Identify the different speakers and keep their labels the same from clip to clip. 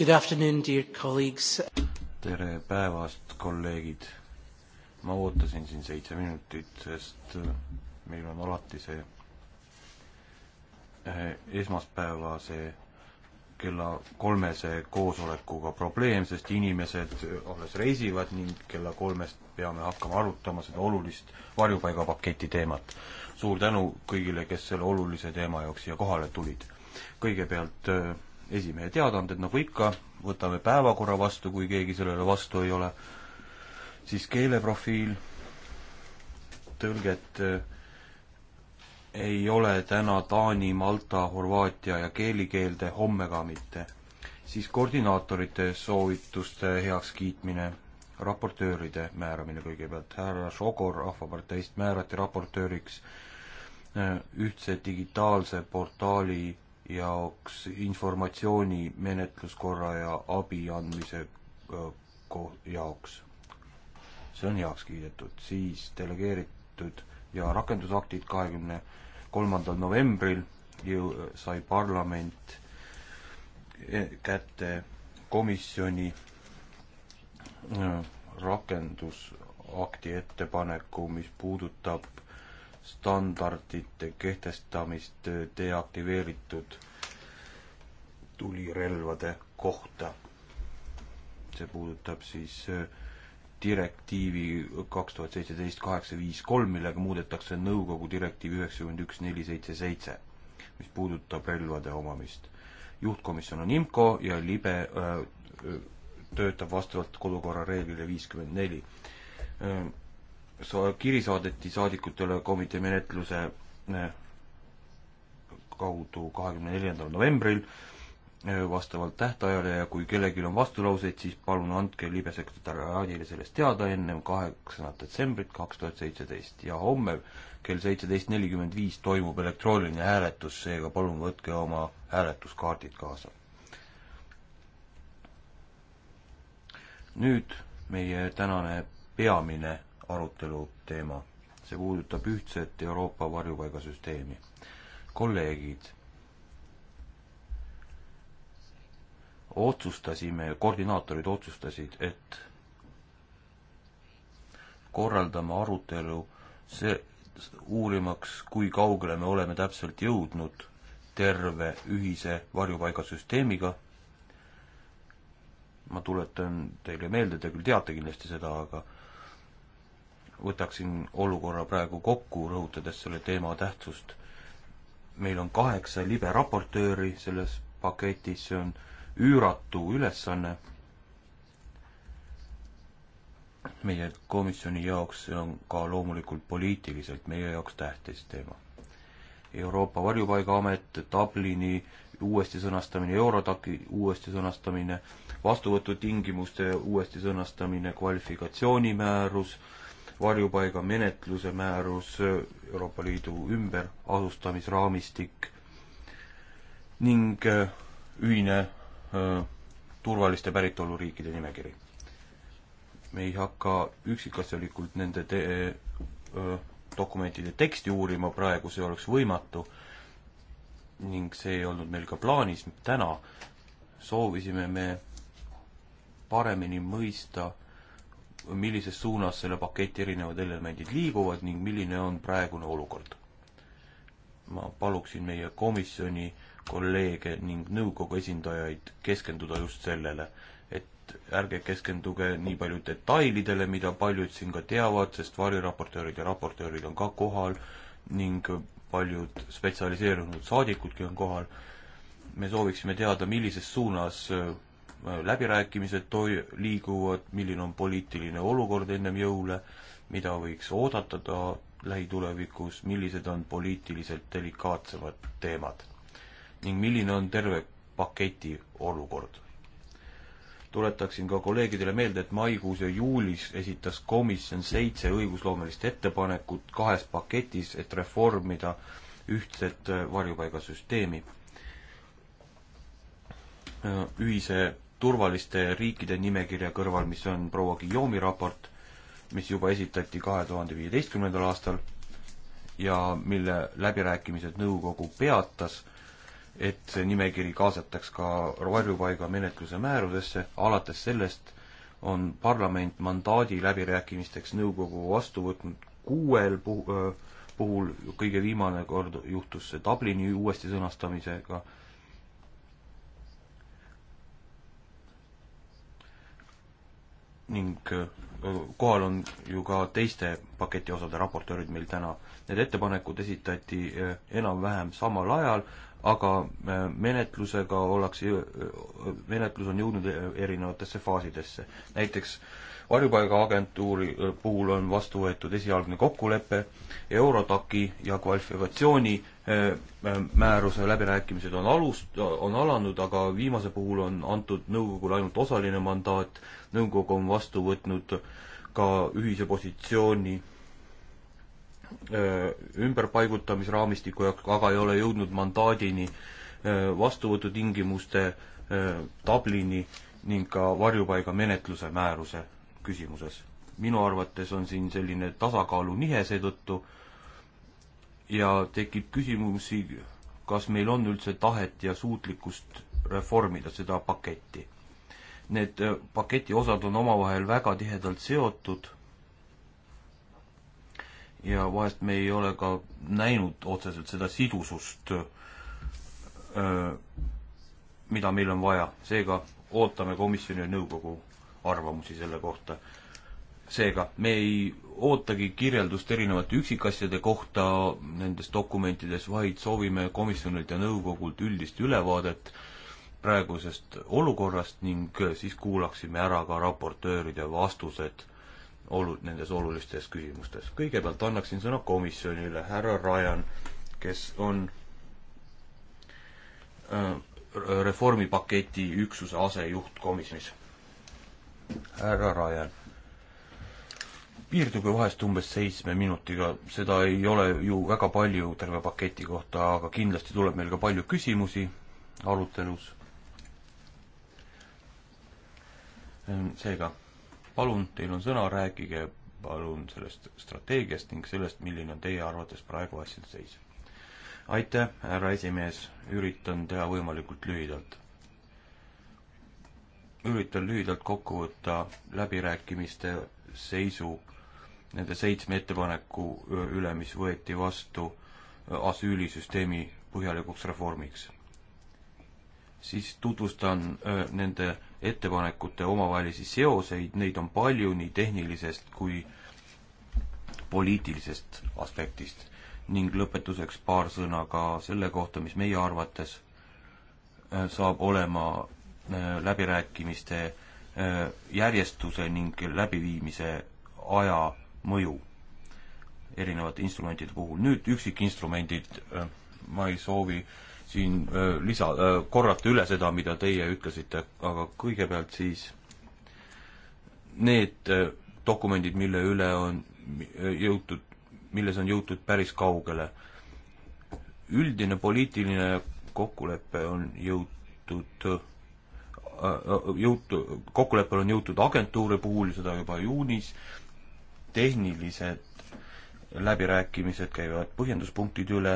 Speaker 1: Good afternoon, dear colleagues.
Speaker 2: tere päevast, kolleegid. ma ootasin siin seitse minutit, sest äh, meil on alati see äh, esmaspäevase kella kolmese koosolekuga probleem, sest inimesed äh, alles reisivad ning kella kolmest peame hakkama arutama seda olulist varjupaigapaketi teemat. suur tänu kõigile, kes selle olulise teema jaoks siia kohale tulid. kõigepealt äh, esimehe teadaanded, nagu ikka, võtame päevakorra vastu, kui keegi sellele vastu ei ole, siis keeleprofiil, tõlget äh, ei ole täna taani, malta, horvaatia ja keelikeelde, homme ka mitte. siis koordinaatorite soovituste heakskiitmine, raportööride määramine kõigepealt, härra Šogor Rahvaparteist määrati raportööriks äh, ühtse digitaalse portaali jaoks informatsiooni menetluskorra ja abi andmise ko-, jaoks. see on heaks kiidetud, siis delegeeritud ja rakendusaktid kahekümne kolmandal novembril ju sai parlament e, kätte komisjoni rakendusakti ettepaneku, mis puudutab standardite kehtestamist deaktiveeritud tulirelvade kohta. see puudutab siis äh, direktiivi kaks tuhat seitseteist kaheksa viis kolm, millega muudetakse nõukogu direktiivi üheksakümmend üks neli seitse seitse, mis puudutab relvade omamist. juhtkomisjon on IMCO ja libe öö, äh, töötab vastavalt kodukorra reeglile viiskümmend neli äh, sa-, kiri saadeti saadikutele komitee menetluse eh, kaudu kahekümne neljandal novembril eh, vastavalt tähtajale ja kui kellelgi on vastulauseid, siis palun andke libesekretäriaadile sellest teada ennem kaheksandat detsembrit kaks tuhat seitseteist ja homme kell seitseteist nelikümmend viis toimub elektrooniline hääletus, seega palun võtke oma hääletuskaardid kaasa. nüüd meie tänane peamine arutelu teema. see puudutab ühtset Euroopa varjupaigasüsteemi. kolleegid, otsustasime, koordinaatorid otsustasid, et korraldame arutelu see, uurimaks, kui kaugele me oleme täpselt jõudnud terve ühise varjupaigasüsteemiga. ma tuletan teile meelde, te küll teate kindlasti seda, aga võtaksin olukorra praegu kokku, rõhutades selle teema tähtsust. meil on kaheksa libe raportööri selles paketis, see on üüratu ülesanne. meie komisjoni jaoks on ka loomulikult poliitiliselt meie jaoks tähtis teema. Euroopa Varjupaigaamet, Dublini uuesti sõnastamine, Eurotaki uuesti sõnastamine, vastuvõtutingimuste uuesti sõnastamine, kvalifikatsioonimäärus äh,, varjupaigamenetluse määrus, Euroopa Liidu ümberasustamisraamistik ning äh, ühine äh, turvaliste päritoluriikide nimekiri. me ei hakka üksikasjalikult nende te-, äh, dokumentide teksti uurima praegu, see oleks võimatu ning see ei olnud meil ka plaanis täna, soovisime me paremini mõista millises suunas selle paketi erinevad elemendid liiguvad ning milline on praegune olukord. ma paluksin meie komisjoni kolleege ning nõukogu esindajaid keskenduda just sellele, et ärge keskenduge nii palju detailidele, mida paljud siin ka teavad, sest variraportöörid ja raportöörid on ka kohal ning paljud spetsialiseerunud saadikudki on kohal. me sooviksime teada, millises suunas läbirääkimised toi-, liiguvad, milline on poliitiline olukord ennem jõule, mida võiks oodata lähitulevikus, millised on poliitiliselt delikaatsemad teemad ning milline on terve paketi olukord. tuletaksin ka kolleegidele meelde, et maikuus ja juulis esitas komisjon seitse õigusloomelist ettepanekut kahes paketis, et reformida ühtset varjupaigasüsteemi ühise turvaliste riikide nimekirja kõrval, mis on proua Guillaume'i raport, mis juba esitati kahe tuhande viieteistkümnendal aastal ja mille läbirääkimised nõukogu peatas, et see nimekiri kaasataks ka varjupaiga menetluse määrusesse, alates sellest on parlament mandaadi läbirääkimisteks nõukogu vastu võtnud kuuel puhul, puhul, kõige viimane kord juhtus see Dublini uuesti sõnastamisega ning kohal on ju ka teiste paketi osade raportöörid meil täna. Need ettepanekud esitati enam-vähem samal ajal, aga menetlusega ollakse, menetlus on jõudnud erinevatesse faasidesse. näiteks varjupaigaagentuuri puhul on vastu võetud esialgne kokkulepe, Eurotaki ja kvalifikatsiooni Äh, äh, määruse läbirääkimised on alust, on alanud, aga viimase puhul on antud nõukogule ainult osaline mandaat, nõukogu on vastu võtnud ka ühise positsiooni äh, ümberpaigutamisraamistiku jaoks, aga ei ole jõudnud mandaadini vastuvõtutingimuste tablini ning ka varjupaigamenetluse määruse küsimuses. minu arvates on siin selline tasakaalunihe seetõttu, ja tekib küsimusi, kas meil on üldse tahet ja suutlikkust reformida seda paketti. Need äh, paketi osad on omavahel väga tihedalt seotud ja vahest me ei ole ka näinud otseselt seda sidusust, äh, mida meil on vaja, seega ootame komisjoni ja nõukogu arvamusi selle kohta seega me ei ootagi kirjeldust erinevate üksikasjade kohta nendes dokumentides, vaid soovime komisjonilt ja nõukogult üldist ülevaadet praegusest olukorrast ning siis kuulaksime ära ka raportööride vastused olu-, nendes olulistes küsimustes. kõigepealt annaksin sõna komisjonile, härra Ryan, kes on äh, reformipaketi üksuse asejuht komisjonis. härra Ryan piirduge vahest umbes seitsme minutiga, seda ei ole ju väga palju terve paketi kohta, aga kindlasti tuleb meil ka palju küsimusi arutelus. Ähm, seega, palun, teil on sõna, rääkige palun sellest strateegiast ning sellest, milline on teie arvates praegu asjade seis. aitäh, härra esimees, üritan teha võimalikult lühidalt üritan lühidalt kokku võtta läbirääkimiste seisu nende seitsme ettepaneku üle, mis võeti vastu äh, asüülisüsteemi põhjalikuks reformiks. siis tutvustan äh, nende ettepanekute omavahelisi seoseid, neid on palju nii tehnilisest kui poliitilisest aspektist ning lõpetuseks paar sõna ka selle kohta, mis meie arvates äh, saab olema läbirääkimiste järjestuse ning läbiviimise aja mõju erinevate instrumentide puhul. nüüd üksikinstrumendid, äh, ma ei soovi siin äh, lisa, äh, korrata üle seda, mida teie ütlesite, aga kõigepealt siis need dokumendid, mille üle on jõutud, milles on jõutud päris kaugele. üldine poliitiline kokkulepe on jõutud jõutu, kokkuleppel on jõutud agentuuri puhul, seda juba juunis, tehnilised läbirääkimised käivad põhjenduspunktide üle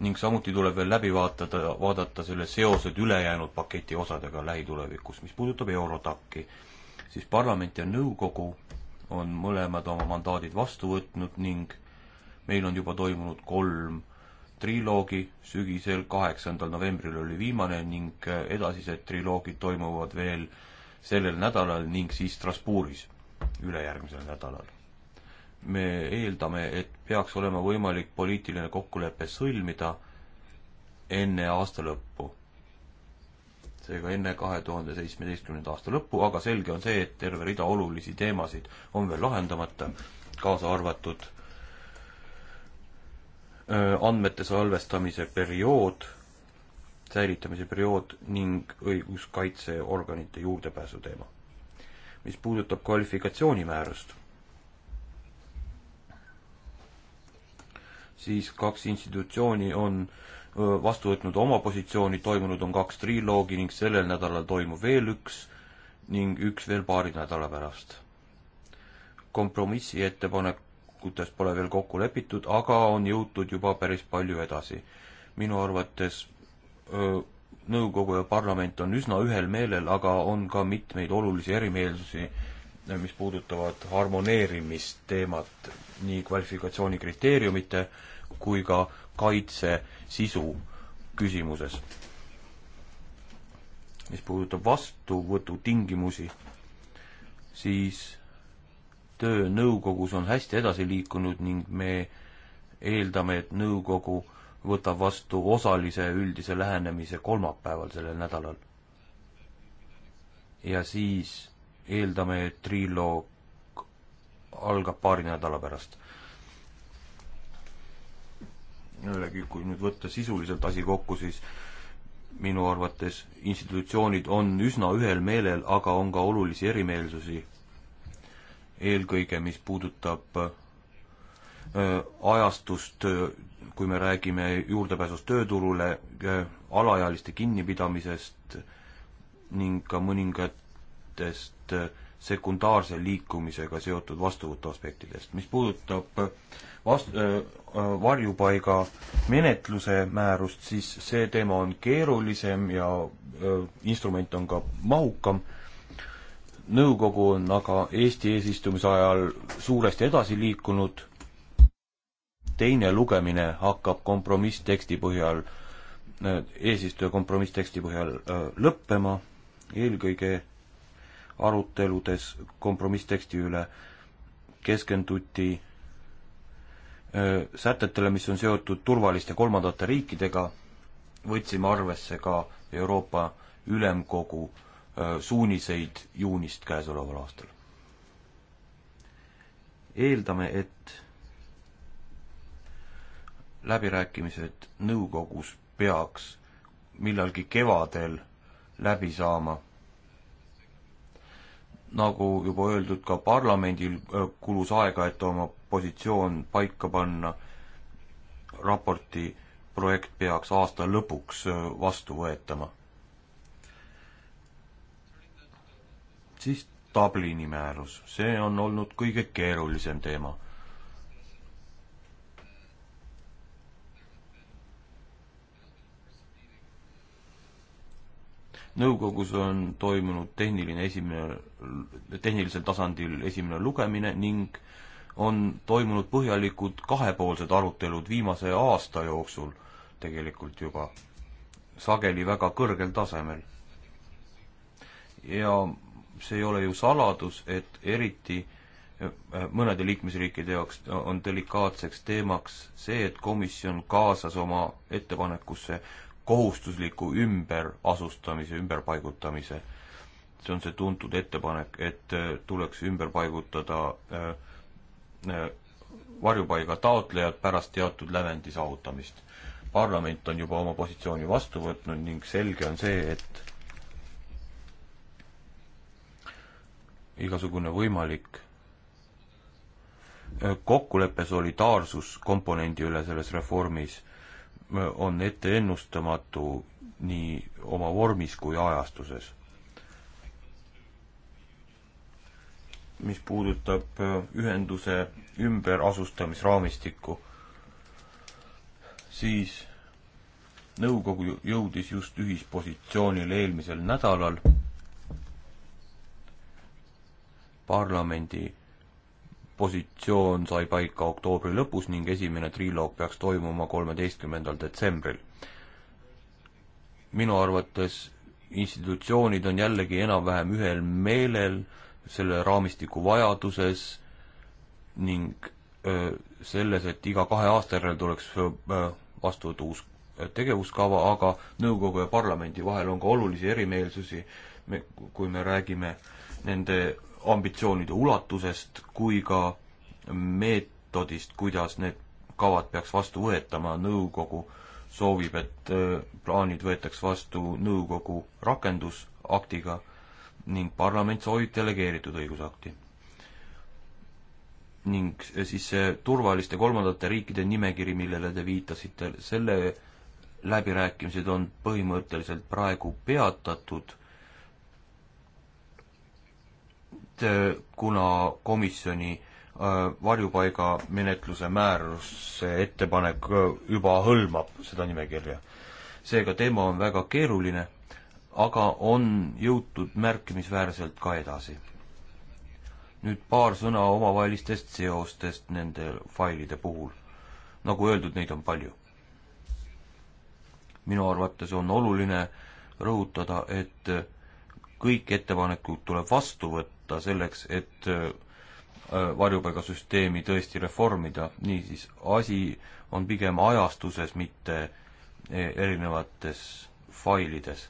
Speaker 2: ning samuti tuleb veel läbi vaatada, vaadata selle seosed ülejäänud paketi osadega lähitulevikus. mis puudutab Eurotaki, siis parlament ja nõukogu on mõlemad oma mandaadid vastu võtnud ning meil on juba toimunud kolm triloogi, sügisel kaheksandal novembril oli viimane ning edasised triloogid toimuvad veel sellel nädalal ning siis Strasbourgis ülejärgmisel nädalal. me eeldame, et peaks olema võimalik poliitiline kokkulepe sõlmida enne aasta lõppu. seega enne kahe tuhande seitsmeteistkümnenda aasta lõppu, aga selge on see, et terve rida olulisi teemasid on veel lahendamata, kaasa arvatud äh, andmete salvestamise periood säilitamise periood ning õiguskaitseorganite juurdepääsu teema. mis puudutab kvalifikatsioonimäärust, siis kaks institutsiooni on vastu võtnud oma positsiooni, toimunud on kaks triloogi ning sellel nädalal toimub veel üks ning üks veel paari nädala pärast. kompromissi ettepanekutes pole veel kokku lepitud, aga on jõutud juba päris palju edasi. minu arvates nõukogu ja parlament on üsna ühel meelel, aga on ka mitmeid olulisi erimeelsusi, äh, mis puudutavad harmoneerimisteemat nii kvalifikatsioonikriteeriumite kui ka kaitse sisu küsimuses. mis puudutab vastuvõtutingimusi, siis töö nõukogus on hästi edasi liikunud ning me eeldame, et nõukogu äh, võtab vastu osalise üldise lähenemise kolmapäeval sellel nädalal. ja siis eeldame, et triloog algab paari nädala pärast. jällegi, kui nüüd võtta sisuliselt asi kokku, siis minu arvates institutsioonid on üsna ühel meelel, aga on ka olulisi erimeelsusi. eelkõige, mis puudutab äh, ajastust äh, kui me räägime juurdepääsust tööturule, äh, alaealiste kinnipidamisest ning ka mõningatest äh, sekundaarse liikumisega seotud vastuvõtu aspektidest. mis puudutab äh, vast-, varjupaiga menetluse määrust, siis see teema on keerulisem ja instrument on ka mahukam nõukogu on aga Eesti eesistumise ajal suuresti edasi liikunud teine lugemine hakkab kompromissteksti põhjal, eesistuja kompromissteksti põhjal äh, lõppema, eelkõige aruteludes kompromissteksti üle keskenduti äh, sätetele, mis on seotud turvaliste kolmandate riikidega, võtsime arvesse ka Euroopa Ülemkogu äh, suuniseid juunist käesoleval aastal. eeldame, et läbirääkimised nõukogus peaks millalgi kevadel läbi saama. nagu juba öeldud, ka parlamendil äh, kulus aega, et oma positsioon paika panna. raporti projekt peaks aasta lõpuks äh, vastu võetama. siis Dublini määrus, see on olnud kõige keerulisem teema nõukogus on toimunud tehniline esimene, tehnilisel tasandil esimene lugemine ning on toimunud põhjalikud kahepoolsed arutelud viimase aasta jooksul tegelikult juba, sageli väga kõrgel tasemel. ja see ei ole ju saladus, et eriti eh, eh, mõnede liikmesriikide jaoks on delikaatseks teemaks see, et komisjon kaasas oma ettepanekusse kohustusliku ümberasustamise, ümberpaigutamise. see on see tuntud ettepanek, et äh, tuleks ümber paigutada äh, äh, varjupaiga taotlejad pärast teatud lävendi saavutamist. parlament on juba oma positsiooni vastu võtnud ning selge on see, et igasugune võimalik kokkulepe solidaarsuskomponendi üle selles reformis on ette ennustamatu nii oma vormis kui ajastuses. mis puudutab äh, ühenduse ümberasustamisraamistikku, siis nõukogu jõudis just ühispositsioonile eelmisel nädalal parlamendi positsioon sai paika oktoobri lõpus ning esimene triloog peaks toimuma kolmeteistkümnendal detsembril. minu arvates institutsioonid on jällegi enam-vähem ühel meelel selle raamistiku vajaduses ning öö, selles, et iga kahe aasta järel tuleks vastu võtta uus tegevuskava, aga nõukogu ja parlamendi vahel on ka olulisi erimeelsusi, me, kui me räägime nende ambitsioonide ulatusest kui ka meetodist, kuidas need kavad peaks vastu võetama, nõukogu soovib, et äh, plaanid võetaks vastu nõukogu rakendusaktiga ning parlament soovib delegeeritud õigusakti. ning siis see turvaliste kolmandate riikide nimekiri, millele te viitasite, selle läbirääkimised on põhimõtteliselt praegu peatatud kuna komisjoni äh, varjupaiga menetluse määruse ettepanek äh, juba hõlmab seda nimekirja. seega teema on väga keeruline, aga on jõutud märkimisväärselt ka edasi. nüüd paar sõna omavahelistest seostest nende failide puhul. nagu öeldud, neid on palju. minu arvates on oluline rõhutada, et kõik ettepanekud tuleb vastu võtta, võtta selleks, et äh, varjupaigasüsteemi tõesti reformida, niisiis asi on pigem ajastuses, mitte eh, erinevates failides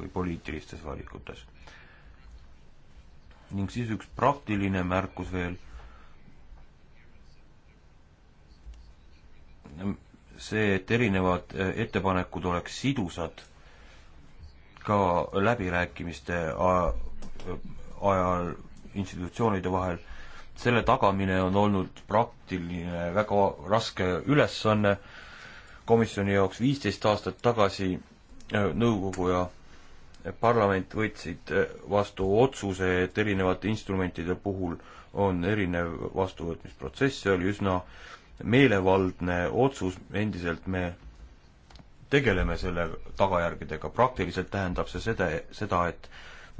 Speaker 2: või poliitilistes valikutes. ning siis üks praktiline märkus veel. see, et erinevad eh, ettepanekud oleks sidusad ka läbirääkimiste ajal institutsioonide vahel. selle tagamine on olnud praktiline väga raske ülesanne komisjoni jaoks viisteist aastat tagasi äh, nõukogu ja parlament võtsid äh, vastu otsuse, et erinevate instrumentide puhul on erinev vastuvõtmisprotsess, see oli üsna meelevaldne otsus, endiselt me tegeleme selle tagajärgedega, praktiliselt tähendab see seda, seda, et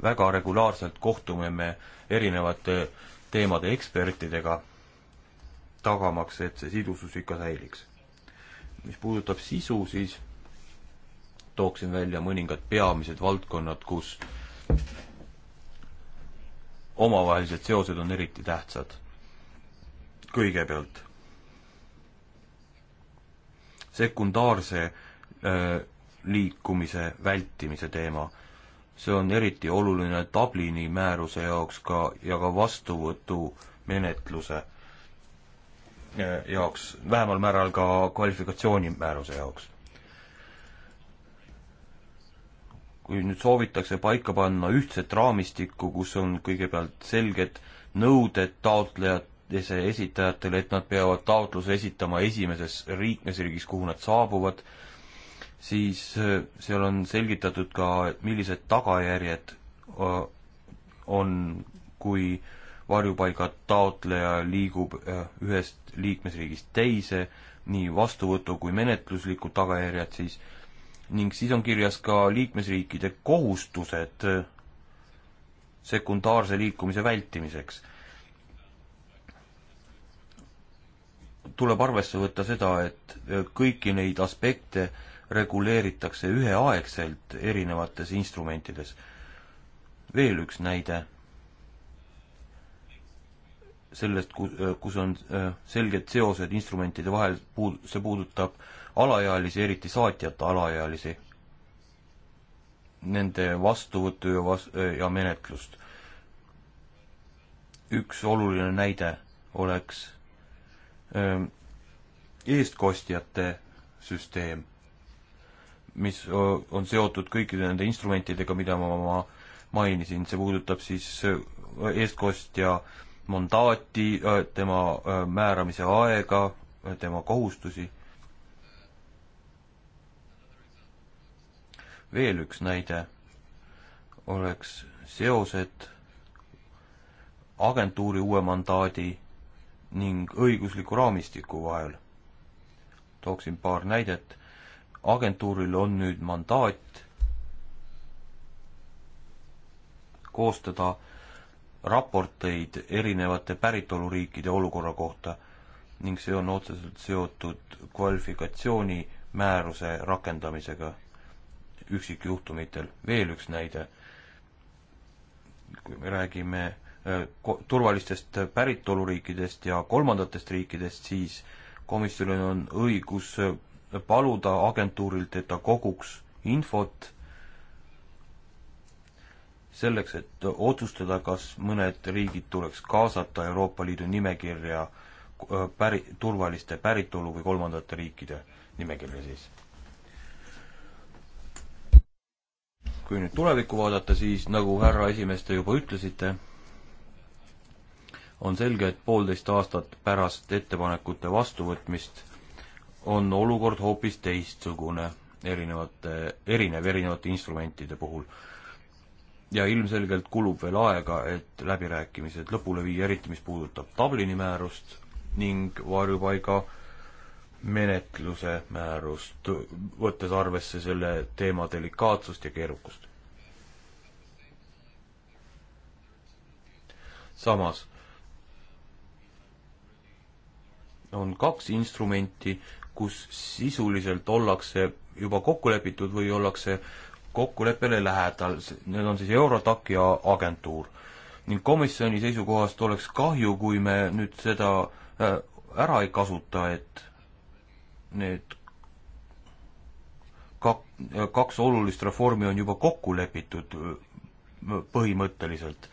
Speaker 2: väga regulaarselt kohtume me erinevate teemade ekspertidega, tagamaks, et see sidusus ikka säiliks. mis puudutab sisu, siis tooksin välja mõningad peamised valdkonnad, kus omavahelised seosed on eriti tähtsad. kõigepealt sekundaarse liikumise vältimise teema. see on eriti oluline Dublini määruse jaoks ka ja ka vastuvõtumenetluse jaoks, vähemal määral ka kvalifikatsioonimääruse jaoks. kui nüüd soovitakse paika panna ühtset raamistikku, kus on kõigepealt selged nõuded taotlejad, taotluse esitajatele, et nad peavad taotluse esitama esimeses liikmesriigis, kuhu nad saabuvad, siis äh, seal on selgitatud ka, millised tagajärjed äh, on, kui varjupaiga taotleja liigub äh, ühest liikmesriigist teise, nii vastuvõtu kui menetluslikud tagajärjed siis, ning siis on kirjas ka liikmesriikide kohustused sekundaarse liikumise vältimiseks tuleb arvesse võtta seda, et kõiki neid aspekte reguleeritakse üheaegselt erinevates instrumentides. veel üks näide sellest, kus on äh, selged seosed instrumentide vahel, see puudutab alaealisi, eriti saatjata alaealisi, nende vastuvõttu ja vas-, ja menetlust. üks oluline näide oleks ähm, eestkostjate süsteem mis on seotud kõikide nende instrumentidega, mida ma, ma mainisin, see puudutab siis eestkostja mandaati, tema määramise aega, tema kohustusi. veel üks näide oleks seosed agentuuri uue mandaadi ning õigusliku raamistiku vahel. tooksin paar näidet agentuuril on nüüd mandaat koostada raporteid erinevate päritoluriikide olukorra kohta ning see on otseselt seotud kvalifikatsiooni määruse rakendamisega üksikjuhtumitel. veel üks näide, kui me räägime äh, turvalistest päritoluriikidest ja kolmandatest riikidest, siis komisjonil on õigus äh, paluda agentuurilt, et ta koguks infot selleks, et otsustada, kas mõned riigid tuleks kaasata Euroopa Liidu nimekirja äh, päri-, turvaliste päritolu või kolmandate riikide nimekirja siis. kui nüüd tulevikku vaadata, siis nagu härra esimees, te juba ütlesite, on selge, et poolteist aastat pärast ettepanekute vastuvõtmist on olukord hoopis teistsugune erinevate, erinev erinevate instrumentide puhul. ja ilmselgelt kulub veel aega, et läbirääkimised lõpule viia, eriti mis puudutab Dublini määrust ning varjupaiga menetluse määrust, võttes arvesse selle teema delikaatsust ja keerukust. samas on kaks instrumenti, kus sisuliselt ollakse juba kokku lepitud või ollakse kokkuleppele lähedal, need on siis Eurotac ja agentuur. ning komisjoni seisukohast oleks kahju, kui me nüüd seda äh, ära ei kasuta, et need kak-, kaks olulist reformi on juba kokku lepitud äh, põhimõtteliselt.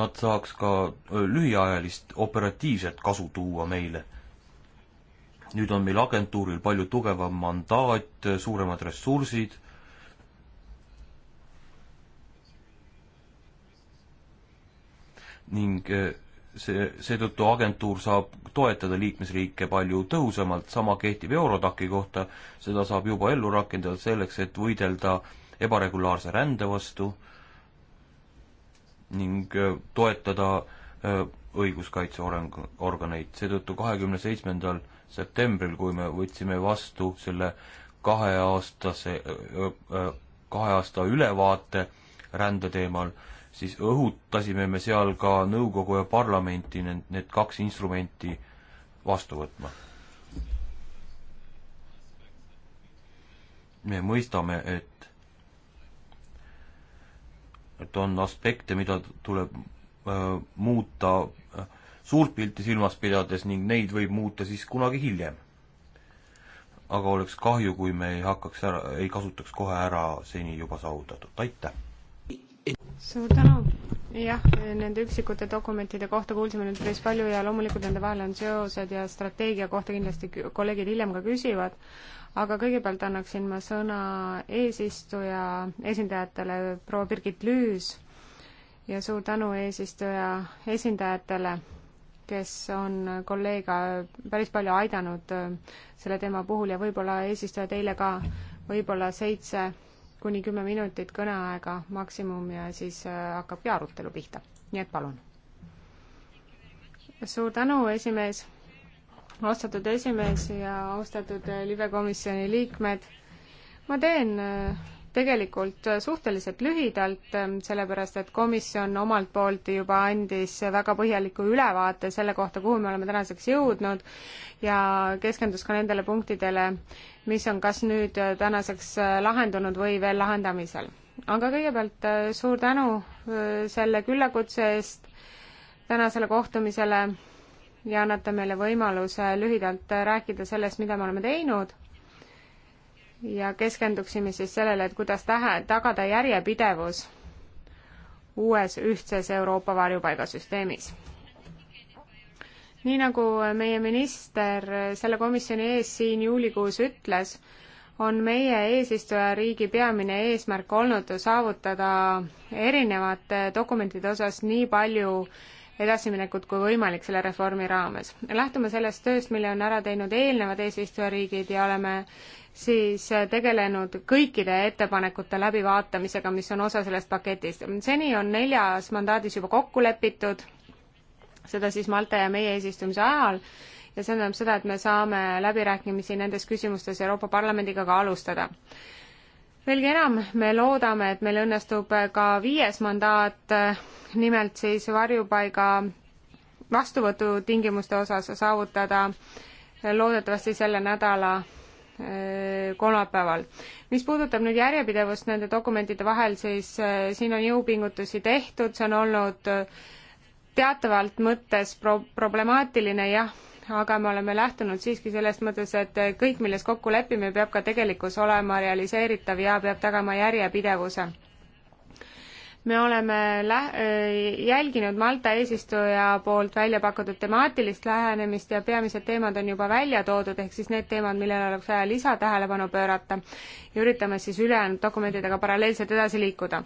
Speaker 2: Nad saaks ka äh, lühiajalist operatiivset kasu tuua meile nüüd on meil agentuuril palju tugevam mandaat, suuremad ressursid. ning eh, see, seetõttu agentuur saab toetada liikmesriike palju tõhusamalt, sama kehtib Eurotaki kohta, seda saab juba ellu rakendada selleks, et võidelda ebaregulaarse rände vastu ning eh, toetada eh, õiguskaitseorganeid, seetõttu kahekümne seitsmendal septembril, kui me võtsime vastu selle kaheaastase, kahe aasta ülevaate rände teemal, siis õhutasime me seal ka nõukogu ja parlamenti need, need kaks instrumenti vastu võtma. me mõistame, et, et on aspekte, mida tuleb äh, muuta äh, suurt pilti silmas pidades ning neid võib muuta siis kunagi hiljem. aga oleks kahju, kui me ei hakkaks ära, ei kasutaks kohe ära seni juba saavutatut, aitäh!
Speaker 3: suur tänu! jah, nende üksikute dokumentide kohta kuulsime nüüd päris palju ja loomulikult nende vahel on seosed ja strateegia kohta kindlasti kolleegid hiljem ka küsivad, aga kõigepealt annaksin ma sõna eesistuja esindajatele, proua Birgit Lüüs ja suur tänu eesistuja esindajatele kes on kolleega päris palju aidanud äh, selle teema puhul ja võib-olla eesistuja teile ka võib-olla seitse kuni kümme minutit kõneaega maksimum ja siis äh, hakkabki arutelu pihta, nii et palun. suur tänu, esimees, austatud esimees ja austatud äh, libekomisjoni liikmed. ma teen äh, tegelikult suhteliselt lühidalt, sellepärast et komisjon omalt poolt juba andis väga põhjaliku ülevaate selle kohta, kuhu me oleme tänaseks jõudnud ja keskendus ka nendele punktidele, mis on kas nüüd tänaseks lahendunud või veel lahendamisel. aga kõigepealt äh, suur tänu äh, selle küllakutse eest tänasele kohtumisele ja annate meile võimaluse lühidalt äh, rääkida sellest, mida me oleme teinud ja keskenduksime siis sellele, et kuidas tähe, tagada järjepidevus uues ühtses Euroopa varjupaigasüsteemis. nii nagu meie minister selle komisjoni ees siin juulikuus ütles, on meie eesistujariigi peamine eesmärk olnud saavutada erinevate dokumentide osas nii palju äh, edasiminekut kui võimalik selle reformi raames. lähtume sellest tööst, mille on ära teinud eelnevad eesistujariigid ja oleme siis tegelenud kõikide ettepanekute läbivaatamisega, mis on osa sellest paketist. seni on neljas mandaadis juba kokku lepitud, seda siis Malta ja meie eesistumise ajal, ja see tähendab seda, et me saame läbirääkimisi nendes küsimustes Euroopa Parlamendiga ka alustada veelgi enam, me loodame, et meil õnnestub ka viies mandaat, nimelt siis varjupaiga vastuvõtutingimuste osas saavutada loodetavasti selle nädala eh, kolmapäeval. mis puudutab nüüd järjepidevust nende dokumentide vahel, siis eh, siin on jõupingutusi tehtud, see on olnud teatavalt mõttes pro-, problemaatiline jah aga me oleme lähtunud siiski selles mõttes, et kõik, milles kokku lepime, peab ka tegelikkus olema realiseeritav ja peab tagama järjepidevuse. me oleme lä-, äh, jälginud Malta eesistuja poolt välja pakutud temaatilist lähenemist ja peamised teemad on juba välja toodud, ehk siis need teemad, millele oleks vaja lisatähelepanu pöörata ja üritame siis ülejäänud dokumentidega paralleelselt edasi liikuda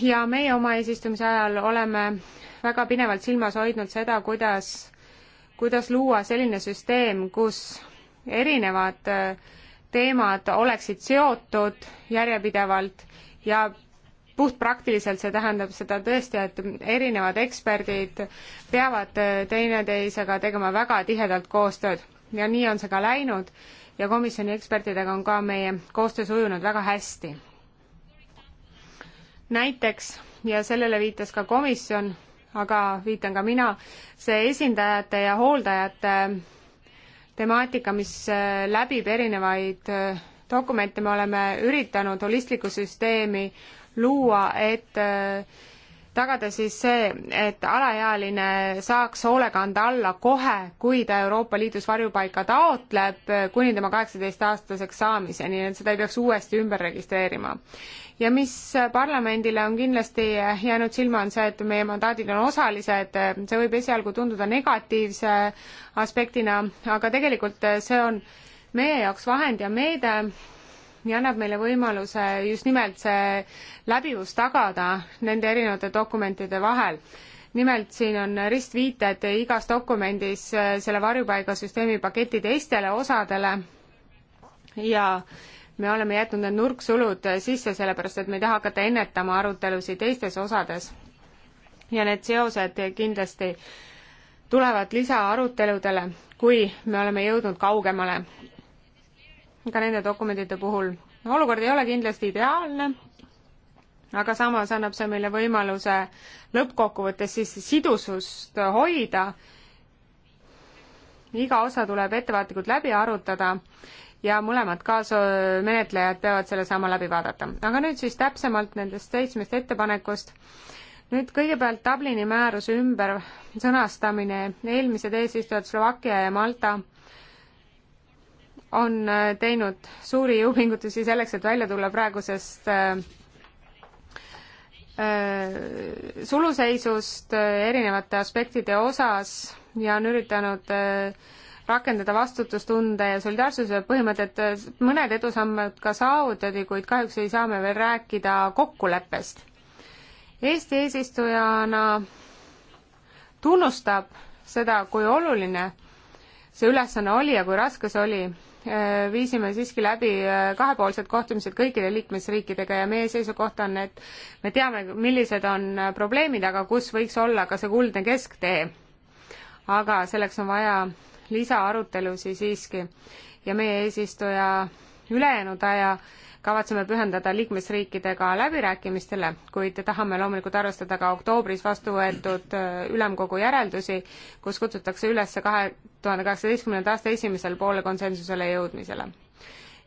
Speaker 3: ja meie oma eesistumise ajal oleme väga pinevalt silmas hoidnud seda, kuidas kuidas luua selline süsteem, kus erinevad äh, teemad oleksid seotud järjepidevalt ja puhtpraktiliselt see tähendab seda tõesti, et erinevad eksperdid peavad äh, teineteisega tegema väga tihedalt koostööd ja nii on see ka läinud ja komisjoni ekspertidega on ka meie koostöö sujunud väga hästi. näiteks, ja sellele viitas ka komisjon, aga viitan ka mina, see esindajate ja hooldajate temaatika, mis äh, läbib erinevaid äh, dokumente, me oleme üritanud holistlikku süsteemi luua, et äh, tagada siis see, et alaealine saaks hoolekande alla kohe, kui ta Euroopa Liidus varjupaika taotleb, kuni tema kaheksateistaastaseks saamiseni, et seda ei peaks uuesti ümber registreerima. ja mis parlamendile on kindlasti jäänud silma, on see, et meie mandaadid on osalised, see võib esialgu tunduda negatiivse aspektina, aga tegelikult see on meie jaoks vahend ja meede, ja annab meile võimaluse just nimelt see läbivus tagada nende erinevate dokumentide vahel. nimelt siin on ristviited igas dokumendis äh, selle varjupaigasüsteemi paketi teistele osadele ja me oleme jätnud need nurksulud sisse, sellepärast et me ei taha hakata ennetama arutelusid teistes osades. ja need seosed kindlasti tulevad lisaaruteludele, kui me oleme jõudnud kaugemale ka nende dokumentide puhul. olukord ei ole kindlasti ideaalne, aga samas annab see meile võimaluse lõppkokkuvõttes siis sidusust hoida. iga osa tuleb ettevaatlikult läbi arutada ja mõlemad kaasmenetlejad peavad selle sama läbi vaadata. aga nüüd siis täpsemalt nendest seitsmest ettepanekust. nüüd kõigepealt Dublini määruse ümber sõnastamine, eelmised eesistujad Slovakkia ja Malta on äh, teinud suuri jõupingutusi selleks, et välja tulla praegusest äh, äh, suluseisust erinevate aspektide osas ja on üritanud rakendada vastutustunde ja solidaarsuse põhimõtet, mõned edusammud ka saavutati, kuid kahjuks ei saa me veel rääkida kokkuleppest. Eesti eesistujana tunnustab seda, kui oluline see ülesanne oli ja kui raske see oli Äh, viisime siiski läbi äh, kahepoolsed kohtumised kõikide liikmesriikidega ja meie seisukoht on, et me teame, millised on äh, probleemid, aga kus võiks olla ka see kuldne kesktee. aga selleks on vaja lisaarutelusi siiski ja meie eesistuja ülejäänud aja kavatseme pühendada liikmesriikidega läbirääkimistele, kuid tahame loomulikult arvestada ka oktoobris vastu võetud äh, ülemkogu järeldusi, kus kutsutakse üles kahe tuhande kaheksateistkümnenda aasta esimesel poole konsensusele jõudmisele.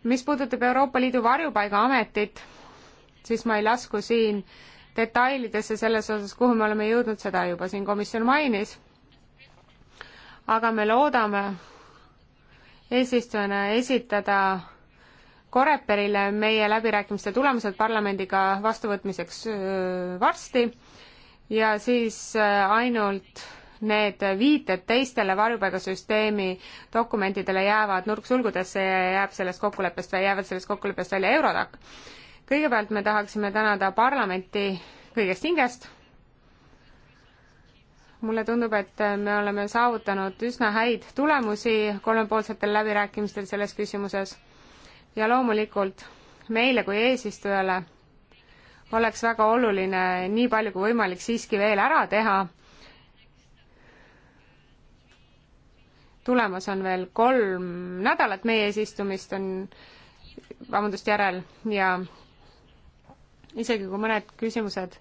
Speaker 3: mis puudutab Euroopa Liidu varjupaigaametit, siis ma ei lasku siin detailidesse selles osas, kuhu me oleme jõudnud, seda juba siin komisjon mainis. aga me loodame eesistujana esitada Koreperile meie läbirääkimiste tulemused parlamendiga vastuvõtmiseks varsti ja siis ainult need viited teistele varjupaigasüsteemi dokumentidele jäävad nurksulgudesse ja jääb sellest kokkuleppest või jäävad sellest kokkuleppest välja Eurodac. kõigepealt me tahaksime tänada parlamenti kõigest hingest mulle tundub, et me oleme saavutanud üsna häid tulemusi kolmepoolsetel läbirääkimistel selles küsimuses ja loomulikult meile kui eesistujale oleks väga oluline nii palju kui võimalik siiski veel ära teha. tulemas on veel kolm nädalat meie eesistumist on, vabandust, järel ja isegi kui mõned küsimused,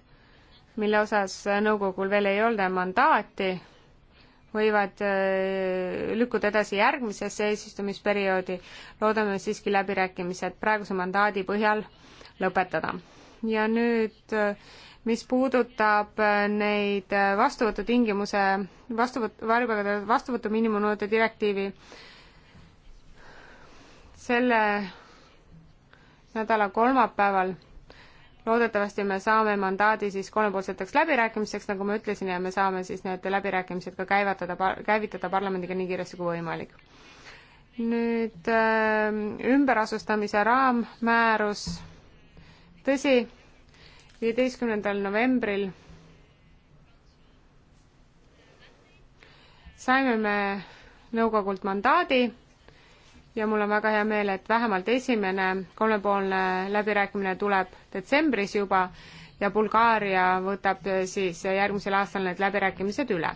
Speaker 3: mille osas nõukogul veel ei olnud mandaati võivad äh, lükkuda edasi järgmisesse eesistumisperioodi, loodame siiski läbirääkimised praeguse mandaadi põhjal lõpetada. ja nüüd äh, mis puudutab äh, neid vastuvõtutingimuse, vastuvõt-, varjupaigade vastuvõtu miinimumnõude direktiivi, selle nädala kolmapäeval loodetavasti me saame mandaadi siis kolmepoolseteks läbirääkimisteks, nagu ma ütlesin, ja me saame siis need läbirääkimised ka käivatada, käivitada parlamendiga nii kiiresti kui võimalik. nüüd ähm, ümberasustamise raammäärus, tõsi, viieteistkümnendal novembril saime me nõukogult mandaadi ja mul on väga hea meel, et vähemalt esimene kolmepoolne läbirääkimine tuleb detsembris juba ja Bulgaaria võtab äh, siis järgmisel aastal need läbirääkimised üle.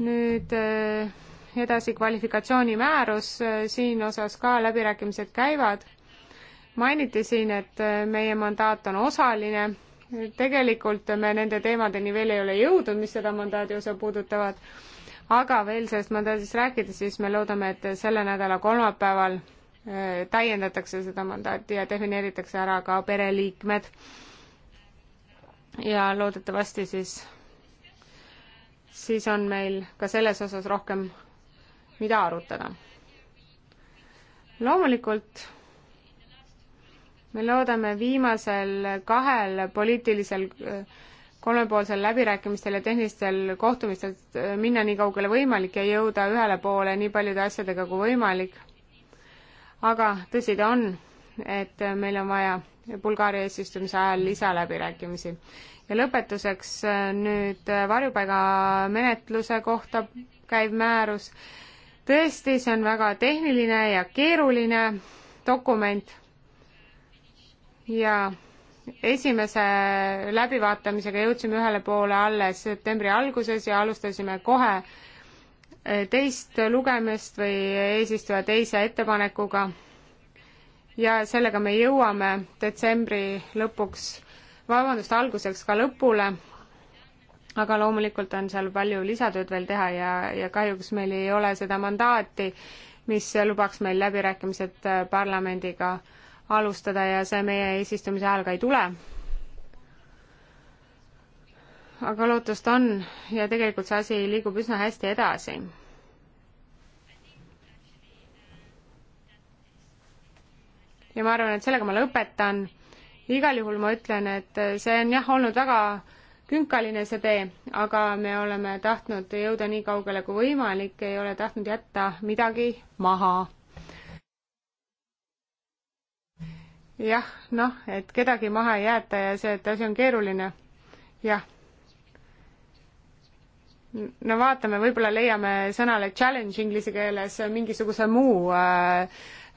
Speaker 3: nüüd äh, edasi kvalifikatsioonimäärus, äh, siin osas ka läbirääkimised käivad. mainiti siin, et meie mandaat on osaline, tegelikult me nende teemadeni veel ei ole jõudnud, mis seda mandaadi osa puudutavad aga veel sellest mandaadist rääkides, siis me loodame, et selle nädala kolmapäeval äh, täiendatakse seda mandaati ja defineeritakse ära ka pereliikmed. ja loodetavasti siis, siis on meil ka selles osas rohkem, mida arutada. loomulikult me loodame viimasel kahel poliitilisel äh, kolmepoolsel läbirääkimistel ja tehnilistel kohtumistel äh, minna nii kaugele võimalik ja jõuda ühele poole nii paljude asjadega kui võimalik. aga tõsi ta on, et äh, meil on vaja Bulgaaria eesistumise ajal lisaläbirääkimisi. ja lõpetuseks äh, nüüd varjupaigamenetluse kohta käiv määrus. tõesti, see on väga tehniline ja keeruline dokument ja esimese läbivaatamisega jõudsime ühele poole alles septembri alguses ja alustasime kohe e, teist lugemist või eesistuja teise ettepanekuga. ja sellega me jõuame detsembri lõpuks, vabandust, alguseks ka lõpule. aga loomulikult on seal palju lisatööd veel teha ja, ja kahjuks meil ei ole seda mandaati, mis lubaks meil läbirääkimised e, parlamendiga äh, alustada ja see meie eesistumise ajal ka ei tule. aga lootust on ja tegelikult see asi liigub üsna hästi edasi. ja ma arvan, et sellega ma lõpetan. igal juhul ma ütlen, et see on jah olnud väga künkaline see tee, aga me oleme tahtnud jõuda nii kaugele kui võimalik, ei ole tahtnud jätta midagi maha jah, noh, et kedagi maha ei jäeta ja see, et asi on keeruline, jah. no vaatame, võib-olla leiame sõnale challenge inglise keeles mingisuguse muu äh,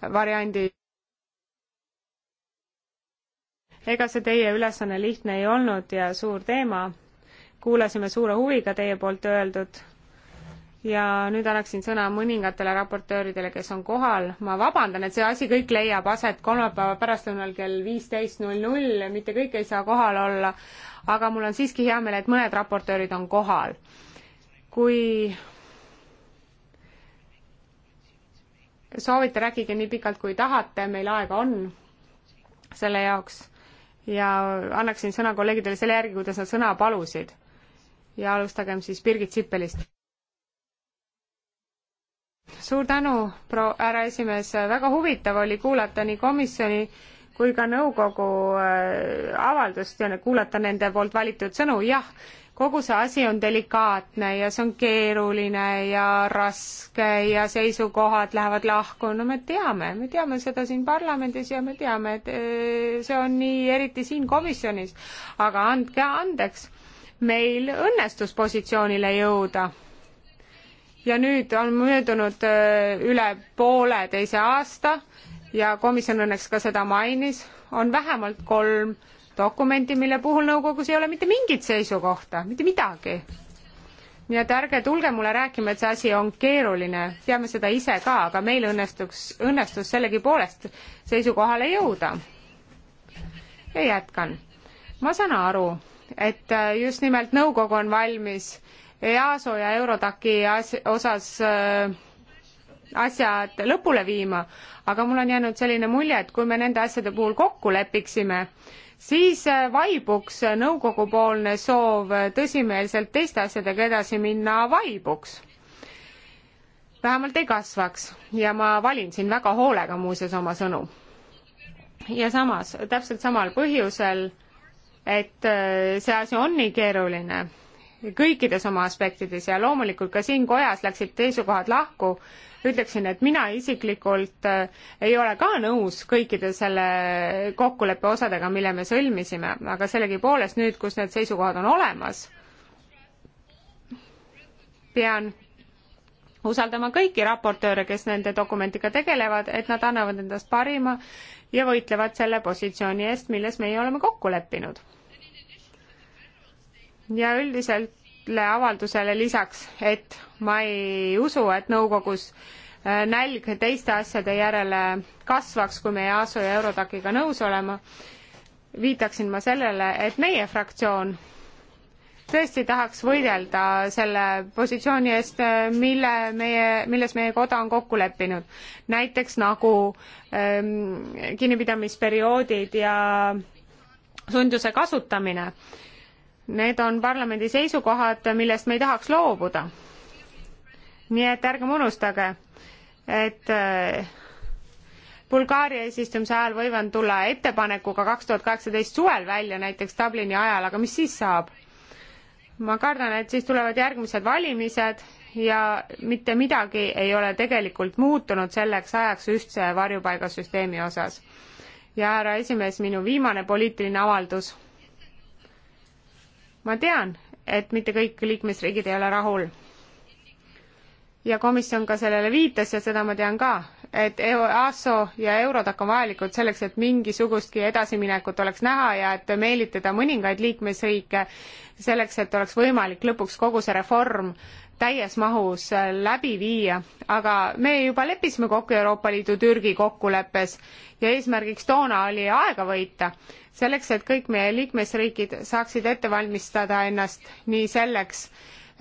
Speaker 3: variandi. ega see teie ülesanne lihtne ei olnud ja suur teema. kuulasime suure huviga teie poolt öeldud ja nüüd annaksin sõna mõningatele raportööridele, kes on kohal. ma vabandan, et see asi kõik leiab aset kolmapäeva pärastlõunal kell viisteist null null, mitte kõik ei saa kohal olla, aga mul on siiski hea meel, et mõned raportöörid on kohal. kui soovite, rääkige nii pikalt, kui tahate, meil aega on selle jaoks ja annaksin sõna kolleegidele selle järgi, kuidas nad sõna palusid. ja alustagem siis Birgit Sippelist suur tänu, proua, härra esimees, väga huvitav oli kuulata nii komisjoni kui ka nõukogu äh, avaldust ja kuulata nende poolt valitud sõnu, jah, kogu see asi on delikaatne ja see on keeruline ja raske ja seisukohad lähevad lahku, no me teame, me teame seda siin parlamendis ja me teame, et äh, see on nii, eriti siin komisjonis, aga andke andeks, meil õnnestus positsioonile jõuda ja nüüd on möödunud äh, üle pooleteise aasta ja komisjon õnneks ka seda mainis, on vähemalt kolm dokumenti, mille puhul nõukogus ei ole mitte mingit seisukohta, mitte midagi. nii et ärge tulge mulle rääkima, et see asi on keeruline, teame seda ise ka, aga meil õnnestuks, õnnestus sellegipoolest seisukohale jõuda. ja jätkan. ma saan aru, et äh, just nimelt nõukogu on valmis EASO ja Eurodaki as-, osas äh, asjad lõpule viima, aga mul on jäänud selline mulje, et kui me nende asjade puhul kokku lepiksime, siis äh, vaibuks nõukogupoolne soov tõsimeelselt teiste asjadega edasi minna vaibuks vähemalt ei kasvaks ja ma valin siin väga hoolega muuseas oma sõnu. ja samas, täpselt samal põhjusel, et äh, see asi on nii keeruline, kõikides oma aspektides ja loomulikult ka siin kojas läksid seisukohad lahku. ütleksin, et mina isiklikult äh, ei ole ka nõus kõikide selle kokkuleppe osadega, mille me sõlmisime, aga sellegipoolest nüüd, kus need seisukohad on olemas, pean usaldama kõiki raportööre, kes nende dokumentiga tegelevad, et nad annavad endast parima ja võitlevad selle positsiooni eest, milles meie oleme kokku leppinud ja üldisele avaldusele lisaks, et ma ei usu, et nõukogus äh, nälg teiste asjade järele kasvaks, kui me EASO ja Eurodaciga nõus olema, viitaksin ma sellele, et meie fraktsioon tõesti tahaks võidelda selle positsiooni eest, äh, mille meie, milles meie koda on kokku leppinud. näiteks nagu ähm, kinnipidamisperioodid ja sunduse kasutamine äh, Need on parlamendi seisukohad, millest me ei tahaks loobuda. nii et ärgem unustage, et äh, Bulgaaria eesistumise ajal võivad tulla ettepanekuga kaks tuhat kaheksateist suvel välja näiteks Dublini ajal, aga mis siis saab? ma kardan, et siis tulevad järgmised valimised ja mitte midagi ei ole tegelikult muutunud selleks ajaks ühtse varjupaigasüsteemi osas. ja härra esimees, minu viimane poliitiline avaldus ma tean, et mitte kõik liikmesriigid ei ole rahul. ja komisjon ka sellele viitas ja seda ma tean ka, et EASO ja Eurodac on vajalikud selleks, et mingisugustki edasiminekut oleks näha ja et meelitada mõningaid liikmesriike selleks, et oleks võimalik lõpuks kogu see reform täies mahus äh, läbi viia, aga me juba leppisime kokku Euroopa Liidu Türgi kokkuleppes ja eesmärgiks toona oli aega võita, selleks et kõik meie liikmesriigid saaksid ette valmistada ennast nii selleks,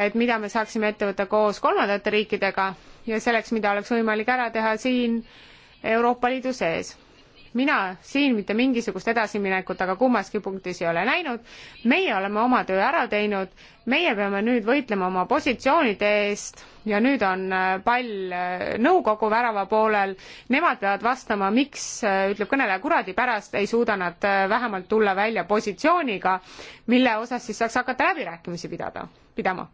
Speaker 3: et mida me saaksime ette võtta koos kolmandate riikidega ja selleks, mida oleks võimalik ära teha siin Euroopa Liidu sees mina siin mitte mingisugust edasiminekut aga kummaski punktis ei ole näinud. meie oleme oma töö ära teinud, meie peame nüüd võitlema oma positsioonide eest ja nüüd on äh, pall äh, nõukogu värava poolel. Nemad peavad vastama, miks, äh, ütleb kõneleja, kuradi pärast ei suuda nad vähemalt tulla välja positsiooniga, mille osas siis saaks hakata läbirääkimisi pidada, pidama.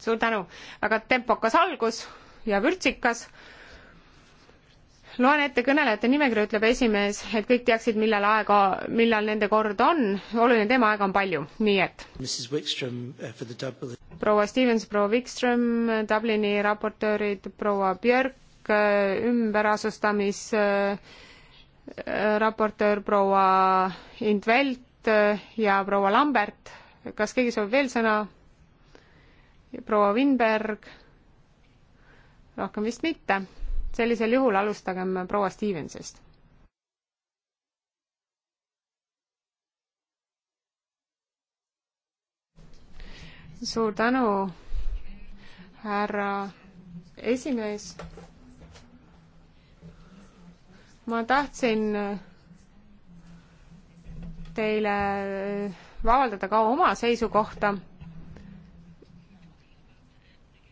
Speaker 3: suur tänu, väga tempokas algus ja vürtsikas loen ette kõnelejate nimekirja, ütleb esimees, et kõik teaksid, millal aega, millal nende kord on. oluline teema, aega on palju, nii et.
Speaker 1: Eh,
Speaker 3: proua Stevens, proua Wikström, Dublini raportöörid, proua Björk, eh, ümberasustamisraportöör eh, proua Intvelt ja proua Lambert. kas keegi soovib veel sõna? proua Winberg? rohkem vist mitte sellisel juhul alustagem proua Stevensist. suur tänu, härra esimees. ma tahtsin teile avaldada ka oma seisukohta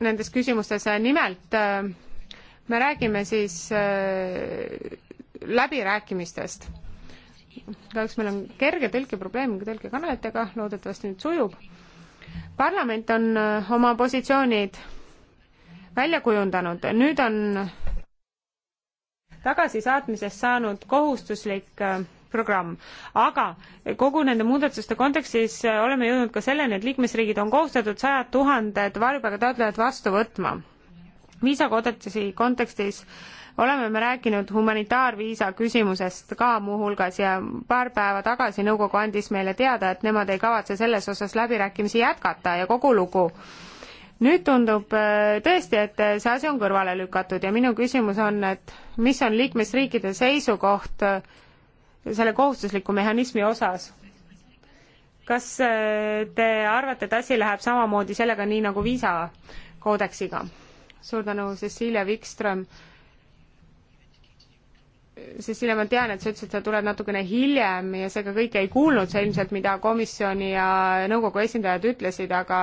Speaker 3: nendes küsimustes, nimelt äh, me räägime siis äh, läbirääkimistest. kahjuks meil on kerge tõlkeprobleem tõlkekanalitega, loodetavasti nüüd sujub. parlament on äh, oma positsioonid välja kujundanud, nüüd on tagasisaatmisest saanud kohustuslik äh, programm, aga kogu nende muudatuste kontekstis oleme jõudnud ka selleni, et liikmesriigid on kohustatud sajad tuhanded varjupaiga taotlejad vastu võtma viisakoodetisi kontekstis oleme me rääkinud humanitaarviisa küsimusest ka muuhulgas ja paar päeva tagasi nõukogu andis meile teada, et nemad ei kavatse selles osas läbirääkimisi jätkata ja kogu lugu. nüüd tundub äh, tõesti, et see asi on kõrvale lükatud ja minu küsimus on, et mis on liikmesriikide seisukoht äh, selle kohustusliku mehhanismi osas? kas äh, te arvate, et asi läheb samamoodi sellega, nii nagu viisakoodeksiga? suur tänu, Cecilia Wikström. Cecilia, ma tean, et sa ütlesid, et sa tuled natukene hiljem ja seega kõike ei kuulnud sa ilmselt, mida komisjoni ja nõukogu esindajad ütlesid, aga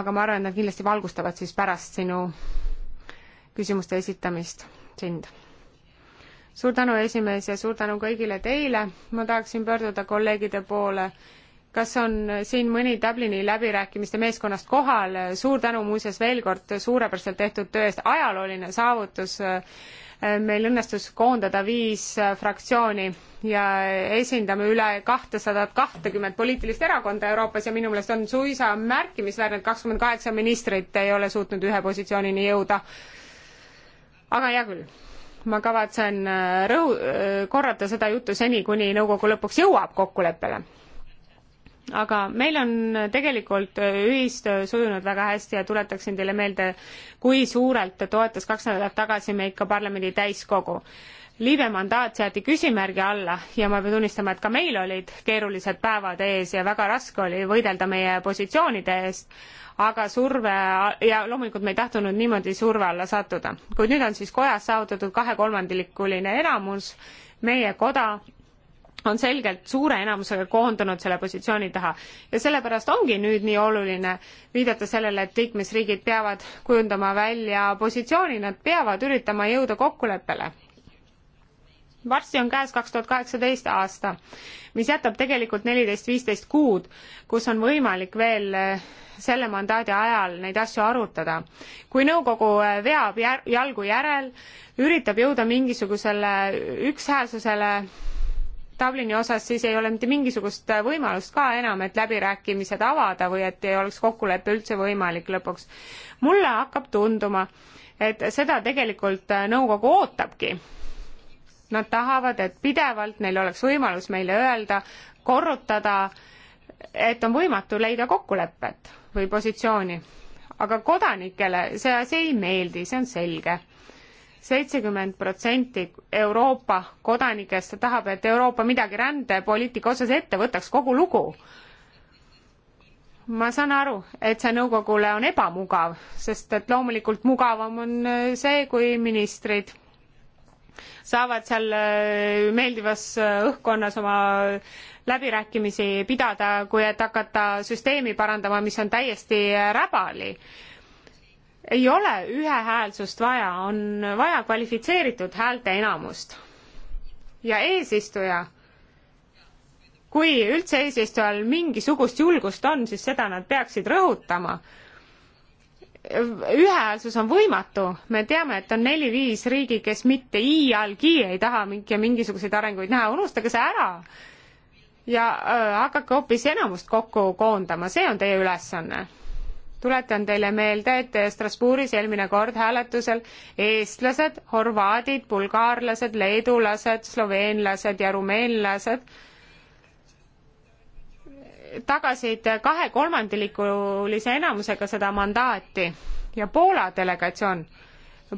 Speaker 3: aga ma arvan, et nad kindlasti valgustavad siis pärast sinu küsimuste esitamist sind. suur tänu, esimees, ja suur tänu kõigile teile. ma tahaksin pöörduda kolleegide poole kas on siin mõni Dublini läbirääkimiste meeskonnast kohal, suur tänu muuseas veel kord suurepäraselt tehtud töö eest, ajalooline saavutus, meil õnnestus koondada viis fraktsiooni ja esindame üle kahtesadat kahtekümmet poliitilist erakonda Euroopas ja minu meelest on suisa märkimisväärne, et kakskümmend kaheksa ministrit ei ole suutnud ühe positsioonini jõuda. aga hea küll ma kavatsen rõhu-, korrata seda juttu seni, kuni nõukogu lõpuks jõuab kokkuleppele aga meil on tegelikult ühistöö sujunud väga hästi ja tuletaksin teile meelde, kui suurelt toetas kaks nädalat tagasi meid ka parlamendi täiskogu. Liibe mandaat seati küsimärgi alla ja ma pean tunnistama, et ka meil olid keerulised päevad ees ja väga raske oli võidelda meie positsioonide eest, aga surve ja loomulikult me ei tahtnud niimoodi surve alla sattuda. kuid nüüd on siis kojas saavutatud kahekolmandikuline enamus, meie koda on selgelt suure enamusega koondunud selle positsiooni taha ja sellepärast ongi nüüd nii oluline viidata sellele, et liikmesriigid peavad kujundama välja positsiooni, nad peavad üritama jõuda kokkuleppele. varsti on käes kaks tuhat kaheksateist aasta, mis jätab tegelikult neliteist, viisteist kuud, kus on võimalik veel eh, selle mandaadi ajal neid asju arutada. kui nõukogu eh, veab jär, jalgu järel, üritab jõuda mingisugusele ükshäälsusele Dublini osas siis ei ole mitte mingisugust võimalust ka enam, et läbirääkimised avada või et ei oleks kokkulepe üldse võimalik lõpuks. mulle hakkab tunduma, et seda tegelikult nõukogu ootabki. Nad tahavad, et pidevalt neil oleks võimalus meile öelda, korrutada, et on võimatu leida kokkulepet või positsiooni. aga kodanikele see asi ei meeldi, see on selge seitsekümmend protsenti Euroopa kodanikest tahab, et Euroopa midagi rändepoliitika osas ette võtaks, kogu lugu. ma saan aru, et see nõukogule on ebamugav, sest et loomulikult mugavam on äh, see, kui ministrid saavad seal äh, meeldivas äh, õhkkonnas oma läbirääkimisi pidada, kui et hakata süsteemi parandama, mis on täiesti räbali ei ole ühehäälsust vaja, on vaja kvalifitseeritud häälteenamust. ja eesistuja, kui üldse eesistujal mingisugust julgust on, siis seda nad peaksid rõhutama. ühehäälsus on võimatu, me teame, et on neli-viis riigi, kes mitte iialgi ei taha mingi, mingisuguseid arenguid näha, unustage see ära ja öö, äh, hakake hoopis enamust kokku koondama, see on teie ülesanne tuletan teile meelde, et Strasbourgis eelmine kord hääletusel eestlased, horvaadid, bulgaarlased, leedulased, sloveenlased ja rumeenlased tagasid kahekolmandikulise enamusega seda mandaati ja Poola delegatsioon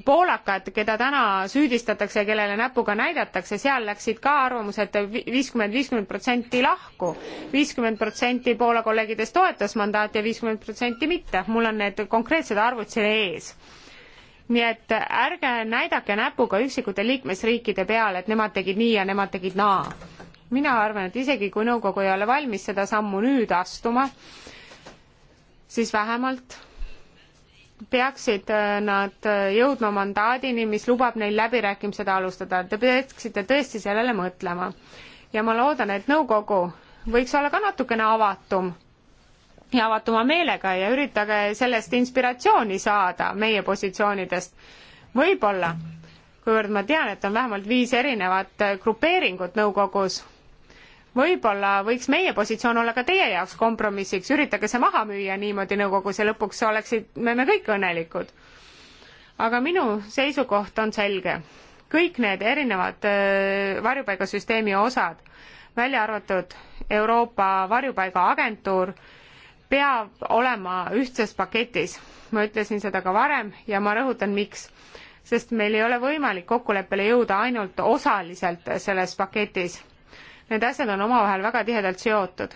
Speaker 3: poolakad, keda täna süüdistatakse, kellele näpuga näidatakse, seal läksid ka arvamused viiskümmend, viiskümmend protsenti lahku. viiskümmend protsenti Poola kolleegidest toetas mandaati ja viiskümmend protsenti mitte. mul on need konkreetsed arvud siin ees. nii et ärge näidake näpuga üksikute liikmesriikide peale, et nemad tegid nii ja nemad tegid naa. mina arvan, et isegi kui nõukogu ei ole valmis seda sammu nüüd astuma, siis vähemalt peaksid äh, nad äh, jõudma mandaadini, mis lubab neil läbirääkimised alustada. Te peaksite tõesti sellele mõtlema. ja ma loodan, et nõukogu võiks olla ka natukene avatum ja avatuma meelega ja üritage sellest inspiratsiooni saada meie positsioonidest. võib-olla, kuivõrd ma tean, et on vähemalt viis erinevat äh, grupeeringut nõukogus võib-olla võiks meie positsioon olla ka teie jaoks kompromissiks, üritage see maha müüa niimoodi nõukogus ja lõpuks oleksid me, me kõik õnnelikud. aga minu seisukoht on selge. kõik need erinevad äh, varjupaigasüsteemi osad, välja arvatud Euroopa Varjupaigaagentuur, peab olema ühtses paketis. ma ütlesin seda ka varem ja ma rõhutan, miks sest meil ei ole võimalik kokkuleppele jõuda ainult osaliselt selles paketis Need asjad on omavahel väga tihedalt seotud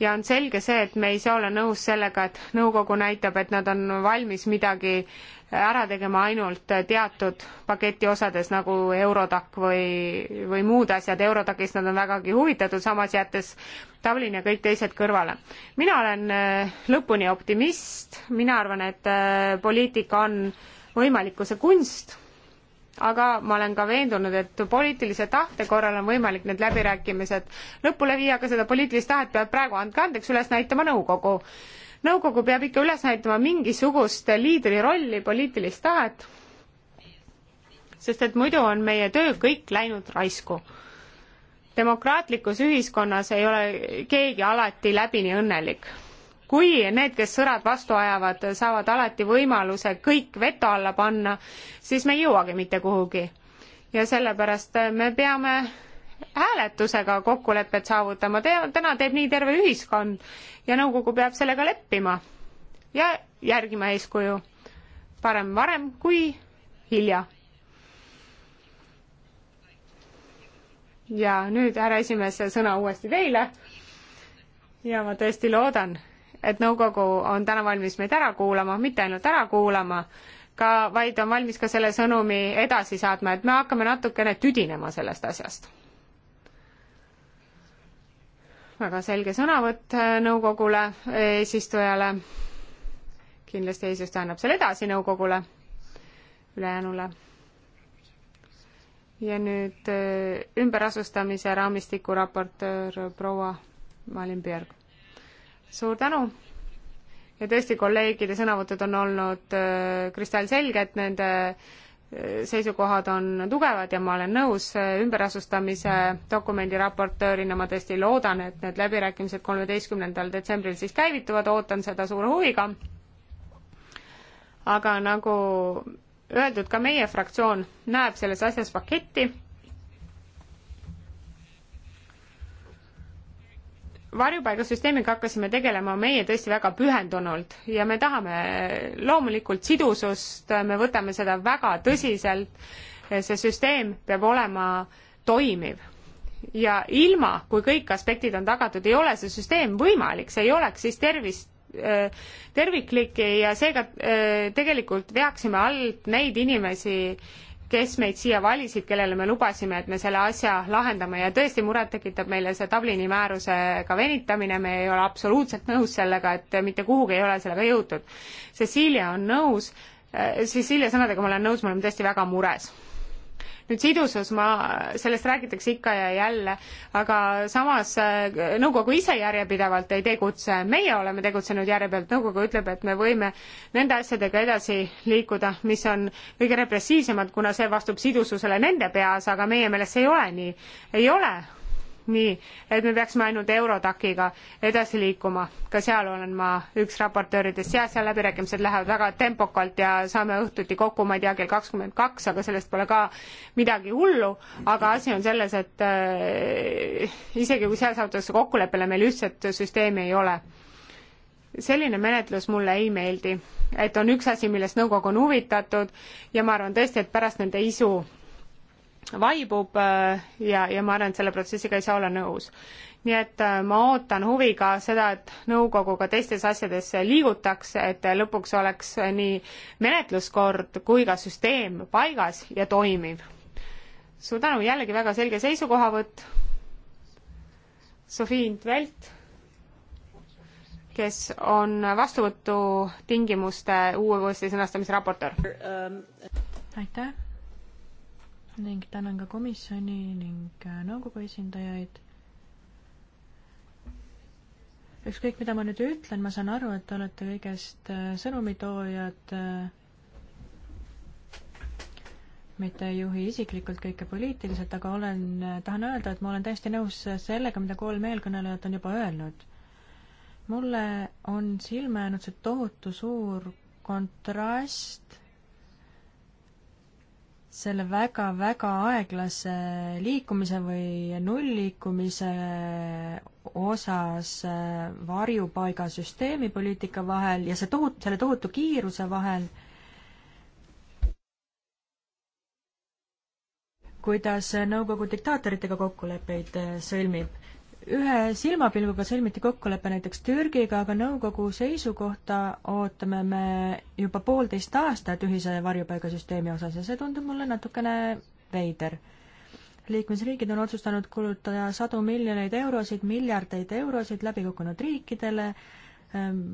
Speaker 3: ja on selge see, et me ei saa olla nõus sellega, et nõukogu näitab, et nad on valmis midagi ära tegema ainult teatud paketi osades nagu Eurodac või, või muud asjad, Eurodacist nad on vägagi huvitatud, samas jättes Dublin ja kõik teised kõrvale. mina olen äh, lõpuni optimist, mina arvan, et äh, poliitika on võimalikkuse kunst aga ma olen ka veendunud, et poliitilise tahte korral on võimalik need läbirääkimised lõpule viia, aga seda poliitilist tahet peab praegu, andke andeks, üles näitama nõukogu. nõukogu peab ikka üles näitama mingisugust liidri rolli, poliitilist tahet, sest et muidu on meie töö kõik läinud raisku. demokraatlikus ühiskonnas ei ole keegi alati läbini õnnelik kui need, kes sõrad vastu ajavad, saavad alati võimaluse kõik veto alla panna, siis me ei jõuagi mitte kuhugi. ja sellepärast me peame hääletusega kokkulepet saavutama, täna teeb nii terve ühiskond ja nõukogu peab sellega leppima ja järgima eeskuju. parem varem kui hilja. ja nüüd, härra esimees, sõna uuesti teile. ja ma tõesti loodan, et nõukogu on täna valmis meid ära kuulama, mitte ainult ära kuulama, ka, vaid on valmis ka selle sõnumi edasi saatma, et me hakkame natukene tüdinema sellest asjast. väga selge sõnavõtt äh, nõukogule, eesistujale. kindlasti eesistuja annab selle edasi nõukogule, ülejäänule. ja nüüd äh, ümberasustamise raamistiku raportöör proua Malin Björg suur tänu! ja tõesti, kolleegide sõnavõtud on olnud äh, kristallselged, nende äh, seisukohad on tugevad ja ma olen nõus äh, ümberasustamise dokumendi raportöörina, ma tõesti loodan, et need läbirääkimised kolmeteistkümnendal detsembril siis käivituvad, ootan seda suure huviga. aga nagu öeldud, ka meie fraktsioon näeb selles asjas paketti varjupaigasüsteemiga hakkasime tegelema meie tõesti väga pühendunult ja me tahame loomulikult sidusust, me võtame seda väga tõsiselt, see süsteem peab olema toimiv. ja ilma, kui kõik aspektid on tagatud, ei ole see süsteem võimalik, see ei oleks siis tervist äh, terviklik ja seega äh, tegelikult veaksime alt neid inimesi, kes meid siia valisid, kellele me lubasime, et me selle asja lahendame ja tõesti muret tekitab meile see Dublini määrusega venitamine, me ei ole absoluutselt nõus sellega, et mitte kuhugi ei ole sellega jõutud. Cecilia on nõus, äh, Cecilia sõnadega ma olen nõus, me oleme tõesti väga mures nüüd sidusus, ma, sellest räägitakse ikka ja jälle, aga samas äh, nõukogu ise järjepidevalt ei tegutse, meie oleme tegutsenud järjepidevalt, nõukogu ütleb, et me võime nende asjadega edasi liikuda, mis on kõige repressiivsemad, kuna see vastub sidususele nende peas, aga meie meelest see ei ole nii. ei ole, nii, et me peaksime ainult Eurodaciga edasi liikuma. ka seal olen ma üks raportööridest seas ja läbirääkimised lähevad väga tempokalt ja saame õhtuti kokku, ma ei tea, kell kakskümmend kaks, aga sellest pole ka midagi hullu. aga asi on selles, et äh, isegi kui seal saavutatakse kokkuleppele, meil ühtset süsteemi ei ole selline menetlus mulle ei meeldi, et on üks asi, millest nõukogu on huvitatud ja ma arvan tõesti, et pärast nende isu vaibub äh, ja, ja ma arvan, et selle protsessiga ei saa olla nõus. nii et äh, ma ootan huviga seda, et nõukoguga teistes asjades liigutakse, et lõpuks oleks nii menetluskord kui ka süsteem paigas ja toimiv. suur tänu, jällegi väga selge seisukohavõtt. Sofiin Tvelt kes on vastuvõtutingimuste uuesti sõnastamise raportöör. aitäh
Speaker 1: ning tänan ka komisjoni ning äh, nõukogu esindajaid. ükskõik, mida ma nüüd ütlen, ma saan aru, et te olete kõigest äh, sõnumitoojad, äh, mitte ei juhi isiklikult kõike poliitiliselt, aga olen, tahan öelda, et ma olen täiesti nõus sellega, mida kolm eelkõnelejat on juba öelnud. mulle on silma jäänud see tohutu suur kontrast selle väga-väga aeglase liikumise või nullliikumise osas äh, varjupaigasüsteemi poliitika vahel ja see tohut-, selle tohutu kiiruse vahel, kuidas nõukogu diktaatoritega kokkuleppeid äh, sõlmib ühe silmapilguga sõlmiti kokkulepe näiteks Türgiga, aga nõukogu seisukohta ootame me juba poolteist aastat ühise varjupaigasüsteemi osas ja see tundub mulle natukene veider. liikmesriigid on otsustanud kulutada sadu miljoneid eurosid, miljardeid eurosid läbikukkunud riikidele, ehm,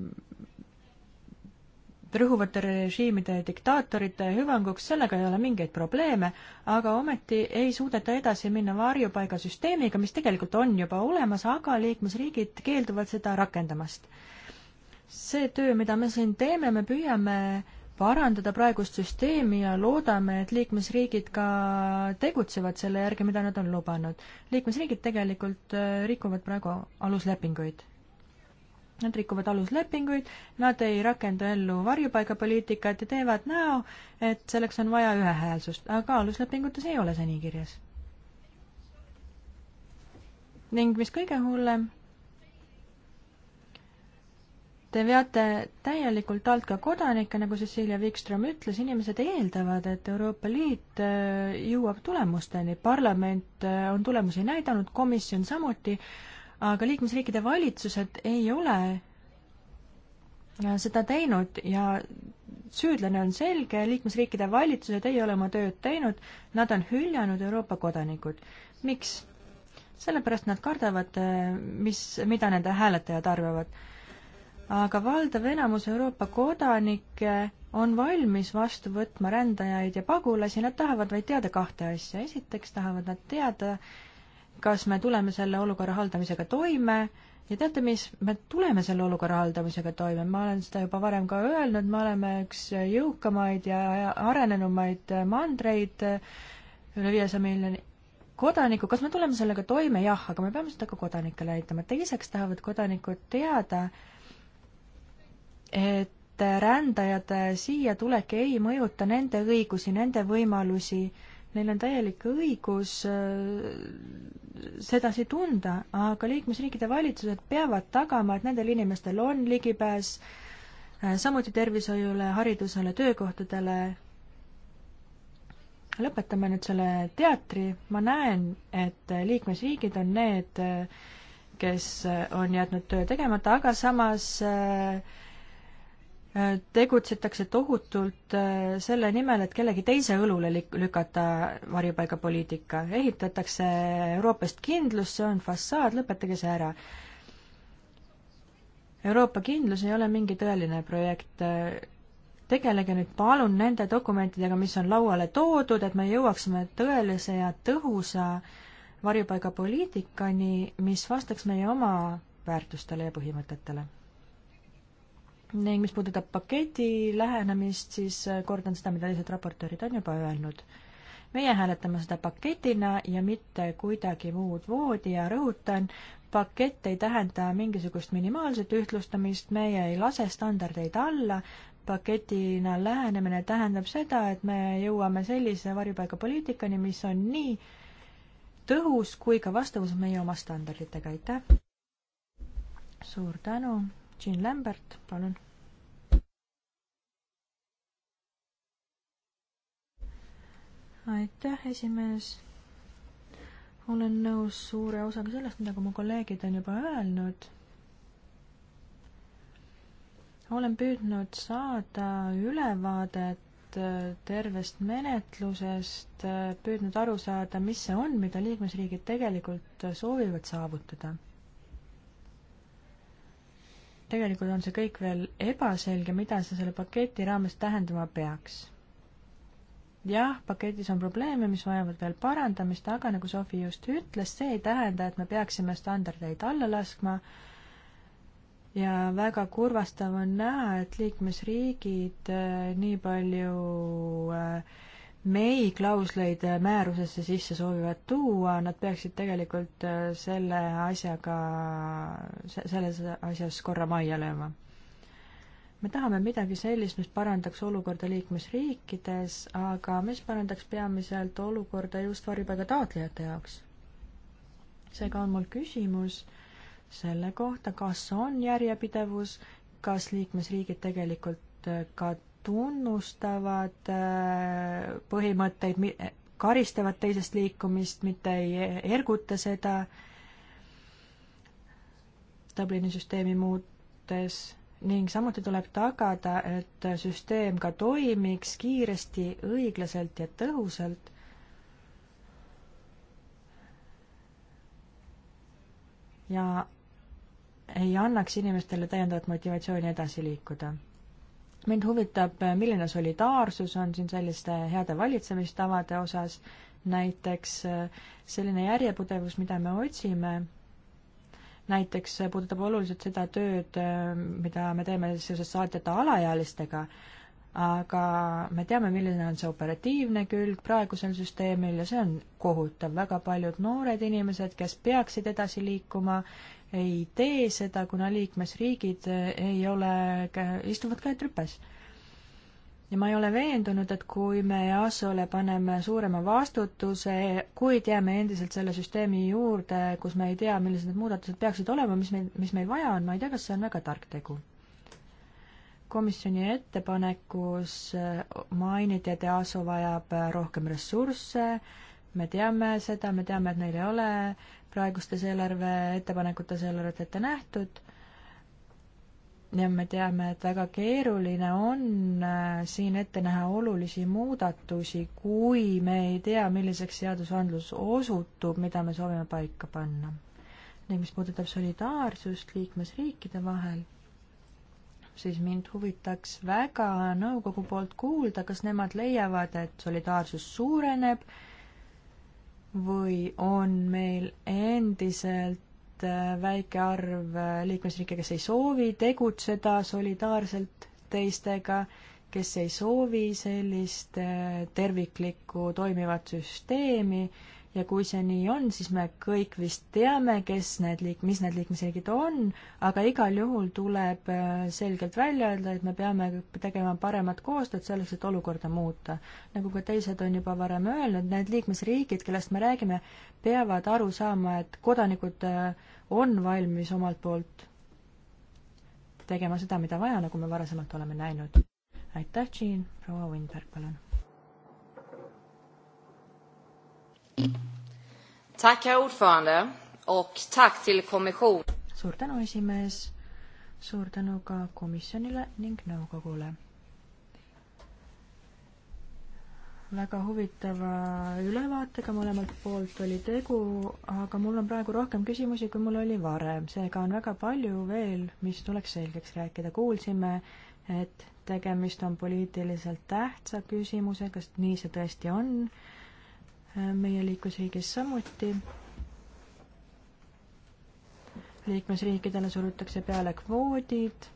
Speaker 1: rõhuvate režiimide ja diktaatorite hüvanguks, sellega ei ole mingeid probleeme, aga ometi ei suudeta edasi minna varjupaigasüsteemiga, mis tegelikult on juba olemas, aga liikmesriigid keelduvad seda rakendamast. see töö, mida me siin teeme, me püüame parandada praegust süsteemi ja loodame, et liikmesriigid ka tegutsevad selle järgi, mida nad on lubanud. liikmesriigid tegelikult äh, rikuvad praegu aluslepinguid Nad rikuvad aluslepinguid, nad ei rakenda ellu varjupaigapoliitikat ja teevad näo, et selleks on vaja ühehäälsust, aga aluslepingutes ei ole see nii kirjas. ning mis kõige hullem, te veate täielikult alt ka kodanikke, nagu Cecilia Wikström ütles, inimesed eeldavad, et Euroopa Liit äh, jõuab tulemusteni, parlament äh, on tulemusi näidanud, komisjon samuti, aga liikmesriikide valitsused ei ole seda teinud ja süüdlane on selge, liikmesriikide valitsused ei ole oma tööd teinud, nad on hüljanud Euroopa kodanikud. miks? sellepärast nad kardavad, eh, mis, mida nende hääletajad arvavad. aga valdav enamus Euroopa kodanikke on valmis vastu võtma rändajaid ja pagulasi, nad tahavad vaid teada kahte asja. esiteks tahavad nad teada, kas me tuleme selle olukorra haldamisega toime ja teate mis, me tuleme selle olukorra haldamisega toime, ma olen seda juba varem ka öelnud, me oleme üks jõukamaid ja arenenumaid mandreid, üle viiesaja miljoni kodaniku, kas me tuleme sellega toime, jah, aga me peame seda ka kodanikele näitama, teiseks tahavad kodanikud teada, et et rändajate siia tulek ei mõjuta nende õigusi, nende võimalusi neil on täielik õigus äh, sedasi tunda, aga liikmesriikide valitsused peavad tagama, et nendel inimestel on ligipääs äh, samuti tervishoiule, haridusele, töökohtadele. lõpetame nüüd selle teatri, ma näen, et liikmesriigid on need, äh, kes on jätnud töö tegemata, aga samas äh, tegutsetakse tohutult äh, selle nimel, et kellegi teise õlule lükata varjupaigapoliitika. ehitatakse Euroopast kindlus, see on fassaad, lõpetage see ära. Euroopa kindlus ei ole mingi tõeline projekt. tegelege nüüd palun nende dokumentidega, mis on lauale toodud, et me jõuaksime tõelise ja tõhusa varjupaigapoliitikani, mis vastaks meie oma väärtustele ja põhimõtetele ning mis puudutab paketi lähenemist, siis äh, kordan seda, mida teised raportöörid on juba öelnud. meie hääletame seda paketina ja mitte kuidagi muud moodi ja rõhutan, pakett ei tähenda mingisugust minimaalset ühtlustamist, meie ei lase standardeid alla, paketina lähenemine tähendab seda, et me jõuame sellise varjupaigapoliitikani, mis on nii tõhus kui ka vastavus meie oma standarditega, aitäh! suur tänu! Jean Lambert, palun. aitäh, esimees. olen nõus suure osaga sellest, mida mu kolleegid on juba öelnud. olen püüdnud saada ülevaadet äh, tervest menetlusest, äh, püüdnud aru saada, mis see on, mida liikmesriigid tegelikult äh, soovivad saavutada tegelikult on see kõik veel ebaselge, mida see selle paketi raames tähendama peaks. jah, paketis on probleeme, mis vajavad veel parandamist, aga nagu Sofi just ütles, see ei tähenda, et me peaksime standardeid alla laskma ja väga kurvastav on näha, et liikmesriigid äh, nii palju äh, MEI klausleid määrusesse sisse soovivad tuua, nad peaksid tegelikult äh, selle asjaga, selles asjas korra majja lööma. me tahame midagi sellist, mis parandaks olukorda liikmesriikides, aga mis parandaks peamiselt olukorda just varjupaiga taotlejate jaoks. seega on mul küsimus selle kohta, kas on järjepidevus, kas liikmesriigid tegelikult äh, ka tunnustavad äh, põhimõtteid, karistavad teisest liikumist, mitte ei erguta seda Dublini süsteemi muutes ning samuti tuleb tagada, et süsteem ka toimiks kiiresti, õiglaselt ja tõhusalt ja ei annaks inimestele täiendavat motivatsiooni edasi liikuda mind huvitab, milline solidaarsus on siin selliste heade valitsemistavade osas, näiteks äh, selline järjepidevus, mida me otsime, näiteks puudutab oluliselt seda tööd, äh, mida me teeme seoses saatjate alaealistega, aga me teame, milline on see operatiivne külg praegusel süsteemil ja see on kohutav, väga paljud noored inimesed, kes peaksid edasi liikuma ei tee seda, kuna liikmesriigid ei ole, istuvad käed rüpes. ja ma ei ole veendunud, et kui me EASO-le paneme suurema vastutuse, kuid jääme endiselt selle süsteemi juurde, kus me ei tea, millised need muudatused peaksid olema, mis meil, mis meil vaja on, ma ei tea, kas see on väga tark tegu. komisjoni ettepanekus mainiti, et EASO vajab rohkem ressursse, me teame seda, me teame, et neil ei ole äh, praegustes eelarve ettepanekutes eelarvet ette nähtud ja me teame, et väga keeruline on äh, siin ette näha olulisi muudatusi, kui me ei tea, milliseks seadusandlus osutub, mida me soovime paika panna. ning mis puudutab solidaarsust liikmesriikide vahel, siis mind huvitaks väga nõukogu poolt kuulda, kas nemad leiavad, et solidaarsus suureneb või on meil endiselt äh, väike arv äh, liikmesriike, kes ei soovi tegutseda solidaarselt teistega, kes ei soovi sellist äh, terviklikku toimivat süsteemi ja kui see nii on, siis me kõik vist teame, kes need liik-, mis need liikmesriigid on, aga igal juhul tuleb äh, selgelt välja öelda, et me peame tegema paremat koostööd selleks, et olukorda muuta. nagu ka teised on juba varem öelnud, need liikmesriigid, kellest me räägime, peavad aru saama, et kodanikud äh, on valmis omalt poolt tegema seda, mida vaja, nagu me varasemalt oleme näinud. aitäh, Jean, proua Windberg, palun! suur tänu, esimees, suur tänu ka komisjonile ning nõukogule. väga huvitava ülevaatega mõlemalt poolt oli tegu, aga mul on praegu rohkem küsimusi, kui mul oli varem, seega on väga palju veel, mis tuleks selgeks rääkida. kuulsime, et tegemist on poliitiliselt tähtsa küsimusega, sest nii see tõesti on meie liikmesriigis samuti. liikmesriikidele surutakse peale kvoodid.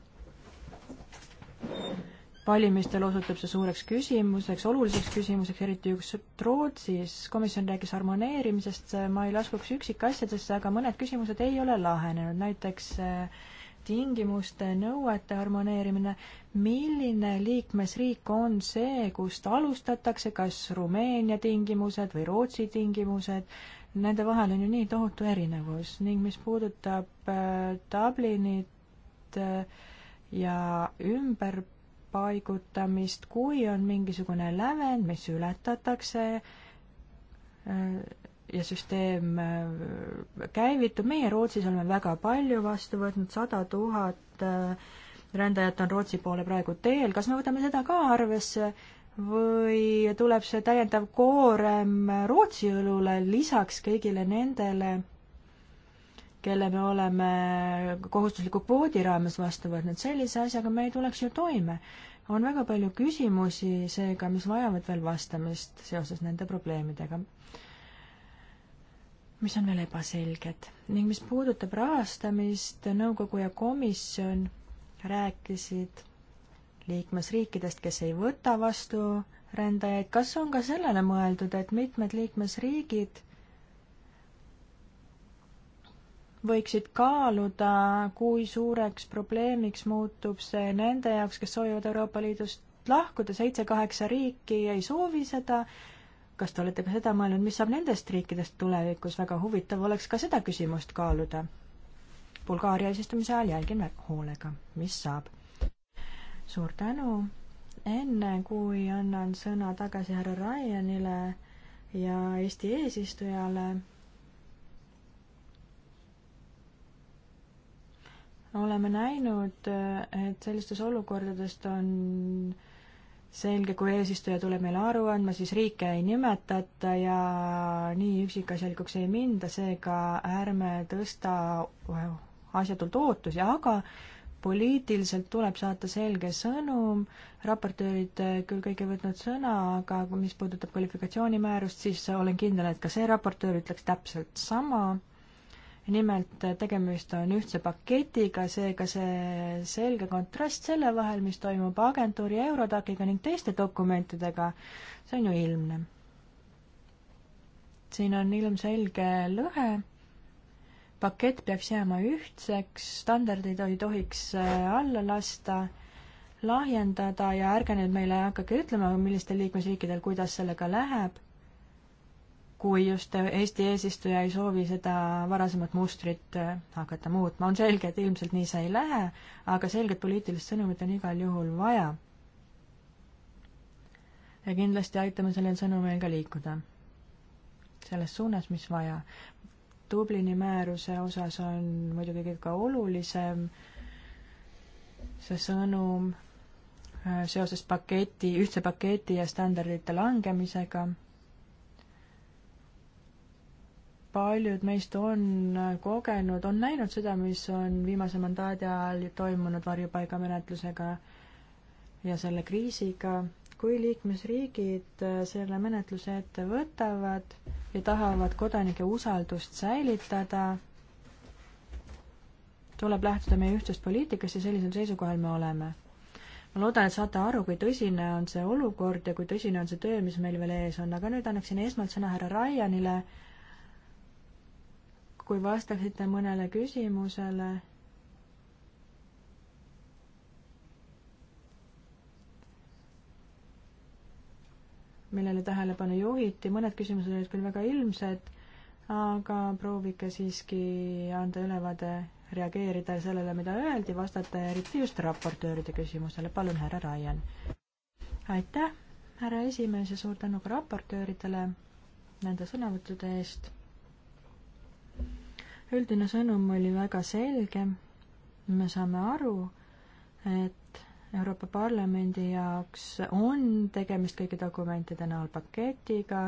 Speaker 1: valimistel osutub see suureks küsimuseks, oluliseks küsimuseks, eriti just Rootsis. komisjon rääkis harmoneerimisest, ma ei laskuks üksikasjadesse, aga mõned küsimused ei ole lahenenud, näiteks äh, tingimuste, nõuete harmoneerimine, milline liikmesriik on see, kust alustatakse, kas Rumeenia tingimused või Rootsi tingimused, nende vahel on ju nii tohutu erinevus ning mis puudutab äh, Dublinit äh, ja ümberpaigutamist, kui on mingisugune lävend, mis ületatakse, äh, ja süsteem äh, käivitub, meie Rootsis oleme väga palju vastu võtnud, sada tuhat äh, rändajat on Rootsi poole praegu teel, kas me võtame seda ka arvesse või tuleb see täiendav koorem Rootsi õlule lisaks kõigile nendele, kelle me oleme kohustusliku kvoodi raames vastu võtnud, sellise asjaga me ei tuleks ju toime. on väga palju küsimusi seega, mis vajavad veel vastamist seoses nende probleemidega mis on veel ebaselged ning mis puudutab rahastamist, nõukogu ja komisjon rääkisid liikmesriikidest, kes ei võta vastu rändajaid, kas on ka sellele mõeldud, et mitmed liikmesriigid võiksid kaaluda, kui suureks probleemiks muutub see nende jaoks, kes soovivad Euroopa Liidust lahkuda, seitse-kaheksa riiki ei soovi seda kas te olete ka seda mõelnud, mis saab nendest riikidest tulevikus, väga huvitav oleks ka seda küsimust kaaluda. Bulgaaria eesistumise ajal jälgin hoolega, mis saab. suur tänu, enne kui annan sõna tagasi härra Ryanile ja Eesti eesistujale, oleme näinud, et sellistest olukordadest on äh, selge, kui eesistuja tuleb meile aru andma, siis riike ei nimetata ja nii üksikasjalikuks ei minda, seega ärme tõsta asjatult ootusi, aga poliitiliselt tuleb saata selge sõnum, raportöörid küll kõik ei võtnud sõna, aga mis puudutab kvalifikatsioonimäärust, siis olen kindel, et ka see raportöör ütleks täpselt sama nimelt tegemist on ühtse paketiga, seega see selge kontrast selle vahel, mis toimub agentuuri ja Eurodaciga ning teiste dokumentidega, see on ju ilmne. siin on ilmselge lõhe, pakett peaks jääma ühtseks, standardid ei tohiks äh, alla lasta, lahjendada ja ärge nüüd meile hakake ütlema, millistel liikmesriikidel kuidas sellega läheb kui just Eesti eesistuja ei soovi seda varasemat mustrit äh, hakata muutma. on selge, et ilmselt nii see ei lähe, aga selget poliitilist sõnumit on igal juhul vaja. ja kindlasti aitame sellel sõnumil ka liikuda. selles suunas, mis vaja. Dublini määruse osas on muidugi kõige ka olulisem see sõnum äh, seoses paketi, ühtse paketi ja standardite langemisega paljud meist on äh, kogenud, on näinud seda, mis on viimase mandaadi ajal toimunud varjupaigamenetlusega ja selle kriisiga. kui liikmesriigid äh, selle menetluse ette võtavad ja tahavad kodanike usaldust säilitada, tuleb lähtuda meie ühtsest poliitikast ja sellisel seisukohal me oleme. ma loodan, et saate aru, kui tõsine on see olukord ja kui tõsine on see töö, mis meil veel ees on, aga nüüd annaksin esmalt sõna härra Ryanile kui vastaksite mõnele küsimusele millele tähelepanu juhiti, mõned küsimused olid küll väga ilmsed, aga proovige siiski anda ülevaade, reageerida sellele, mida öeldi, vastata eriti just raportööride küsimusele, palun, härra Ryan. aitäh, härra esimees ja suur tänu ka raportööridele nende sõnavõttude eest üldine sõnum oli väga selge. me saame aru, et Euroopa Parlamendi jaoks on tegemist kõigi dokumentide näol paketiga,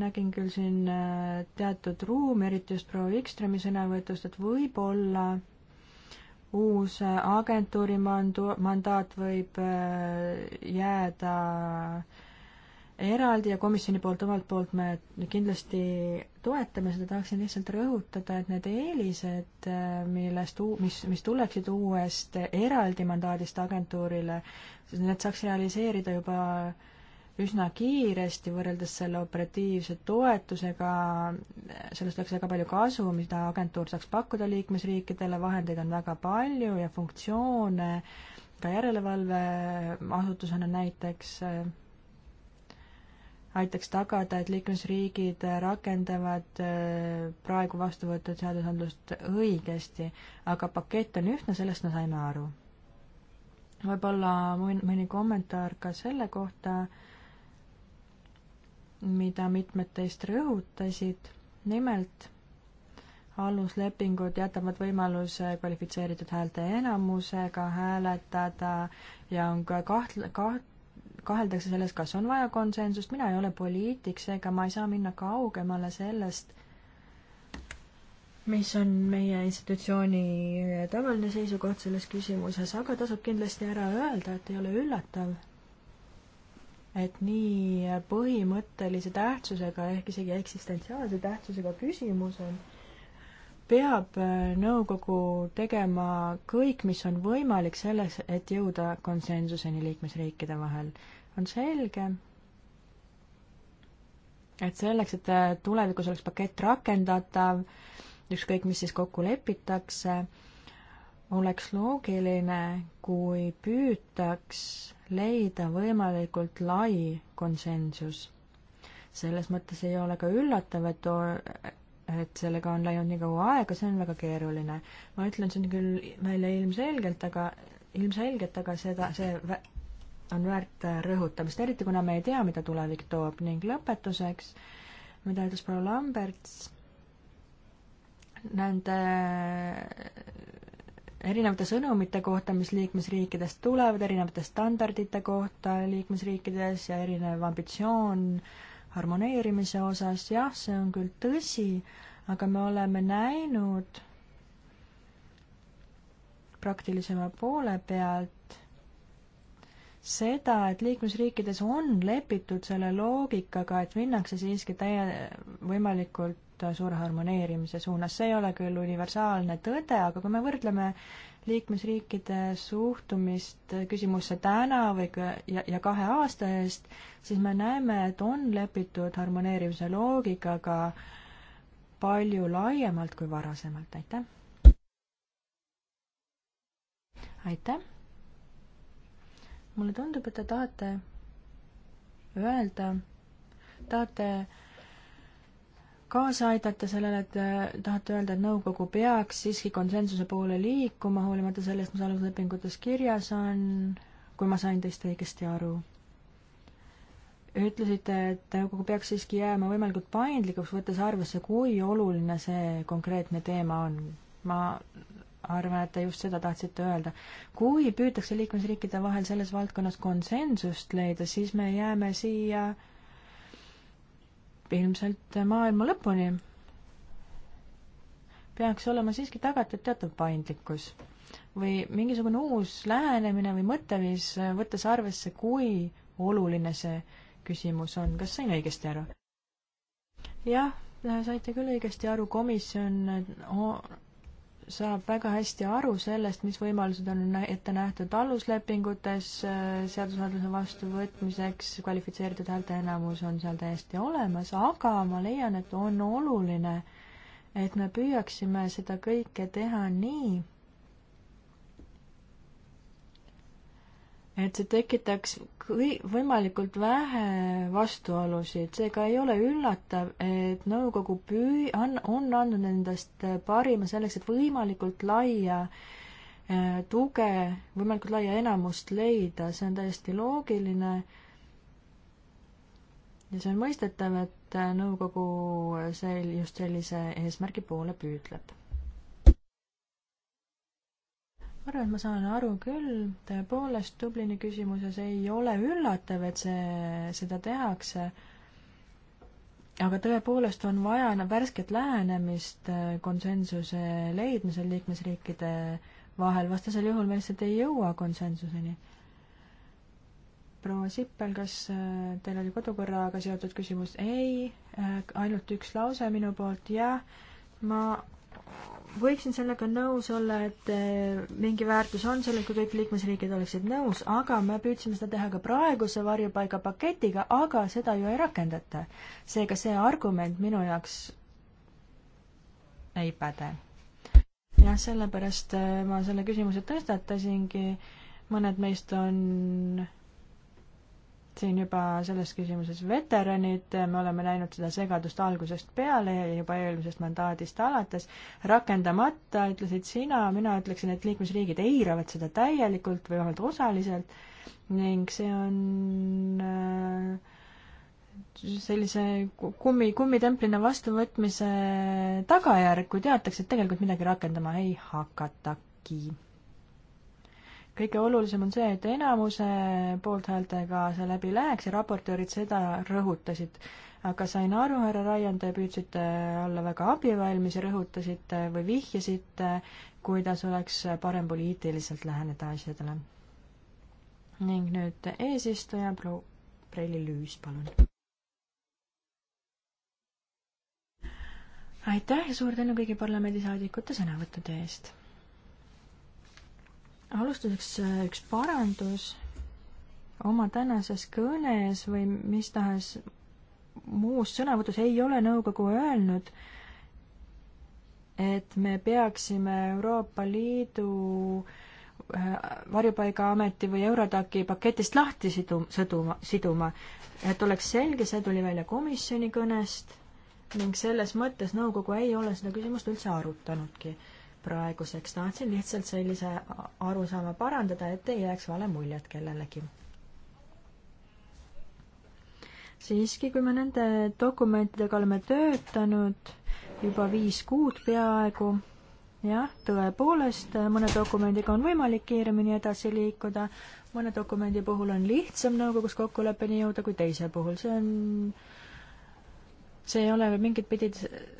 Speaker 1: nägin küll siin äh, teatud ruumi, eriti just proua Wikströmi sõnavõtust, et võib-olla uus äh, agentuuri mandu-, mandaat võib äh, jääda eraldi ja komisjoni poolt, omalt poolt me kindlasti toetame seda, tahaksin lihtsalt rõhutada, et need eelised, äh, millest, mis, mis tuleksid uuest eraldi mandaadist agentuurile, siis need saaks realiseerida juba üsna kiiresti võrreldes selle operatiivse toetusega, sellest oleks väga palju kasu, mida agentuur saaks pakkuda liikmesriikidele, vahendeid on väga palju ja funktsioone, ka järelevalveasutusena näiteks äh, aitaks tagada, et liikmesriigid rakendavad äh, praegu vastu võetud seadusandlust õigesti, aga pakett on ühtne, sellest me saime aru. võib-olla mõni kommentaar ka selle kohta, mida mitmed teist rõhutasid, nimelt aluslepingud jätavad võimaluse kvalifitseeritud häälte enamusega hääletada ja on ka kaht-, kaht-, kaheldakse selles, kas on vaja konsensust, mina ei ole poliitik, seega ma ei saa minna kaugemale sellest, mis on meie institutsiooni tavaline seisukoht selles küsimuses, aga tasub kindlasti ära öelda, et ei ole üllatav, et nii põhimõttelise tähtsusega ehk isegi eksistentsiaalse tähtsusega küsimus on peab äh, nõukogu tegema kõik, mis on võimalik selles, et jõuda konsensuseni liikmesriikide vahel. on selge, et selleks, et äh, tulevikus oleks pakett rakendatav, ükskõik mis siis kokku lepitakse, oleks loogiline, kui püütaks leida võimalikult lai konsensus. selles mõttes ei ole ka üllatav, et et sellega on läinud nii kaua aega, see on väga keeruline. ma ütlen siin küll välja ilmselgelt, aga, ilmselgelt, aga seda, see vä on väärt rõhutamist, eriti kuna me ei tea, mida tulevik toob ning lõpetuseks, mida ütles proua Lamberts, nende erinevate sõnumite kohta, mis liikmesriikidest tulevad, erinevate standardite kohta liikmesriikides ja erinev ambitsioon äh, harmoneerimise osas, jah, see on küll tõsi, aga me oleme näinud praktilisema poole pealt seda, et liikmesriikides on lepitud selle loogikaga, et minnakse siiski täie, võimalikult suure harmoneerimise suunas, see ei ole küll universaalne tõde, aga kui me võrdleme liikmesriikide suhtumist küsimusse täna või ka, ja, ja kahe aasta eest, siis me näeme, et on lepitud harmoneerimise loogikaga palju laiemalt kui varasemalt, aitäh! aitäh! mulle tundub, et te tahate öelda, tahate kaasa aidata sellele, et äh, tahate öelda, et nõukogu peaks siiski konsensuse poole liikuma, hoolimata sellest, mis aluslepingutes kirjas on, kui ma sain teist õigesti aru? ütlesite, et nõukogu peaks siiski jääma võimalikult paindlikuks, võttes arvesse, kui oluline see konkreetne teema on. ma arvan, et te just seda tahtsite öelda. kui püütakse liikmesriikide vahel selles valdkonnas konsensust leida, siis me jääme siia äh, kestab ilmselt maailma lõpuni, peaks olema siiski tagatud teatav paindlikkus või mingisugune uus lähenemine või mõtteviis, võttes arvesse, kui oluline see küsimus on, kas sain õigesti aru? jah, saite küll õigesti aru, komisjon saab väga hästi aru sellest, mis võimalused on ette nähtud aluslepingutes äh, seadusandluse vastuvõtmiseks, kvalifitseeritud häälteenamus on seal täiesti olemas, aga ma leian, et on oluline, et me püüaksime seda kõike teha nii, et see tekitaks kõi-, võimalikult vähe vastuolusid, seega ei ole üllatav, et nõukogu püü-, on, on andnud endast parima selleks, et võimalikult laia äh, tuge, võimalikult laia enamust leida, see on täiesti loogiline ja see on mõistetav, et nõukogu sel-, just sellise eesmärgi poole püüdleb ma arvan, et ma saan aru küll, tõepoolest Dublini küsimuses ei ole üllatav, et see, seda tehakse, aga tõepoolest on vaja värsket lähenemist äh, konsensuse leidmisel liikmesriikide vahel, vastasel juhul me lihtsalt ei jõua konsensuseni. proua Sippel, kas äh, teil oli kodukorraga seotud küsimus? ei, äh, ainult üks lause minu poolt, jah. ma võiksin sellega nõus olla, et eh, mingi väärtus on sellel, kui kõik liikmesriigid oleksid nõus, aga me püüdsime seda teha ka praeguse varjupaigapaketiga, aga seda ju ei rakendata. seega see argument minu jaoks ei päde. jah, sellepärast eh, ma selle küsimuse tõstatasingi, mõned meist on siin juba selles küsimuses veteranid, me oleme näinud seda segadust algusest peale ja juba eelmisest mandaadist alates, rakendamata, ütlesid sina, mina ütleksin, et liikmesriigid eiravad seda täielikult või vähemalt osaliselt ning see on äh, sellise kummi, kummitemplina vastuvõtmise tagajärg, kui teatakse, et tegelikult midagi rakendama ei hakatagi kõige olulisem on see, et enamuse poolthäältega see läbi läheks ja raportöörid seda rõhutasid. aga sain aru, härra Raian, te püüdsite olla väga abivalmis ja rõhutasite või vihjasite, kuidas oleks parem poliitiliselt läheneda asjadele. ning nüüd eesistuja Pro-, Preili Lüüs, palun. aitäh ja suur tänu kõigi parlamendisaadikute sõnavõttude eest alustuseks äh, üks parandus. oma tänases kõnes või mis tahes muus sõnavõtus ei ole nõukogu öelnud, et me peaksime Euroopa Liidu äh, varjupaigaameti või Eurodaki paketist lahti sidu-, sõduma, siduma. et oleks selge, see tuli välja komisjoni kõnest ning selles mõttes nõukogu ei ole seda küsimust üldse arutanudki praeguseks. tahtsin lihtsalt sellise arusaama parandada, et ei jääks vale muljet kellelegi siiski, kui me nende dokumentidega oleme töötanud juba viis kuud peaaegu, jah, tõepoolest, mõne dokumendiga on võimalik kiiremini edasi liikuda, mõne dokumendi puhul on lihtsam nõukogus kokkuleppeni jõuda kui teise puhul, see on see ei ole veel mingit pidi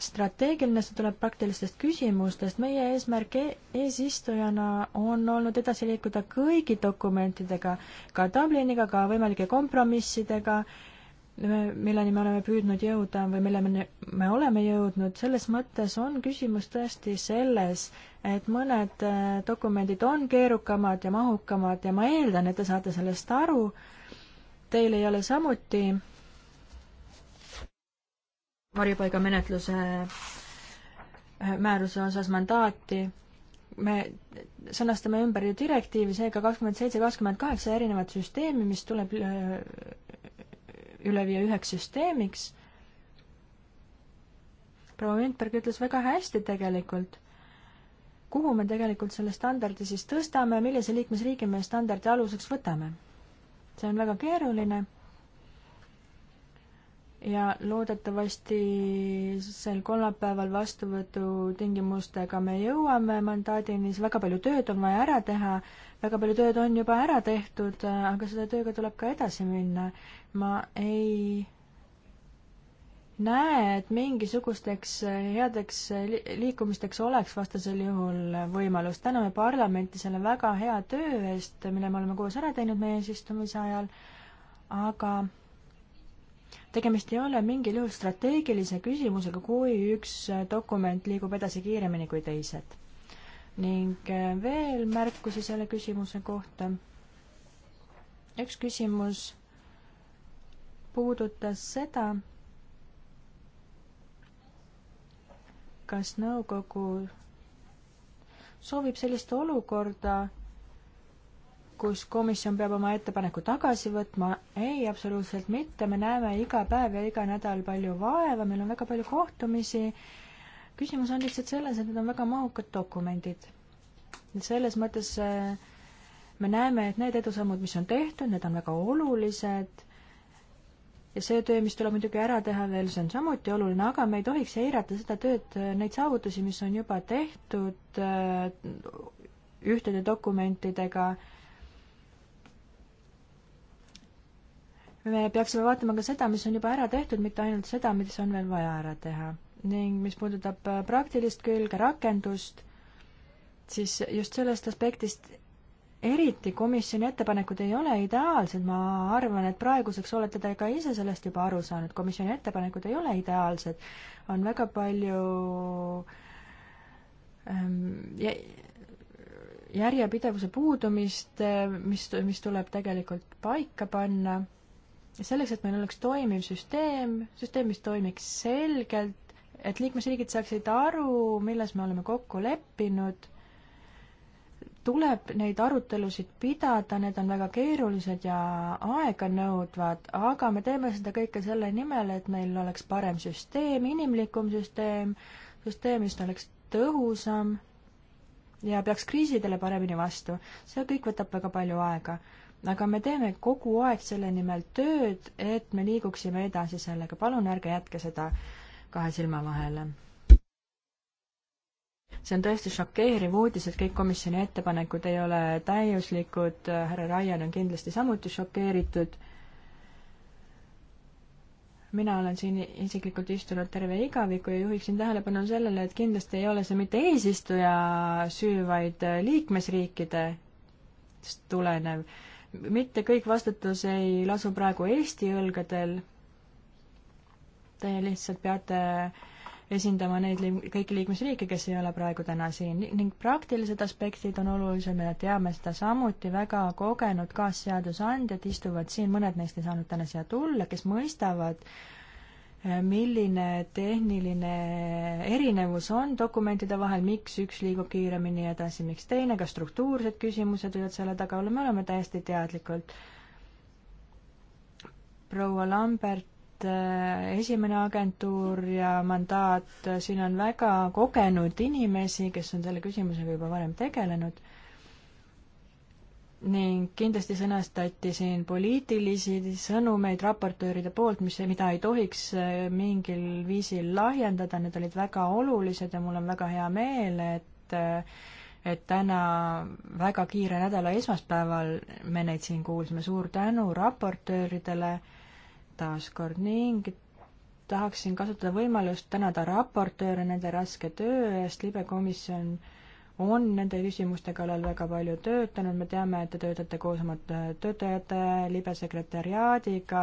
Speaker 1: strateegiline, see tuleb praktilistest küsimustest. meie eesmärk e eesistujana on olnud edasi liikuda kõigi dokumentidega, ka Dubliniga, ka võimalike kompromissidega, milleni me oleme püüdnud jõuda või milleni me oleme jõudnud, selles mõttes on küsimus tõesti selles, et mõned äh, dokumendid on keerukamad ja mahukamad ja ma eeldan, et te saate sellest aru. Teil ei ole samuti varjupaigamenetluse äh, määruse osas mandaati, me sõnastame ümber ju direktiivi, seega kakskümmend seitse, kakskümmend kaheksa erinevat süsteemi, mis tuleb äh, üle viia üheks süsteemiks. proua Vintberg ütles väga hästi tegelikult, kuhu me tegelikult selle standardi siis tõstame, millise liikmesriigi me standardi aluseks võtame. see on väga keeruline ja loodetavasti sel kolmapäeval vastuvõtu tingimustega me jõuame mandaadini, siis väga palju tööd on vaja ära teha, väga palju tööd on juba ära tehtud, aga selle tööga tuleb ka edasi minna. ma ei näe, et mingisugusteks headeks liikumisteks oleks vastasel juhul võimalus. täname parlamenti selle väga hea töö eest, mille me oleme koos ära teinud meie eesistumise ajal, aga tegemist ei ole mingil juhul strateegilise küsimusega, kui üks dokument liigub edasi kiiremini kui teised. ning äh, veel märkusi selle küsimuse kohta. üks küsimus puudutas seda, kas nõukogu soovib sellist olukorda, kus komisjon peab oma ettepaneku tagasi võtma? ei, absoluutselt mitte, me näeme iga päev ja iga nädal palju vaeva, meil on väga palju kohtumisi. küsimus on lihtsalt selles, et need on väga mahukad dokumendid. selles mõttes eh, me näeme, et need edusammud, mis on tehtud, need on väga olulised ja see töö, mis tuleb muidugi ära teha veel, see on samuti oluline, aga me ei tohiks eirata seda tööd, eh, neid saavutusi, mis on juba tehtud eh, ühtede dokumentidega me peaksime vaatama ka seda, mis on juba ära tehtud, mitte ainult seda, mis on veel vaja ära teha. ning mis puudutab äh, praktilist külge, rakendust, siis just sellest aspektist eriti komisjoni ettepanekud ei ole ideaalsed, ma arvan, et praeguseks olete te ka ise sellest juba aru saanud, komisjoni ettepanekud ei ole ideaalsed, on väga palju ähm, järjepidevuse puudumist, äh, mis, mis tuleb tegelikult paika panna selleks, et meil oleks toimiv süsteem, süsteem, mis toimiks selgelt, et liikmesriigid saaksid aru, milles me oleme kokku leppinud, tuleb neid arutelusid pidada, need on väga keerulised ja aeganõudvad, aga me teeme seda kõike selle nimel, et meil oleks parem süsteem, inimlikum süsteem, süsteem, mis oleks tõhusam ja peaks kriisidele paremini vastu. see kõik võtab väga palju aega aga me teeme kogu aeg selle nimel tööd, et me liiguksime edasi sellega, palun ärge jätke seda kahe silma vahele. see on tõesti šokeeriv uudis, et kõik komisjoni ettepanekud ei ole täiuslikud, härra Raian on kindlasti samuti šokeeritud mina olen siin isiklikult istunud terve igaviku ja juhiksin tähelepanu sellele, et kindlasti ei ole see mitte eesistuja süü, vaid liikmesriikidest tulenev mitte kõik vastutus ei lasu praegu Eesti õlgadel. Te lihtsalt peate esindama neid li-, kõiki liikmesriike, kes ei ole praegu täna siin ning praktilised aspektid on olulised, me teame seda samuti, väga kogenud kaasseadusandjad istuvad siin, mõned neist ei saanud täna siia tulla, kes mõistavad äh, milline tehniline erinevus on dokumentide vahel, miks üks liigub kiiremini edasi, miks teine, kas struktuursed küsimused võivad selle taga olla, me oleme täiesti teadlikud. proua Lambert, äh, esimene agentuur ja mandaat, äh, siin on väga kogenud inimesi, kes on selle küsimusega juba varem tegelenud ning kindlasti sõnastati siin poliitilisi sõnumeid raportööride poolt, mis, mida ei tohiks äh, mingil viisil lahjendada, need olid väga olulised ja mul on väga hea meel, et äh, et täna väga kiire nädala esmaspäeval me neid siin kuulsime, suur tänu raportööridele taaskord ning tahaksin kasutada võimalust tänada raportööre nende raske töö eest, libekomisjon äh, on nende küsimuste kallal väga palju töötanud, me teame, et te töötate koos oma äh, töötajate libesekretäriaadiga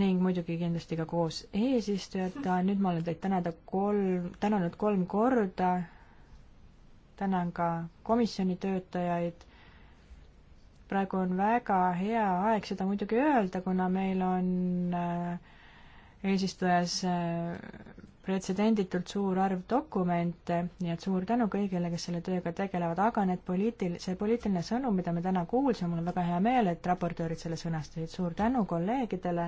Speaker 1: ning muidugi kindlasti ka koos eesistujata, nüüd ma olen teid tänada kolm, tänanud kolm korda, tänan ka komisjoni töötajaid praegu on väga hea aeg seda muidugi öelda, kuna meil on äh, eesistujas äh, pretsedenditult suur arv dokumente, nii et suur tänu kõigile, kes selle tööga tegelevad, aga need poliitil-, see poliitiline sõnum, mida me täna kuulsime, mul on väga hea meel, et raportöörid selle sõnastasid, suur tänu kolleegidele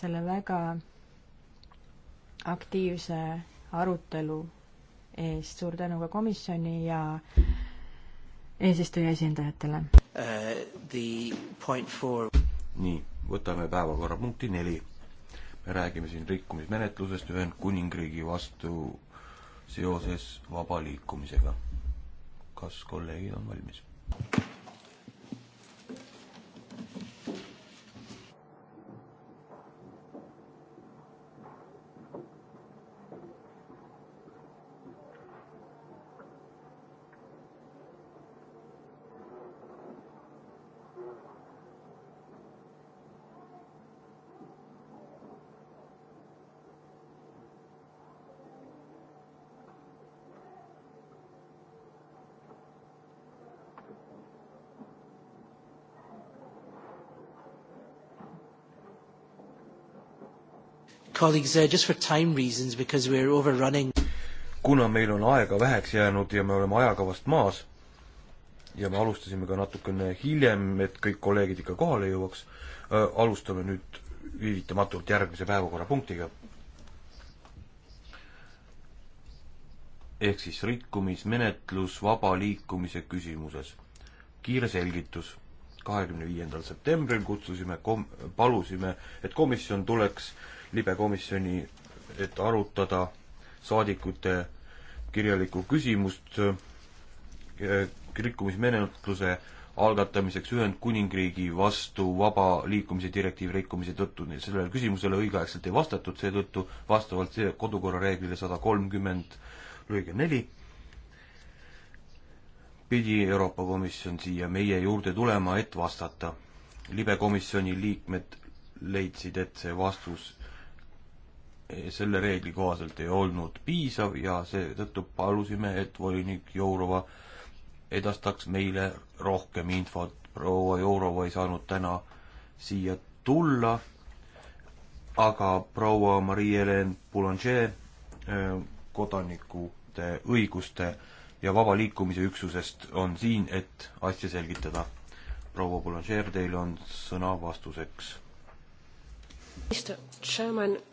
Speaker 1: selle väga aktiivse arutelu eest, suur tänu ka komisjoni ja eesistuja esindajatele
Speaker 2: uh,. nii, võtame päevakorrapunkti neli me räägime siin rikkumismenetlusest Ühendkuningriigi vastu seoses vaba liikumisega. kas kolleegid on valmis? Colleagues, uh, just for time reasons, because we are overrunning. kuna meil on aega väheks jäänud ja me oleme ajakavast maas ja me alustasime ka natukene hiljem, et kõik kolleegid ikka kohale jõuaks äh,, alustame nüüd viivitamatult järgmise päevakorrapunktiga. ehk siis rikkumismenetlus vaba liikumise küsimuses. kiire selgitus kahekümne viiendal septembril kutsusime kom-, palusime, et komisjon tuleks libekomisjoni, et arutada saadikute kirjalikku küsimust eh, rikkumismenetluse algatamiseks Ühendkuningriigi vastu vaba liikumise direktiivi rikkumise tõttu. sellele küsimusele õigeaegselt ei vastatud, seetõttu vastavalt kodukorra reeglile sada kolmkümmend lõige neli pidi Euroopa Komisjon siia meie juurde tulema, et vastata. libekomisjoni liikmed leidsid, et see vastus selle reegli kohaselt ei olnud piisav ja seetõttu palusime, et volinik Jourova edastaks meile rohkem infot. proua Jourova ei saanud täna siia tulla, aga proua Marie-Hélène Boulanger äh, kodanikute õiguste ja vaba liikumise üksusest on siin, et asja selgitada. proua Boulanger, teil on sõna vastuseks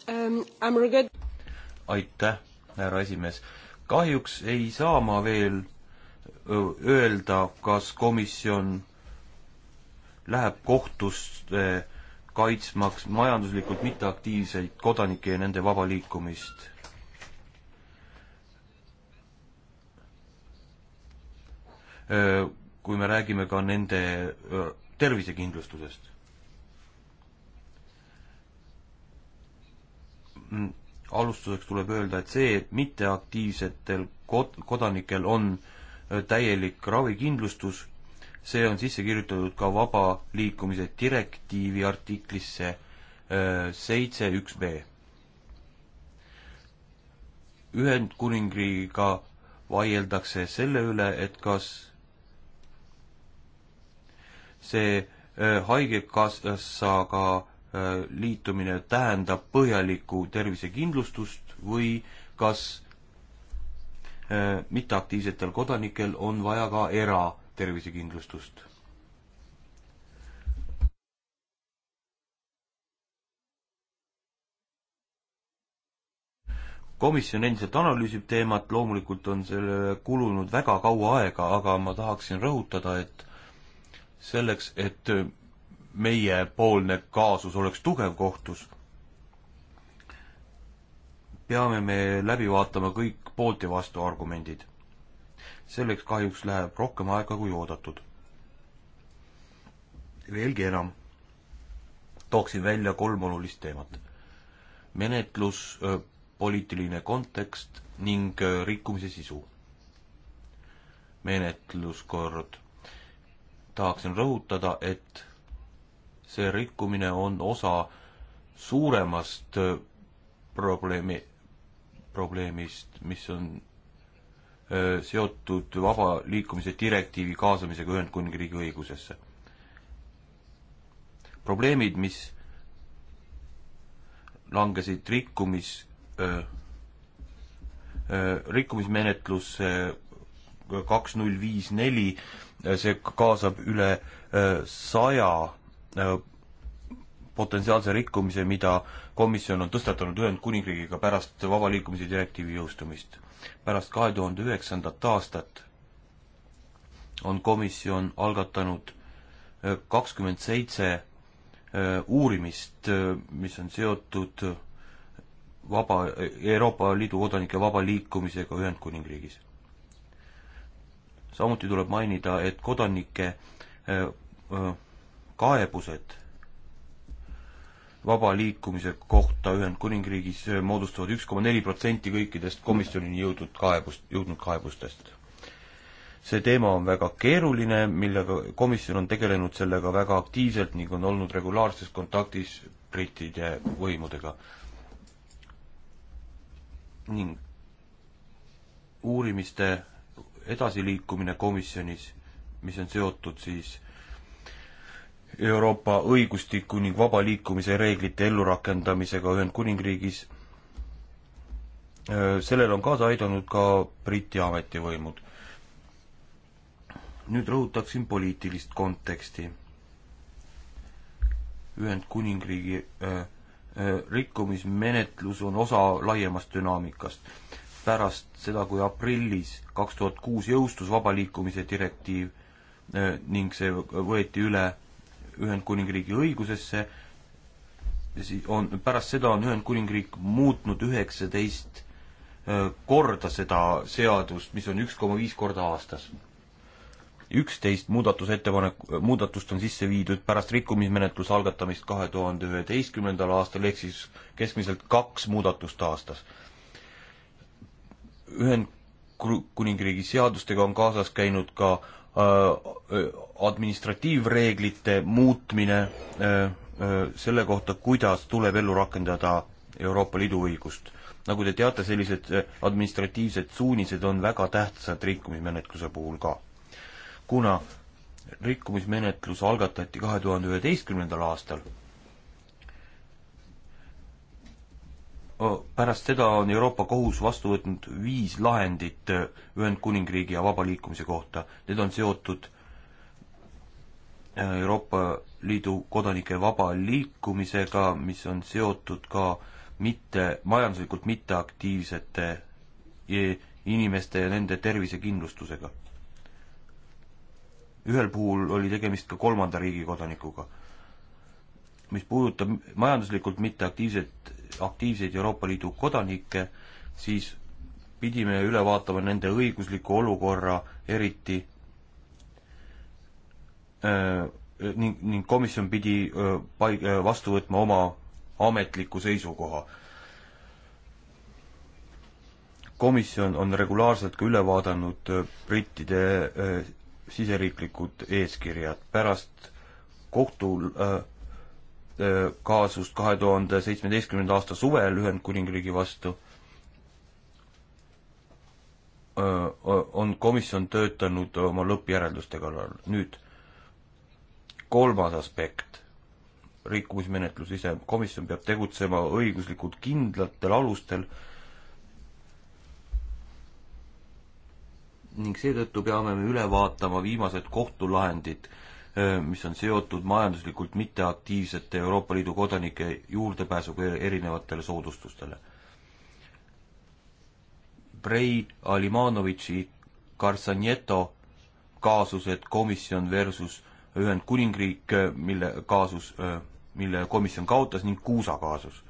Speaker 2: Um, aitäh, härra esimees. kahjuks ei saa ma veel öelda, kas komisjon läheb kohtusse kaitsmaks majanduslikult mitteaktiivseid kodanikke ja nende vaba liikumist. kui me räägime ka nende tervisekindlustusest alustuseks tuleb öelda, et see, et mitteaktiivsetel kod-, kodanikel on äh, täielik ravikindlustus, see on sisse kirjutatud ka vaba liikumise direktiivi artiklisse äh, seitse üks B. Ühendkuningriigiga vaieldakse selle üle, et kas see äh, haigekassaga ka Äh, liitumine tähendab põhjalikku tervisekindlustust või kas äh, mitteaktiivsetel kodanikel on vaja ka eratervisekindlustust? komisjon endiselt analüüsib teemat, loomulikult on sellele kulunud väga kaua aega, aga ma tahaksin rõhutada, et selleks, et meiepoolne kaasus oleks tugev kohtus, peame me läbi vaatama kõik poolt ja vastu argumendid. selleks kahjuks läheb rohkem aega kui oodatud. veelgi enam, tooksin välja kolm olulist teemat. menetlus, poliitiline kontekst ning rikkumise sisu. menetluskord. tahaksin rõhutada, et see rikkumine on osa suuremast äh, probleemi, probleemist, mis on öö, äh, seotud vaba liikumise direktiivi kaasamisega Ühendkuningriigi õigusesse. probleemid, mis langesid rikkumis, äh, rikkumismenetlusse kaks null viis neli, see kaasab üle saja Äh, potentsiaalse rikkumise, mida komisjon on tõstatanud Ühendkuningriigiga pärast vaba liikumise direktiivi jõustumist. pärast kahe tuhande üheksandat aastat on komisjon algatanud äh, kakskümmend seitse äh, uurimist, mis on seotud vaba, Euroopa Liidu kodanike vaba liikumisega Ühendkuningriigis. samuti tuleb mainida, et kodanike öö, öö, kaebused vaba liikumise kohta Ühendkuningriigis moodustavad üks koma neli protsenti kõikidest komisjonini jõudnud kaebust, jõudnud kaebustest. see teema on väga keeruline, millega komisjon on tegelenud sellega väga aktiivselt ning on olnud regulaarses kontaktis brittide võimudega. ning uurimiste edasiliikumine komisjonis, mis on seotud siis Euroopa õigustiku ning vaba liikumise reeglite ellurakendamisega Ühendkuningriigis. Äh, sellele on kaasa aidanud ka Briti ametivõimud. nüüd rõhutaksin poliitilist konteksti. Ühendkuningriigi äh, äh, rikkumismenetlus on osa laiemast dünaamikast. pärast seda, kui aprillis kaks tuhat kuus jõustus vaba liikumise direktiiv äh, ning see võeti üle Ühendkuningriigi õigusesse ja siis on, pärast seda on Ühendkuningriik muutnud üheksateist korda seda seadust, mis on üks koma viis korda aastas. üksteist muudatusettepanek, muudatust on sisse viidud pärast rikkumismenetluse algatamist kahe tuhande üheteistkümnendal aastal, ehk siis keskmiselt kaks muudatust aastas. Ühendkuningriigi seadustega on kaasas käinud ka administratiivreeglite muutmine selle kohta, kuidas tuleb ellu rakendada Euroopa Liidu õigust. nagu te teate, sellised administratiivsed suunised on väga tähtsad rikkumismenetluse puhul ka. kuna rikkumismenetlus algatati kahe tuhande üheteistkümnendal aastal, pärast seda on Euroopa Kohus vastu võtnud viis lahendit Ühendkuningriigi ja vaba liikumise kohta. Need on seotud äh, Euroopa Liidu kodanike vaba liikumisega, mis on seotud ka mitte, majanduslikult mitteaktiivsete e, inimeste ja nende tervisekindlustusega. ühel puhul oli tegemist ka kolmanda riigi kodanikuga. mis puudutab majanduslikult mitteaktiivset aktiivseid Euroopa Liidu kodanikke, siis pidime üle vaatama nende õigusliku olukorra, eriti öö, ning, ning komisjon pidi öö, paig-, vastu võtma oma ametliku seisukoha. komisjon on regulaarselt ka üle vaadanud öö, brittide öö, siseriiklikud eeskirjad pärast kohtu öö, Äh, kaasust kahe tuhande seitsmeteistkümnenda aasta suvel Ühendkuningriigi vastu äh, on komisjon töötanud oma lõppjärelduste kallal. nüüd kolmas aspekt, rikkumismenetlus ise, komisjon peab tegutsema õiguslikult kindlatel alustel ning seetõttu peame me üle vaatama viimased kohtulahendid Äh, mis on seotud majanduslikult mitteaktiivsete Euroopa Liidu kodanike juurdepääsuga erinevatele soodustustele. Brei Alimanovitši Karsanjeto kaasused komisjon versus Ühendkuningriik, äh, mille kaasus, äh, mille komisjon kaotas ning Kuusa kaasus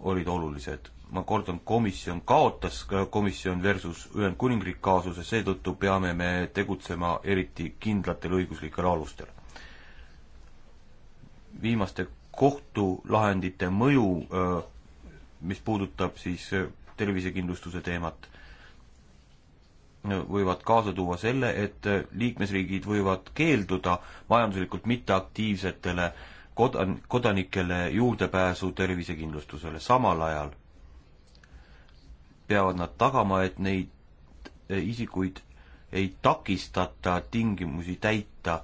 Speaker 2: olid olulised ma kordan, komisjon kaotas komisjon versus Ühendkuningriik kaasuse, seetõttu peame me tegutsema eriti kindlatel õiguslikel alustel. viimaste kohtulahendite mõju, mis puudutab siis tervisekindlustuse teemat, võivad kaasa tuua selle, et liikmesriigid võivad keelduda majanduslikult mitteaktiivsetele kodan-, kodanikele juurdepääsu tervisekindlustusele samal ajal peavad nad tagama, et neid e, isikuid ei takistata tingimusi täita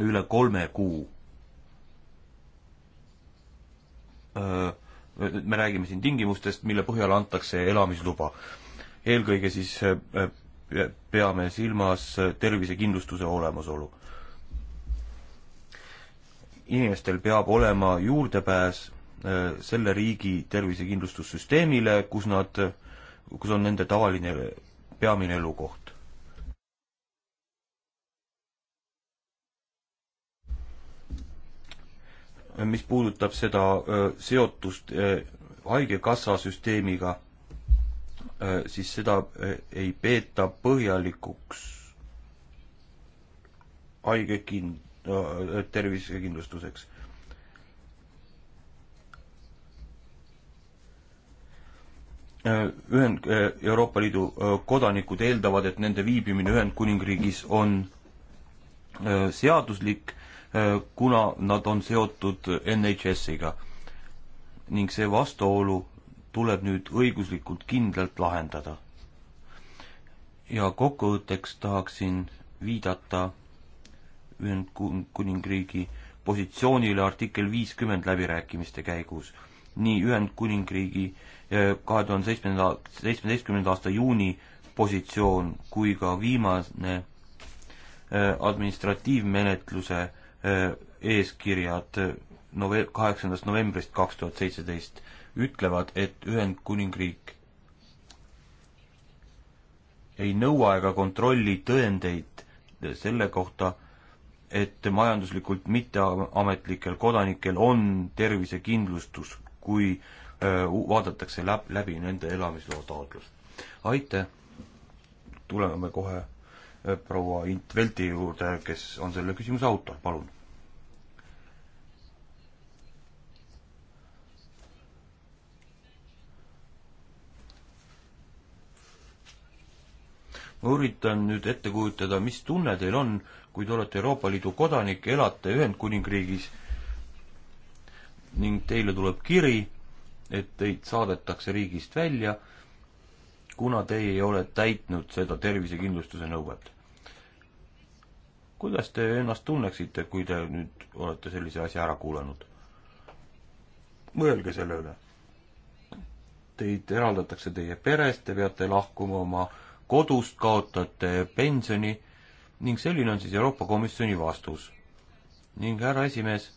Speaker 2: üle kolme kuu. me räägime siin tingimustest, mille põhjal antakse elamisluba. eelkõige siis e, e, peame silmas tervisekindlustuse olemasolu. inimestel peab olema juurdepääs Äh, selle riigi tervisekindlustussüsteemile, kus nad, kus on nende tavaline peamine elukoht. mis puudutab seda äh, seotust äh, haigekassa süsteemiga, siis seda ei peeta põhjalikuks haige kind-, tervisekindlustuseks. ühend-, Euroopa Liidu kodanikud eeldavad, et nende viibimine Ühendkuningriigis on seaduslik, kuna nad on seotud NHS-iga. ning see vastuolu tuleb nüüd õiguslikult kindlalt lahendada. ja kokkuvõtteks tahaksin viidata Ühendkuningriigi positsioonile artikkel viiskümmend läbirääkimiste käigus. nii Ühendkuningriigi äh, kahe tuhande seitsmenda, seitsmeteistkümnenda aasta juuni positsioon kui ka viimane äh, administratiivmenetluse äh, eeskirjad äh, nove-, kaheksandast novembrist kaks tuhat seitseteist ütlevad, et Ühendkuningriik ei nõua ega kontrolli tõendeid selle kohta, et majanduslikult mitteametlikel kodanikel on tervisekindlustus, kui vaadatakse läb, läbi nende elamisloa taotlus. aitäh, tuleme kohe proua Int Velti juurde, kes on selle küsimuse autor, palun. ma üritan nüüd ette kujutada, mis tunne teil on, kui te olete Euroopa Liidu kodanik, elate Ühendkuningriigis ning teile tuleb kiri et teid saadetakse riigist välja, kuna teie ei ole täitnud seda tervisekindlustuse nõuet. kuidas te ennast tunneksite, kui te nüüd olete sellise asja ära kuulanud? mõelge selle üle. Teid eraldatakse teie perest, te peate lahkuma oma kodust, kaotate pensioni ning selline on siis Euroopa Komisjoni vastus. ning härra esimees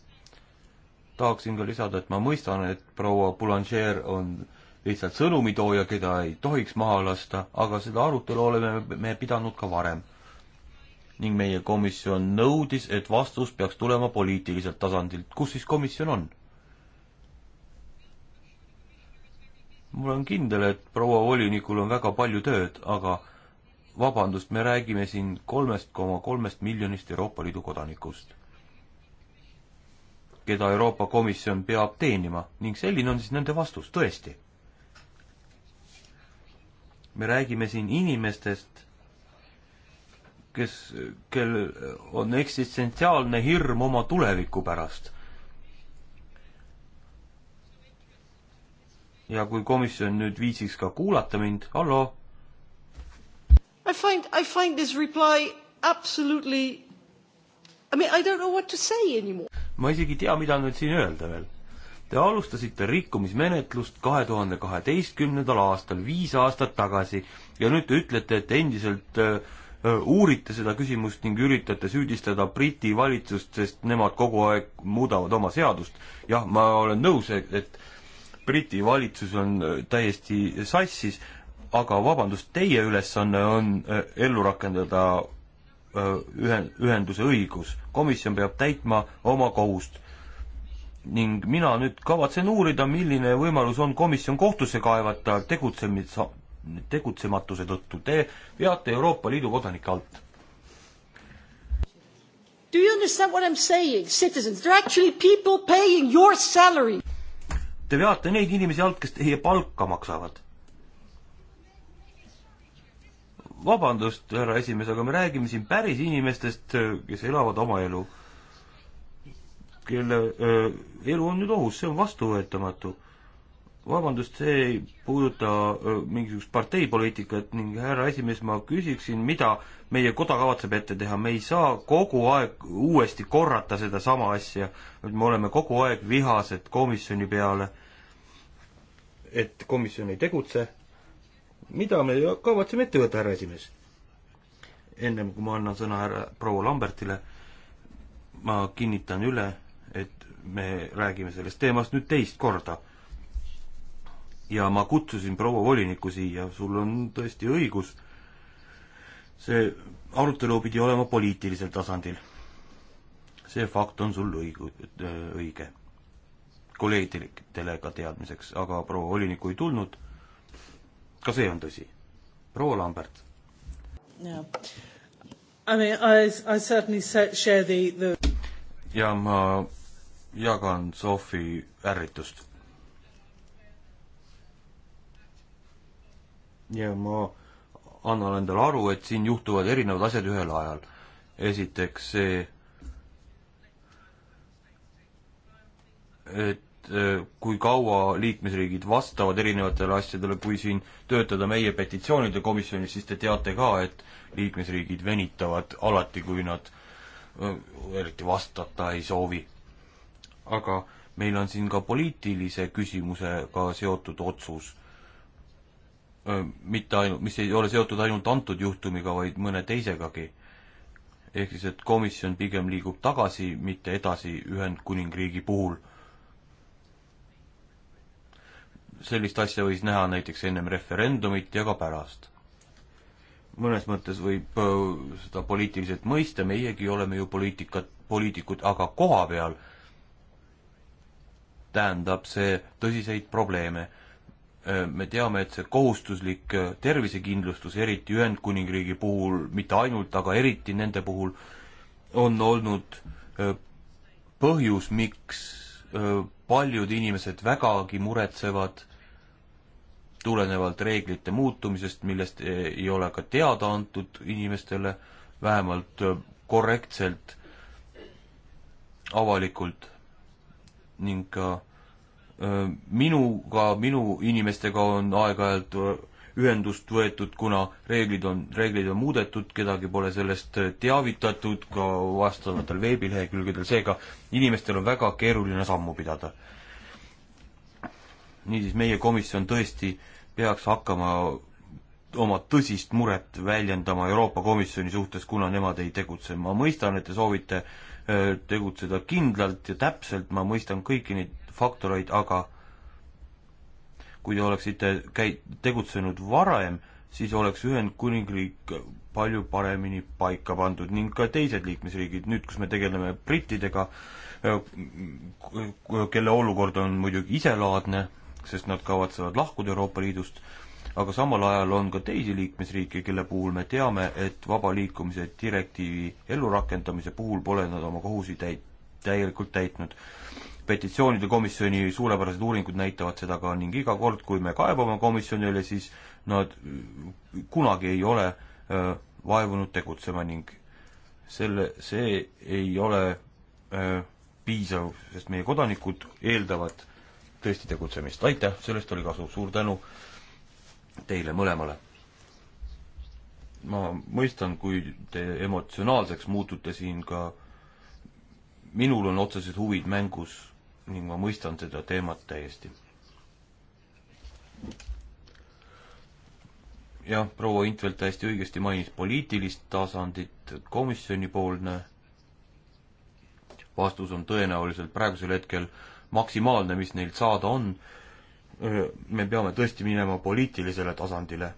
Speaker 2: tahaksin ka lisada, et ma mõistan, et proua Boulanger on lihtsalt sõnumitooja, keda ei tohiks maha lasta, aga seda arutelu oleme me pidanud ka varem. ning meie komisjon nõudis, et vastus peaks tulema poliitiliselt tasandilt. kus siis komisjon on? ma olen kindel, et proua volinikul on väga palju tööd, aga vabandust, me räägime siin kolmest koma kolmest miljonist Euroopa Liidu kodanikust keda Euroopa Komisjon peab teenima ning selline on siis nende vastus, tõesti. me räägime siin inimestest, kes, kel on eksistentsiaalne hirm oma tuleviku pärast. ja kui komisjon nüüd viitsiks ka kuulata mind, hallo?
Speaker 1: I find, I find this reply absolutely I mean, I don't know
Speaker 3: what to say anymore
Speaker 2: ma isegi ei tea, mida nüüd siin öelda veel. Te alustasite rikkumismenetlust kahe tuhande kaheteistkümnendal aastal, viis aastat tagasi, ja nüüd te ütlete, et endiselt öö, äh, äh, uurite seda küsimust ning üritate süüdistada Briti valitsust, sest nemad kogu aeg muudavad oma seadust. jah, ma olen nõus, et Briti valitsus on äh, täiesti sassis, aga vabandust, teie ülesanne on ellu rakendada ühe, ühenduse õigus. komisjon peab täitma oma kohust. ning mina nüüd kavatsen uurida, milline võimalus on komisjon kohtusse kaevata tegutsemis-, tegutsematuse tõttu. Te veate Euroopa Liidu kodanike alt.
Speaker 1: Do you understand what I am saying, citizens, they are actually people paying your salary.
Speaker 2: Te veate neid inimesi alt, kes teie palka maksavad vabandust, härra esimees, aga me räägime siin päris inimestest, äh, kes elavad oma elu, kelle öö, äh, elu on nüüd ohus, see on vastuvõetamatu. vabandust, see ei puuduta öö, äh, mingisugust parteipoliitikat ning härra esimees, ma küsiksin, mida meie koda kavatseb ette teha, me ei saa kogu aeg uuesti korrata sedasama asja, et me oleme kogu aeg vihased komisjoni peale, et komisjon ei tegutse mida me kavatseme ette võtta, härra esimees? ennem kui ma annan sõna härra proua Lambertile, ma kinnitan üle, et me räägime sellest teemast nüüd teist korda. ja ma kutsusin proua voliniku siia, sul on tõesti õigus, see arutelu pidi olema poliitilisel tasandil. see fakt on sul õigu-, õige. kolleegidele ka teadmiseks, aga proua volinikku ei tulnud ka see on tõsi. proua Lambert. ja ma jagan Sofi ärritust. ja ma annan endale aru, et siin juhtuvad erinevad asjad ühel ajal. esiteks see, et Äh, kui kaua liikmesriigid vastavad erinevatele asjadele, kui siin töötada meie petitsioonide komisjonis, siis te teate ka, et liikmesriigid venitavad alati, kui nad äh, eriti vastata ei soovi. aga meil on siin ka poliitilise küsimusega seotud otsus, äh, mitte ainult, mis ei ole seotud ainult antud juhtumiga, vaid mõne teisegagi. ehk siis, et komisjon pigem liigub tagasi, mitte edasi Ühendkuningriigi puhul sellist asja võis näha näiteks ennem referendumit ja ka pärast. mõnes mõttes võib äh, seda poliitiliselt mõista, meiegi oleme ju poliitikat, poliitikud, aga koha peal tähendab see tõsiseid probleeme. Äh, me teame, et see kohustuslik äh, tervisekindlustus, eriti Ühendkuningriigi puhul, mitte ainult, aga eriti nende puhul, on olnud põhjus, miks paljud inimesed vägagi muretsevad tulenevalt reeglite muutumisest, millest eh, ei ole ka teada antud inimestele, vähemalt eh, korrektselt, avalikult ning ka eh, minuga, minu inimestega on aeg-ajalt ühendust võetud, kuna reeglid on, reeglid on muudetud, kedagi pole sellest teavitatud ka vastavatel veebilehekülgedel, seega inimestel on väga keeruline sammu pidada. niisiis, meie komisjon tõesti äh, peaks hakkama oma tõsist muret väljendama Euroopa Komisjoni suhtes, kuna nemad ei tegutse. ma mõistan, et te soovite äh, tegutseda kindlalt ja täpselt, ma mõistan kõiki neid faktoreid, aga kui te oleksite käi-, tegutsenud varem, siis oleks Ühendkuningriik palju paremini paika pandud ning ka teised liikmesriigid, nüüd kus me tegeleme brittidega, äh, kelle olukord on muidugi iselaadne sest nad kavatsevad lahkuda Euroopa Liidust, aga samal ajal on ka teisi liikmesriike, kelle puhul me teame, et vaba liikumise direktiivi ellurakendamise puhul pole nad oma kohusi täit-, täielikult täitnud. petitsioonide komisjoni suurepärased uuringud näitavad seda ka ning iga kord, kui me kaebame komisjonile, siis nad kunagi ei ole öö, vaevunud tegutsema ning selle, see ei ole öö, piisav, sest meie kodanikud eeldavad tõesti tegutsemist. aitäh, sellest oli kasu, suur tänu teile mõlemale. ma mõistan, kui te emotsionaalseks muutute siin ka, minul on otsesed huvid mängus ning ma mõistan seda teemat täiesti. jah, proua Intvelt täiesti õigesti mainis poliitilist tasandit, komisjonipoolne vastus on tõenäoliselt praegusel hetkel äh, maksimaalne, mis neilt saada on. me peame tõesti minema poliitilisele tasandile.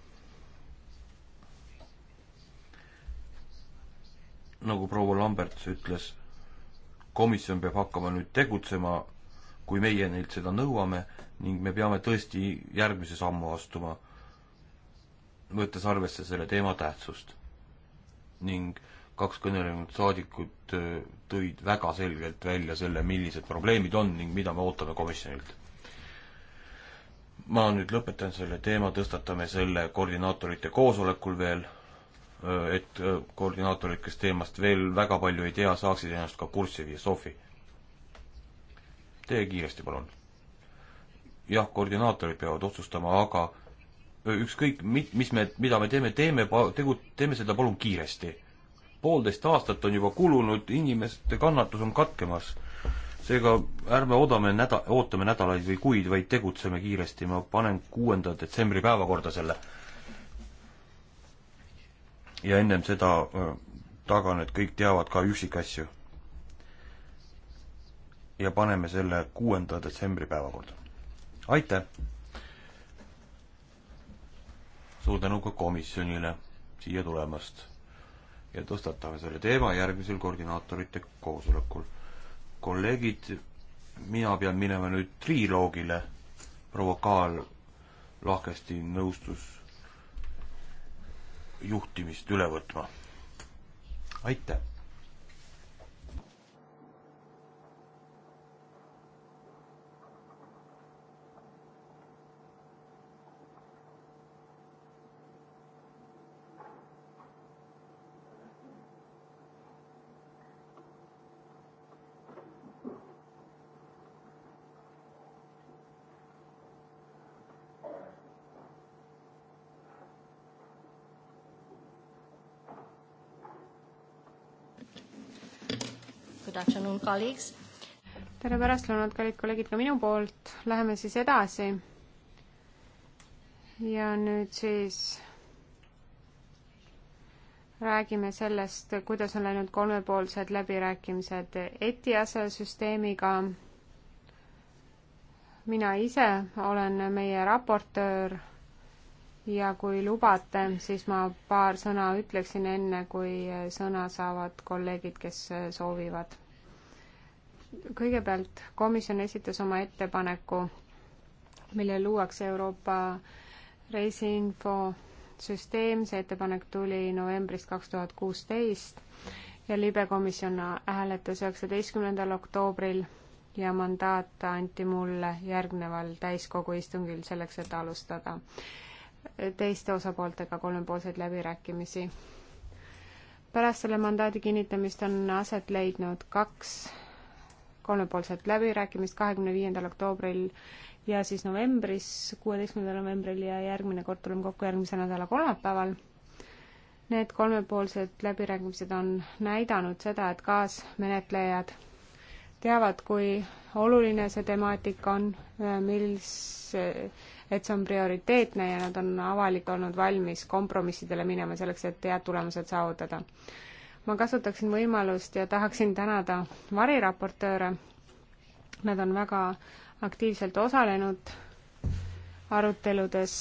Speaker 2: nagu proua Lamberts ütles, komisjon peab hakkama nüüd tegutsema, kui meie neilt seda nõuame ning me peame tõesti järgmise sammu astuma, võttes arvesse selle teema tähtsust. ning äh, kaks kõnelenud saadikut äh, tõid väga selgelt välja selle, millised probleemid on ning mida me ootame komisjonilt. ma nüüd lõpetan selle teema, tõstatame selle koordinaatorite koosolekul veel, äh, et äh, koordinaatorid, kes teemast veel väga palju ei tea, saaksid ennast ka kurssi viia. Sofi, tee kiiresti, palun. jah, koordinaatorid peavad otsustama, aga ükskõik, mis me, mida me teeme, teeme, tegu-, teeme seda palun kiiresti poolteist aastat on juba kulunud, inimeste kannatus on katkemas. seega ärme oodame näda-, ootame nädalaid või kuid, vaid tegutseme kiiresti, ma panen kuuenda detsembri päevakorda selle. ja ennem seda äh, tagan, et kõik teavad ka üksikasju. ja paneme selle kuuenda detsembri päevakorda. aitäh! suur tänu ka komisjonile siia tulemast ja tõstatame selle teema järgmisel koordinaatorite koosolekul. kolleegid, mina pean minema nüüd triloogile, proua Kaal lahkesti nõustus juhtimist üle võtma. aitäh!
Speaker 3: colleagues. tere pärastlõunat, kallid kolleegid, ka minu poolt. Läheme siis edasi. ja nüüd siis räägime sellest, kuidas on läinud kolmepoolsed läbirääkimised ETIAS-e süsteemiga. mina ise olen meie raportöör ja kui lubate, siis ma paar sõna ütleksin enne, kui sõna saavad kolleegid, kes soovivad kõigepealt komisjon esitas oma ettepaneku, mille luuakse Euroopa reisiinfosüsteem, see ettepanek tuli novembrist kaks tuhat kuusteist ja libekomisjon hääletas üheksateistkümnendal oktoobril ja mandaat anti mulle järgneval täiskogu istungil selleks, et alustada teiste osapooltega kolmepoolseid läbirääkimisi. pärast selle mandaadi kinnitamist on aset leidnud kaks kolmepoolset läbirääkimist kahekümne viiendal oktoobril ja siis novembris, kuueteistkümnendal novembril ja järgmine kord tuleme kokku järgmise nädala kolmapäeval. Need kolmepoolsed läbirääkimised on näidanud seda, et kaasmenetlejad teavad, kui oluline see temaatika on, mis, et see on prioriteetne ja nad on avalik olnud valmis kompromissidele minema selleks, et head tulemused saavutada ma kasutaksin võimalust ja tahaksin tänada variraportööre. Nad on väga aktiivselt osalenud aruteludes.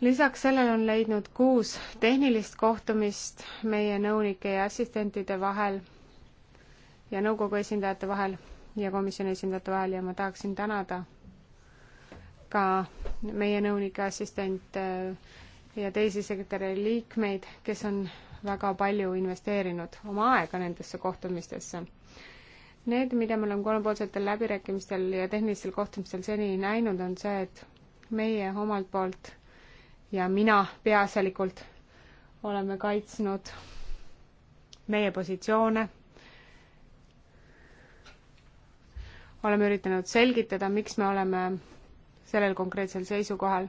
Speaker 3: lisaks sellele on leidnud kuus tehnilist kohtumist meie nõunike ja assistentide vahel ja nõukogu esindajate vahel ja komisjoni esindajate vahel ja ma tahaksin tänada ka meie nõunike assistente äh, ja teisi sekretäri liikmeid, kes on väga palju investeerinud oma aega nendesse kohtumistesse. Need, mida me oleme kolmepoolsetel läbirääkimistel ja tehnilistel kohtumistel seni näinud, on see, et meie omalt poolt ja mina peaasjalikult oleme kaitsnud meie positsioone, oleme üritanud selgitada, miks me oleme sellel konkreetsel seisukohal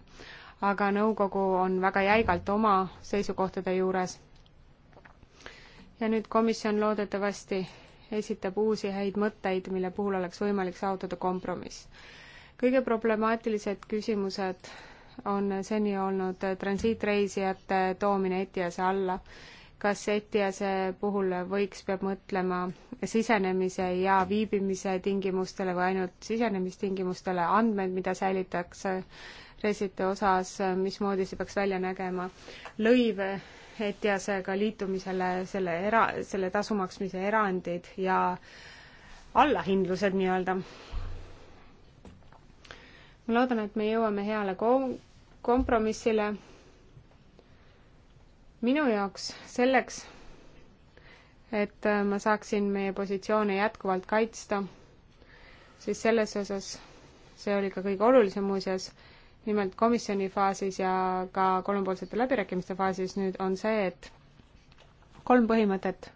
Speaker 3: aga nõukogu on väga jäigalt oma seisukohtade juures. ja nüüd komisjon loodetavasti esitab uusi häid mõtteid, mille puhul oleks võimalik saavutada kompromiss. kõige problemaatilised küsimused on seni olnud transiitreisijate toomine Etiase alla. kas Etiase puhul võiks, peab mõtlema sisenemise ja viibimise tingimustele või ainult sisenemistingimustele, andmed, mida säilitakse, reisite osas, mismoodi see peaks välja nägema, lõiv ETIAS-ega liitumisele, selle era, selle tasu maksmise erandid ja allahindlused nii-öelda. ma loodan, et me jõuame heale kom-, kompromissile. minu jaoks selleks, et ma saaksin meie positsioone jätkuvalt kaitsta, siis selles osas, see oli ka kõige olulisem muuseas, nimelt komisjoni faasis ja ka kolmepoolsete läbirääkimiste faasis nüüd on see, et kolm põhimõtet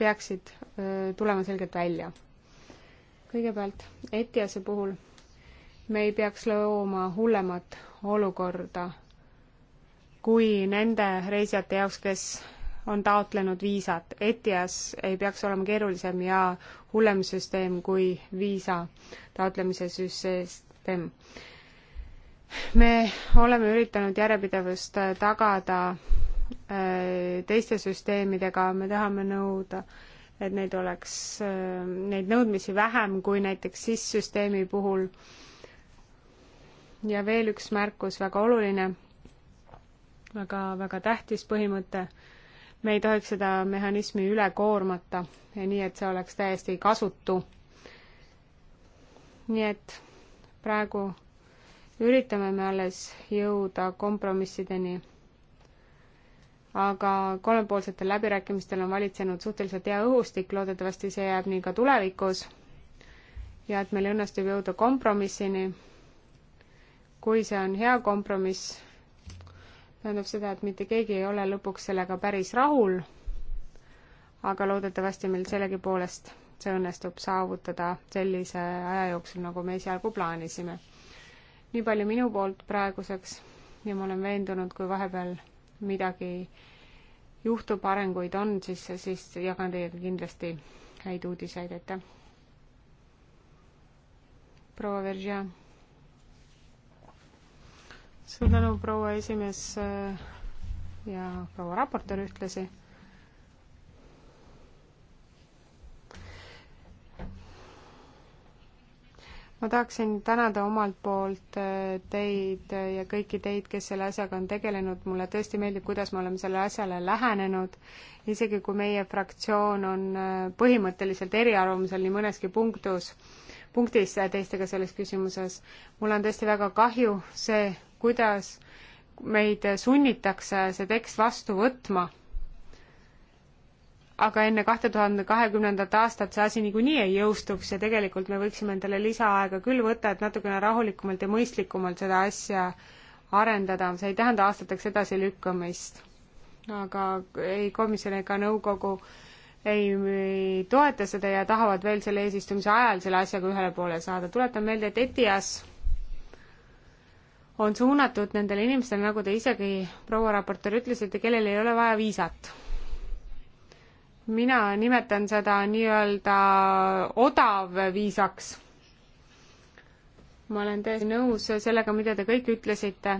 Speaker 3: peaksid tulema selgelt välja. kõigepealt ETIAS-e puhul me ei peaks looma hullemat olukorda kui nende reisijate jaoks, kes on taotlenud viisat. ETIAS ei peaks olema keerulisem ja hullem süsteem kui viisa taotlemise süsteem. me oleme üritanud järjepidevust äh, tagada äh, teiste süsteemidega, me tahame nõuda, et neid oleks, äh, neid nõudmisi vähem kui näiteks SIS-süsteemi puhul. ja veel üks märkus, väga oluline väga, väga tähtis põhimõte. me ei tohiks seda mehhanismi üle koormata, nii et see oleks täiesti kasutu nii et praegu üritame me alles jõuda kompromissideni. aga kolmepoolsetel läbirääkimistel on valitsenud suhteliselt hea õhustik, loodetavasti see jääb nii ka tulevikus. ja et meil õnnestub jõuda kompromissini. kui see on hea kompromiss, tähendab seda, et mitte keegi ei ole lõpuks sellega päris rahul, aga loodetavasti meil sellegipoolest see õnnestub saavutada sellise aja jooksul, nagu me esialgu plaanisime. nii palju minu poolt praeguseks ja ma olen veendunud, kui vahepeal midagi juhtub, arenguid on, siis, siis jagan teiega kindlasti häid uudiseid, aitäh. proua Veržia. suur tänu, proua esimees ja proua raportöör ühtlasi ma tahaksin tänada omalt poolt äh, teid äh, ja kõiki teid, kes selle asjaga on tegelenud, mulle tõesti meeldib, kuidas me oleme sellele asjale lähenenud, isegi kui meie fraktsioon on äh, põhimõtteliselt eriarvamusel nii mõneski punktus, punktis teistega selles küsimuses. mul on tõesti väga kahju see, kuidas meid sunnitakse see tekst vastu võtma aga enne kahe tuhande kahekümnendat aastat see asi niikuinii ei jõustuks ja tegelikult me võiksime endale lisaaega küll võtta, et natukene rahulikumalt ja mõistlikumalt seda asja arendada, see ei tähenda aastateks edasilükkamist. aga ei komisjon ega nõukogu ei, ei toeta seda ja tahavad veel selle eesistumise ajal selle asjaga ühele poole saada. tuletan meelde, et ETIAS on suunatud nendele inimestele, nagu te isegi, proua raportöör, ütlesite, kellel ei ole vaja viisat mina nimetan seda nii-öelda odavviisaks. ma olen täiesti nõus sellega, mida te kõik ütlesite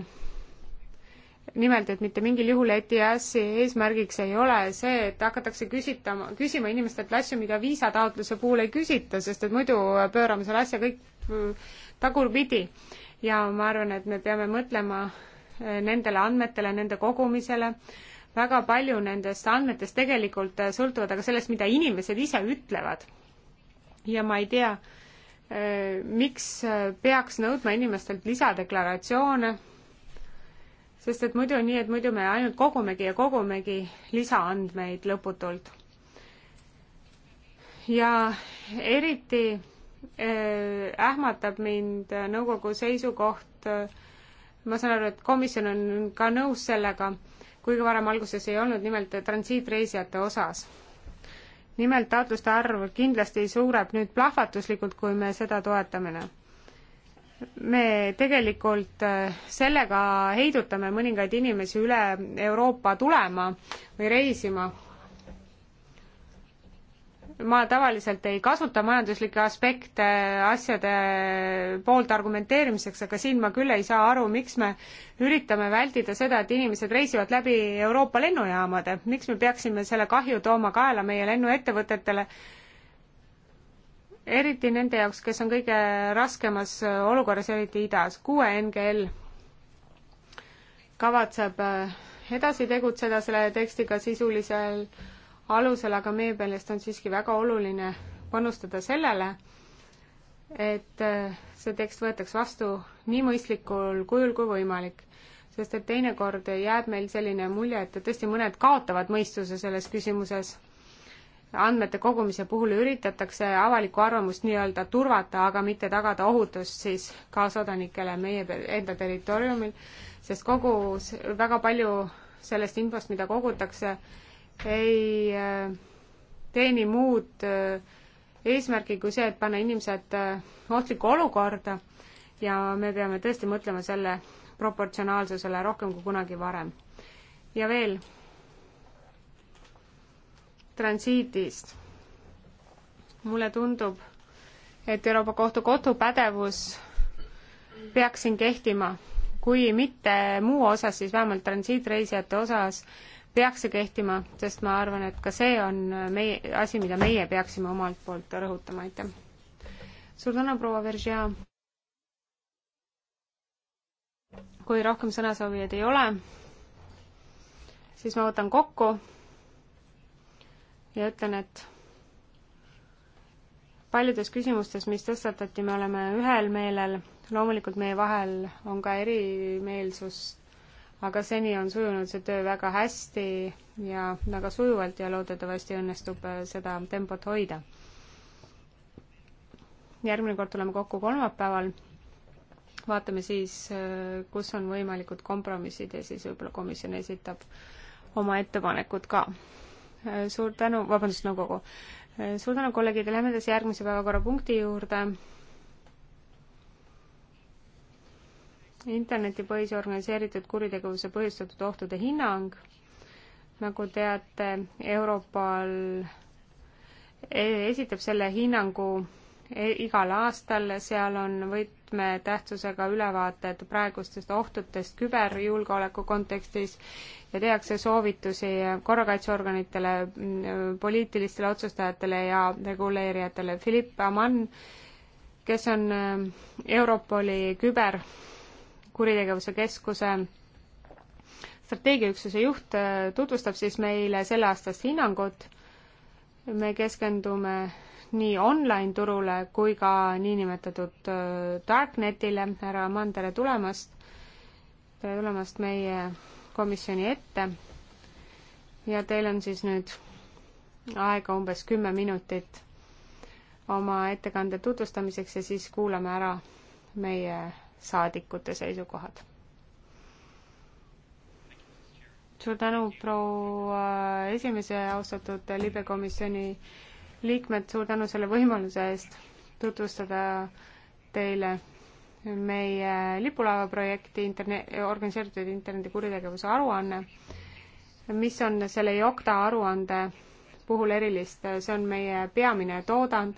Speaker 3: nimelt, et mitte mingil juhul ETS-i eesmärgiks ei ole see, et hakatakse küsitama, küsima inimestelt asju, mida viisataotluse puhul ei küsita, sest et muidu pöörame selle asja kõik mm, tagurpidi. ja ma arvan, et me peame mõtlema eh, nendele andmetele, nende kogumisele, väga palju nendest andmetest tegelikult äh, sõltuvad aga sellest, mida inimesed ise ütlevad. ja ma ei tea, äh, miks äh, peaks nõudma inimestelt lisadeklaratsioone, sest et muidu on nii, et muidu me ainult kogumegi ja kogumegi lisaandmeid lõputult. ja eriti ähmatab mind nõukogu seisukoht, ma saan aru, et komisjon on ka nõus sellega, kuigi varem alguses ei olnud, nimelt transiitreisijate osas. nimelt taotluste arv kindlasti suureb nüüd plahvatuslikult, kui me seda toetame. me tegelikult äh, sellega heidutame mõningaid inimesi üle Euroopa tulema või reisima ma tavaliselt ei kasuta majanduslikke aspekte asjade poolt argumenteerimiseks, aga siin ma küll ei saa aru, miks me üritame vältida seda, et inimesed reisivad läbi Euroopa lennujaamade, miks me peaksime selle kahju tooma kaela meie lennuettevõtetele, eriti nende jaoks, kes on kõige raskemas olukorras, eriti idas. kuue NGL kavatseb äh, edasi tegutseda selle tekstiga sisulisel alusel, aga meie meelest on siiski väga oluline panustada sellele, et äh, see tekst võetaks vastu nii mõistlikul kujul kui võimalik. sest et teinekord jääb meil selline mulje, et tõesti mõned kaotavad mõistuse selles küsimuses. andmete kogumise puhul üritatakse avalikku arvamust nii-öelda turvata, aga mitte tagada ohutust siis kaasodanikele meie enda territooriumil, sest kogu, väga palju sellest infost, mida kogutakse, ei äh, teeni muud äh, eesmärki kui see, et panna inimesed äh, ohtlikku olukorda ja me peame tõesti mõtlema selle proportsionaalsusele rohkem kui kunagi varem. ja veel transiidist. mulle tundub, et Euroopa Kohtu kodupädevus peaks siin kehtima, kui mitte muu osas, siis vähemalt transiitreisijate osas peaks see kehtima, sest ma arvan, et ka see on meie, asi, mida meie peaksime omalt poolt rõhutama, aitäh. suur tänu, proua Veržea. kui rohkem sõnasoovijaid ei ole, siis ma võtan kokku ja ütlen, et paljudes küsimustes, mis tõstatati, me oleme ühel meelel, loomulikult meie vahel on ka erimeelsust aga seni on sujunud see töö väga hästi ja väga sujuvalt ja loodetavasti õnnestub äh, seda tempot hoida. järgmine kord tuleme kokku kolmapäeval, vaatame siis, äh, kus on võimalikud kompromissid ja siis võib-olla komisjon esitab oma ettepanekud ka. Äh, suur tänu, vabandust, nõukogu. suur tänu kolleegidele, lähme edasi järgmise päevakorrapunkti juurde internetipõhise organiseeritud kuritegevuse põhjustatud ohtude hinnang. nagu teate, Europol e-, esitab selle hinnangu e-, igal aastal, seal on võtmetähtsusega ülevaated praegustest ohtutest küberjulgeoleku kontekstis ja tehakse soovitusi korrakaitseorganitele, poliitilistele otsustajatele ja reguleerijatele. Philippe Amann, kes on e, Europoli küber kuritegevuse keskuse strateegiaüksuse juht äh, tutvustab siis meile selleaastast hinnangut. me keskendume nii online turule kui ka niinimetatud äh, darknetile. härra Mann, tere tulemast! tere tulemast meie komisjoni ette. ja teil on siis nüüd aega umbes kümme minutit oma ettekande tutvustamiseks ja siis kuulame ära meie saadikute seisukohad. suur tänu, proua esimees ja austatud libekomisjoni liikmed, suur tänu selle võimaluse eest tutvustada teile meie lipulaeva projekti interne-, organiseeritud internetikuritegevuse aruanne, mis on selle Jokta aruande puhul erilist, see on meie peamine toodang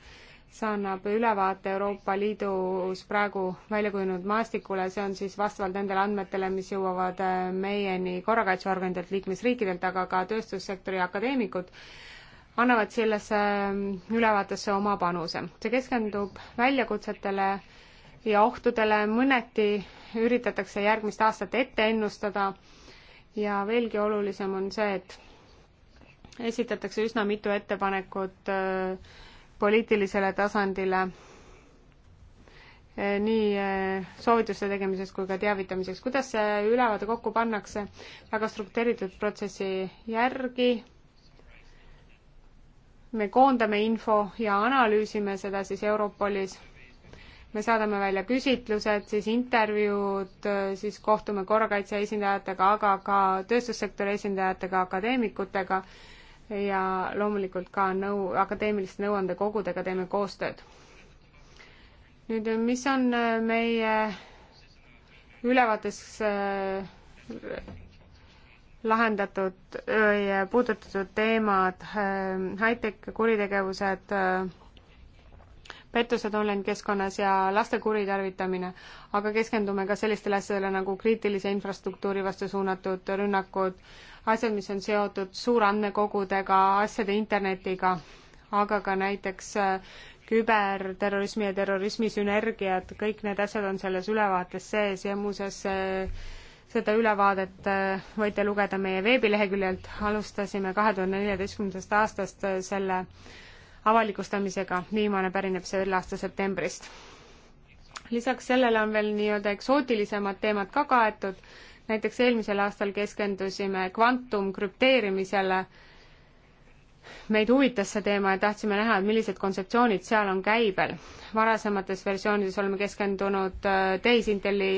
Speaker 3: see annab ülevaate Euroopa Liidus praegu välja kujunenud maastikule, see on siis vastavalt nendele andmetele, mis jõuavad äh, meieni korrakaitseorganitelt, liikmesriikidelt, aga ka tööstussektori akadeemikud, annavad sellesse äh, ülevaatesse oma panuse. see keskendub väljakutsetele ja ohtudele, mõneti üritatakse järgmist aastat ette ennustada ja veelgi olulisem on see, et esitatakse üsna mitu ettepanekut äh, poliitilisele tasandile eh, nii eh, soovituste tegemiseks kui ka teavitamiseks. kuidas see ülevaade kokku pannakse väga struktureeritud protsessi järgi? me koondame info ja analüüsime seda siis Europolis. me saadame välja küsitlused, siis intervjuud, eh, siis kohtume korrakaitse esindajatega, aga ka tööstussektori esindajatega, akadeemikutega ja loomulikult ka nõu, akadeemiliste nõuandekogudega teeme koostööd. nüüd, mis on äh, meie ülevaates äh, lahendatud või äh, puudutatud teemad, high-tech kuritegevused, pettused online-keskkonnas ja laste kuritarvitamine, aga keskendume ka sellistele asjadele nagu kriitilise infrastruktuuri vastu suunatud rünnakud, asjad, mis on seotud suurandmekogudega, asjade internetiga, aga ka näiteks äh, küberterrorismi ja terrorismi sünergiad, kõik need asjad on selles ülevaates sees ja muuseas äh, seda ülevaadet äh, võite lugeda meie veebileheküljelt, alustasime kahe tuhande neljateistkümnendast aastast selle avalikustamisega, viimane pärineb selle aasta septembrist. lisaks sellele on veel nii-öelda eksootilisemad teemad ka kaetud näiteks eelmisel aastal keskendusime kvantumkrüpteerimisele, meid huvitas see teema ja tahtsime näha, et millised kontseptsioonid seal on käibel. varasemates versioonides oleme keskendunud äh, tehisintelli,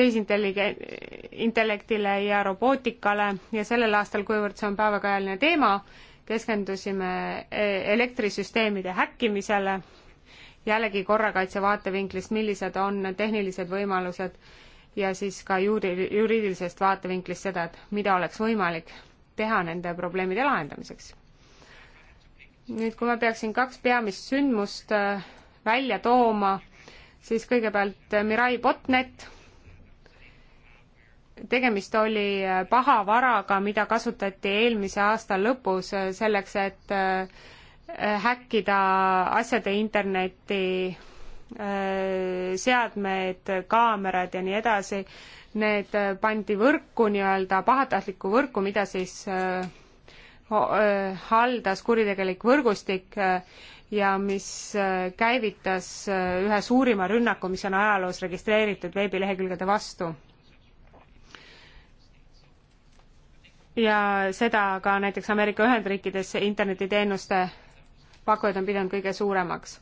Speaker 3: tehisintellektile ja robootikale ja sellel aastal, kuivõrd see on päevakajaline teema, keskendusime e, elektrisüsteemide häkkimisele, jällegi korrakaitse vaatevinklist, millised on tehnilised võimalused ja siis ka juuri, juriidilisest vaatevinklist seda, et mida oleks võimalik teha nende probleemide lahendamiseks. nüüd, kui ma peaksin kaks peamist sündmust äh, välja tooma, siis kõigepealt äh, Mirai Botnet, tegemist oli äh, pahavaraga, mida kasutati eelmise aasta lõpus selleks, et häkkida asjade interneti Äh, seadmed, kaamerad ja nii edasi, need pandi võrku nii-öelda, pahatahtlikku võrku, mida siis äh, äh, haldas kuritegelik võrgustik ja mis käivitas ühe suurima rünnaku, mis on ajaloos registreeritud veebilehekülgede vastu. ja seda ka näiteks Ameerika Ühendriikides internetiteenuste pakkujad on pidanud kõige suuremaks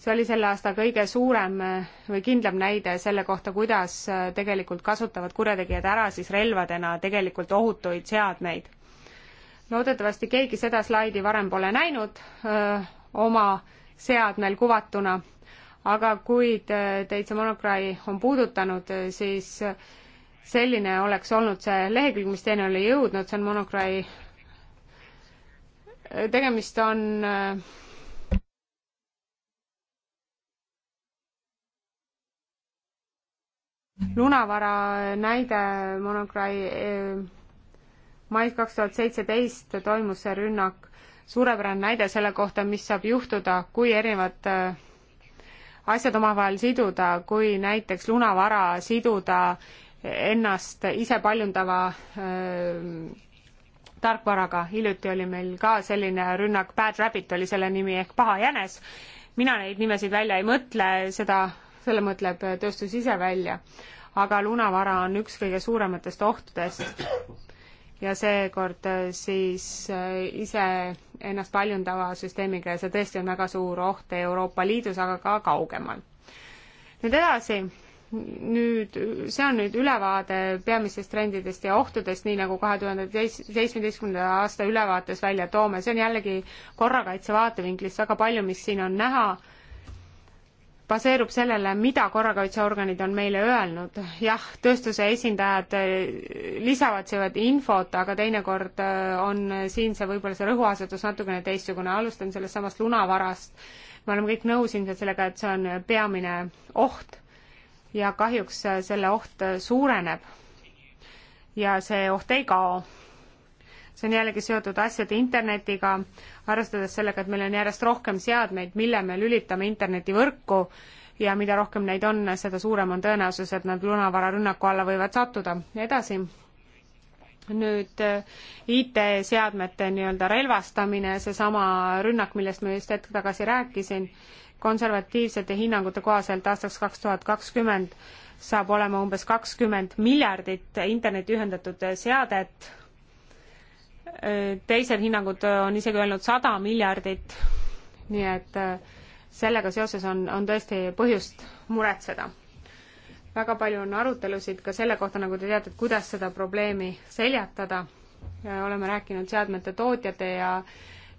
Speaker 3: see oli selle aasta kõige suurem äh, või kindlam näide selle kohta, kuidas äh, tegelikult kasutavad kurjategijad ära siis relvadena tegelikult ohutuid seadmeid. loodetavasti keegi seda slaidi varem pole näinud öö, äh, oma seadmel kuvatuna, aga kui teid see monokrai on puudutanud, siis selline oleks olnud see lehekülg, mis teine oli jõudnud, see on monokrai, tegemist on öö, lunavara näide Monograi eh, mais kaks tuhat seitseteist toimus see rünnak, suurepärane näide selle kohta, mis saab juhtuda, kui erinevad eh, asjad omavahel siduda, kui näiteks lunavara siduda ennast ise paljundava öö, eh, tarkvaraga, hiljuti oli meil ka selline rünnak, Bad Rabbit oli selle nimi ehk paha jänes, mina neid nimesid välja ei mõtle, seda selle mõtleb tööstus ise välja. aga lunavara on üks kõige suurematest ohtudest ja seekord äh, siis äh, ise ennast paljundava süsteemiga ja see tõesti on väga suur oht Euroopa Liidus, aga ka kaugemal. nüüd edasi, nüüd, see on nüüd ülevaade peamistest trendidest ja ohtudest, nii nagu kahe tuhande seitsmeteistkümnenda aasta ülevaates välja toome, see on jällegi korrakaitse vaatevinklist väga palju, mis siin on näha baseerub sellele, mida korrakaitseorganid on meile öelnud. jah, tööstuse esindajad äh, lisavad siia infot, aga teinekord äh, on siin see võib-olla see rõhuasetus natukene teistsugune. alustan sellest samast lunavarast. me oleme kõik nõus ilmselt sellega, et see on peamine oht ja kahjuks äh, selle oht suureneb. ja see oht ei kao see on jällegi seotud asjade internetiga, arvestades sellega, et meil on järjest rohkem seadmeid, mille me lülitame internetivõrku ja mida rohkem neid on, seda suurem on tõenäosus, et nad lunavararünnaku alla võivad sattuda. edasi, nüüd äh, IT-seadmete nii-öelda relvastamine, seesama rünnak, millest ma just hetk tagasi rääkisin, konservatiivsete hinnangute kohaselt aastaks kaks tuhat kakskümmend saab olema umbes kakskümmend miljardit interneti ühendatud seadet teised hinnangud on isegi öelnud sada miljardit, nii et äh, sellega seoses on, on tõesti põhjust muretseda. väga palju on arutelusid ka selle kohta, nagu te teate, et kuidas seda probleemi seljatada. oleme rääkinud seadmete tootjate ja,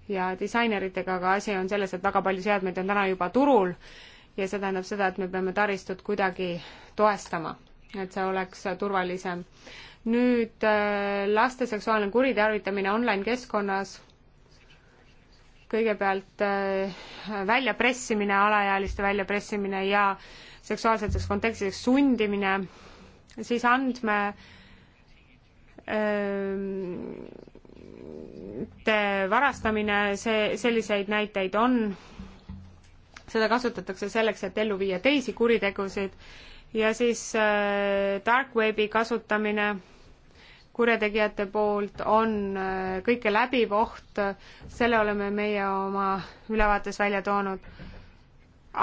Speaker 3: ja disaineritega, aga asi on selles, et väga palju seadmeid on täna juba turul ja see tähendab seda, et me peame taristut kuidagi toestama, et see oleks turvalisem nüüd äh, laste seksuaalne kuritarvitamine online-keskkonnas, kõigepealt äh, väljapressimine, alaealiste väljapressimine ja seksuaalseteks kontekstideks sundimine, siis andme ähm, te varastamine, see, selliseid näiteid on, seda kasutatakse selleks, et ellu viia teisi kuritegusid ja siis äh, dark webi kasutamine kurjategijate poolt on äh, kõike läbiv oht, selle oleme meie oma ülevaates välja toonud,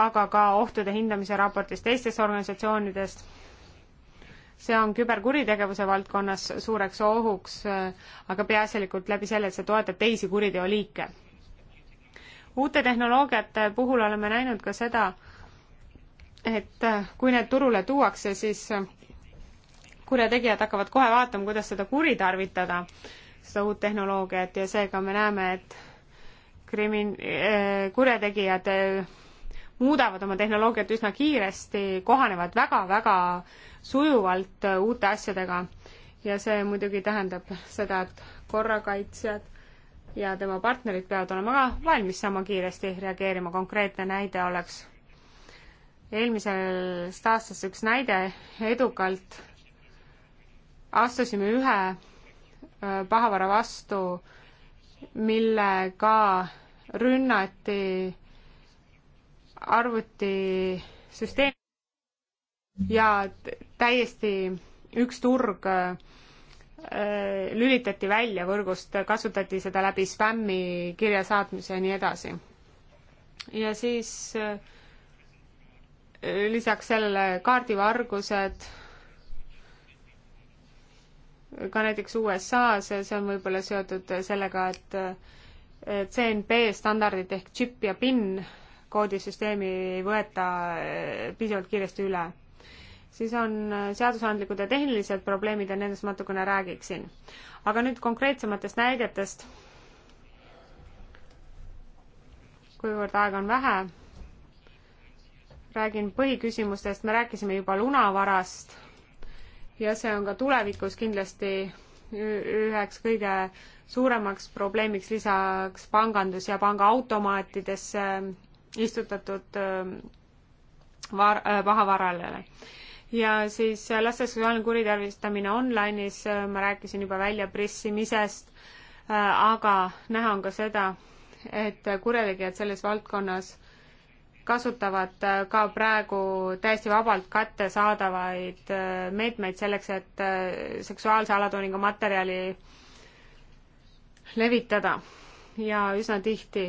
Speaker 3: aga ka ohtude hindamise raportis teistest organisatsioonidest. see on küberkuritegevuse valdkonnas suureks ohuks, äh, aga peaasjalikult läbi selle, et see toetab teisi kuriteoliike. uute tehnoloogiate puhul oleme näinud ka seda, et äh, kui need turule tuuakse, siis äh, kurjategijad hakkavad kohe vaatama, kuidas seda kuritarvitada, seda uut tehnoloogiat ja seega me näeme, et krimin-, äh, kurjategijad muudavad oma tehnoloogiat üsna kiiresti, kohanevad väga-väga sujuvalt uute asjadega ja see muidugi tähendab seda, et korrakaitsjad ja tema partnerid peavad olema ka valmis sama kiiresti reageerima, konkreetne näide oleks eelmisest aastast üks näide edukalt astusime ühe pahavara vastu, millega rünnati arvutisüsteemi ja täiesti üks turg lülitati välja võrgust, kasutati seda läbi spämmi kirja saatmise ja nii edasi. ja siis äh, lisaks sellele kaardivargused, ka näiteks USA-s, see on võib-olla seotud sellega, et CNP standardid ehk chip ja PIN koodisüsteemi ei võeta eh, piisavalt kiiresti üle. siis on eh, seadusandlikud ja tehnilised probleemid ja nendest ma natukene räägiksin. aga nüüd konkreetsematest näidetest. kuivõrd aega on vähe räägin põhiküsimustest, me rääkisime juba lunavarast ja see on ka tulevikus kindlasti üheks kõige suuremaks probleemiks lisaks pangandus ja pangaautomaatidesse istutatud äh, var-, äh, pahavarale. ja siis äh, laste seksuaalne kuritarvitamine online'is, ma rääkisin juba välja prissimisest, aga näha on ka seda, et kurjategijad selles valdkonnas kasutavad äh, ka praegu täiesti vabalt kättesaadavaid äh, meetmeid selleks, et äh, seksuaalse alatooniga materjali levitada ja üsna tihti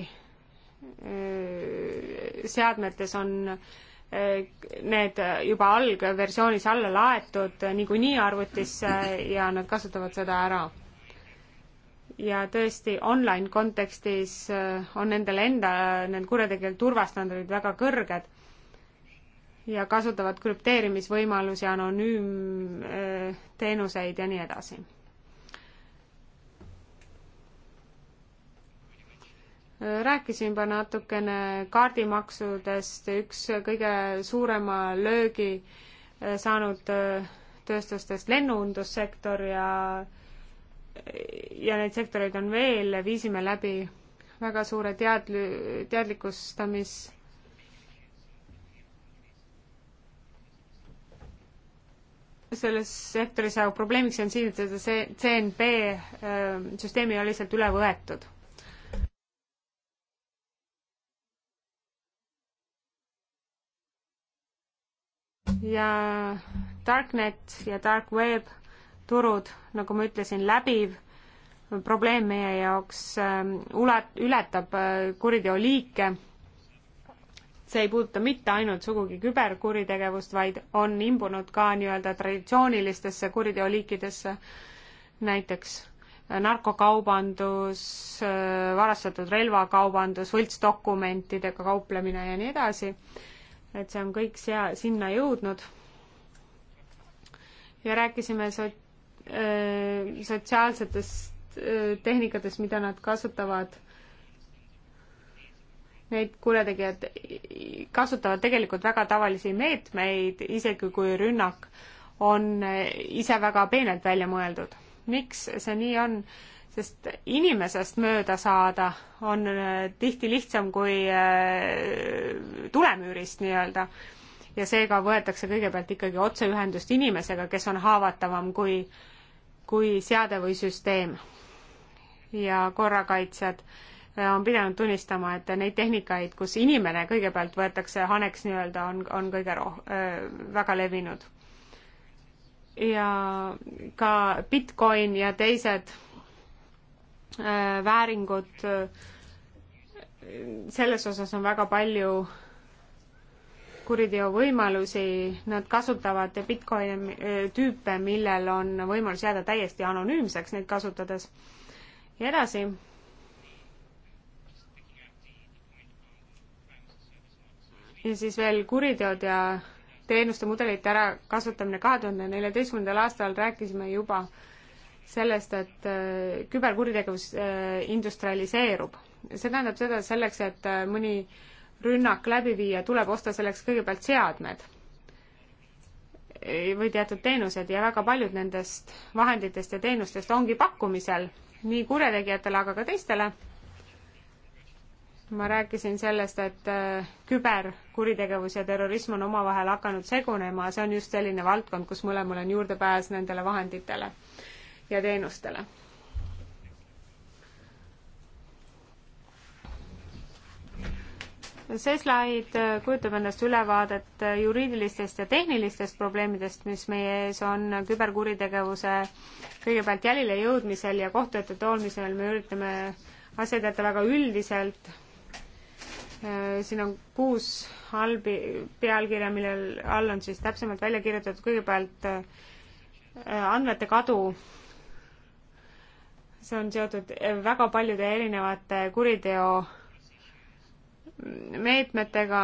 Speaker 3: seadmetes on need juba algversioonis alla laetud niikuinii arvutisse ja nad kasutavad seda ära ja tõesti, online kontekstis äh, on nendel enda, äh, need kurjategijad turvastandardid väga kõrged ja kasutavad krüpteerimisvõimalusi, anonüümteenuseid äh, ja nii edasi. rääkisin juba natukene kaardimaksudest, üks kõige suurema löögi saanud tööstustest lennundussektor ja äh, ja neid sektoreid on veel, viisime läbi väga suure teadli-, teadlikustamis selles sektoris ja nagu probleemiks on siin, et seda see CNP ähm, süsteemi ei ole lihtsalt üle võetud ja Darknet ja Dark Web turud, nagu ma ütlesin, läbiv probleem meie jaoks ähm, ulat-, ületab äh, kuriteoliike. see ei puuduta mitte ainult sugugi küberkuritegevust, vaid on imbunud ka nii-öelda traditsioonilistesse kuriteoliikidesse, näiteks äh, narkokaubandus, äh, varastatud relvakaubandus, võltsdokumentidega kauplemine ja nii edasi. et see on kõik sea-, sinna jõudnud. ja rääkisime sot-, Äh, sotsiaalsetest äh, tehnikatest, mida nad kasutavad. Need kurjategijad kasutavad tegelikult väga tavalisi meetmeid, isegi kui rünnak on ise väga peenelt välja mõeldud. miks see nii on? sest inimesest mööda saada on äh, tihti lihtsam kui tulemüürist nii-öelda. ja seega võetakse kõigepealt ikkagi otseühendust inimesega, kes on haavatavam kui äh, kui seade või süsteem. ja korrakaitsjad äh, on pidanud tunnistama, et neid tehnikaid, kus inimene kõigepealt võetakse haneks nii-öelda, on, on kõige roh-, äh, väga levinud. ja ka Bitcoin ja teised äh, vääringud, selles osas on väga palju kuriteo võimalusi, nad kasutavad Bitcoini äh, tüüpe, millel on võimalus jääda täiesti anonüümseks neid kasutades. ja edasi. ja siis veel kuriteod ja teenuste mudelite ärakasutamine. kahe tuhande neljateistkümnendal aastal rääkisime juba sellest, et äh, küberkuritegevus äh, industrialiseerub. see tähendab seda, selleks, et mõni äh, rünnak läbi viia, tuleb osta selleks kõigepealt seadmed või teatud teenused ja väga paljud nendest vahenditest ja teenustest ongi pakkumisel nii kurjategijatele, aga ka teistele. ma rääkisin sellest, et äh, küberkuritegevus ja terrorism on omavahel hakanud segunema, see on just selline valdkond, kus mõlemal on juurdepääs nendele vahenditele ja teenustele see slaid äh, kujutab endast ülevaadet äh, juriidilistest ja tehnilistest probleemidest, mis meie ees on äh, küberkuritegevuse kõigepealt jälile jõudmisel ja kohtu ette toomisel, me üritame asjad jätta väga üldiselt. siin on kuus allpi-, pealkirja, millel all on siis täpsemalt välja kirjutatud kõigepealt andmete kadu see on seotud väga paljude erinevate kuriteo meetmetega,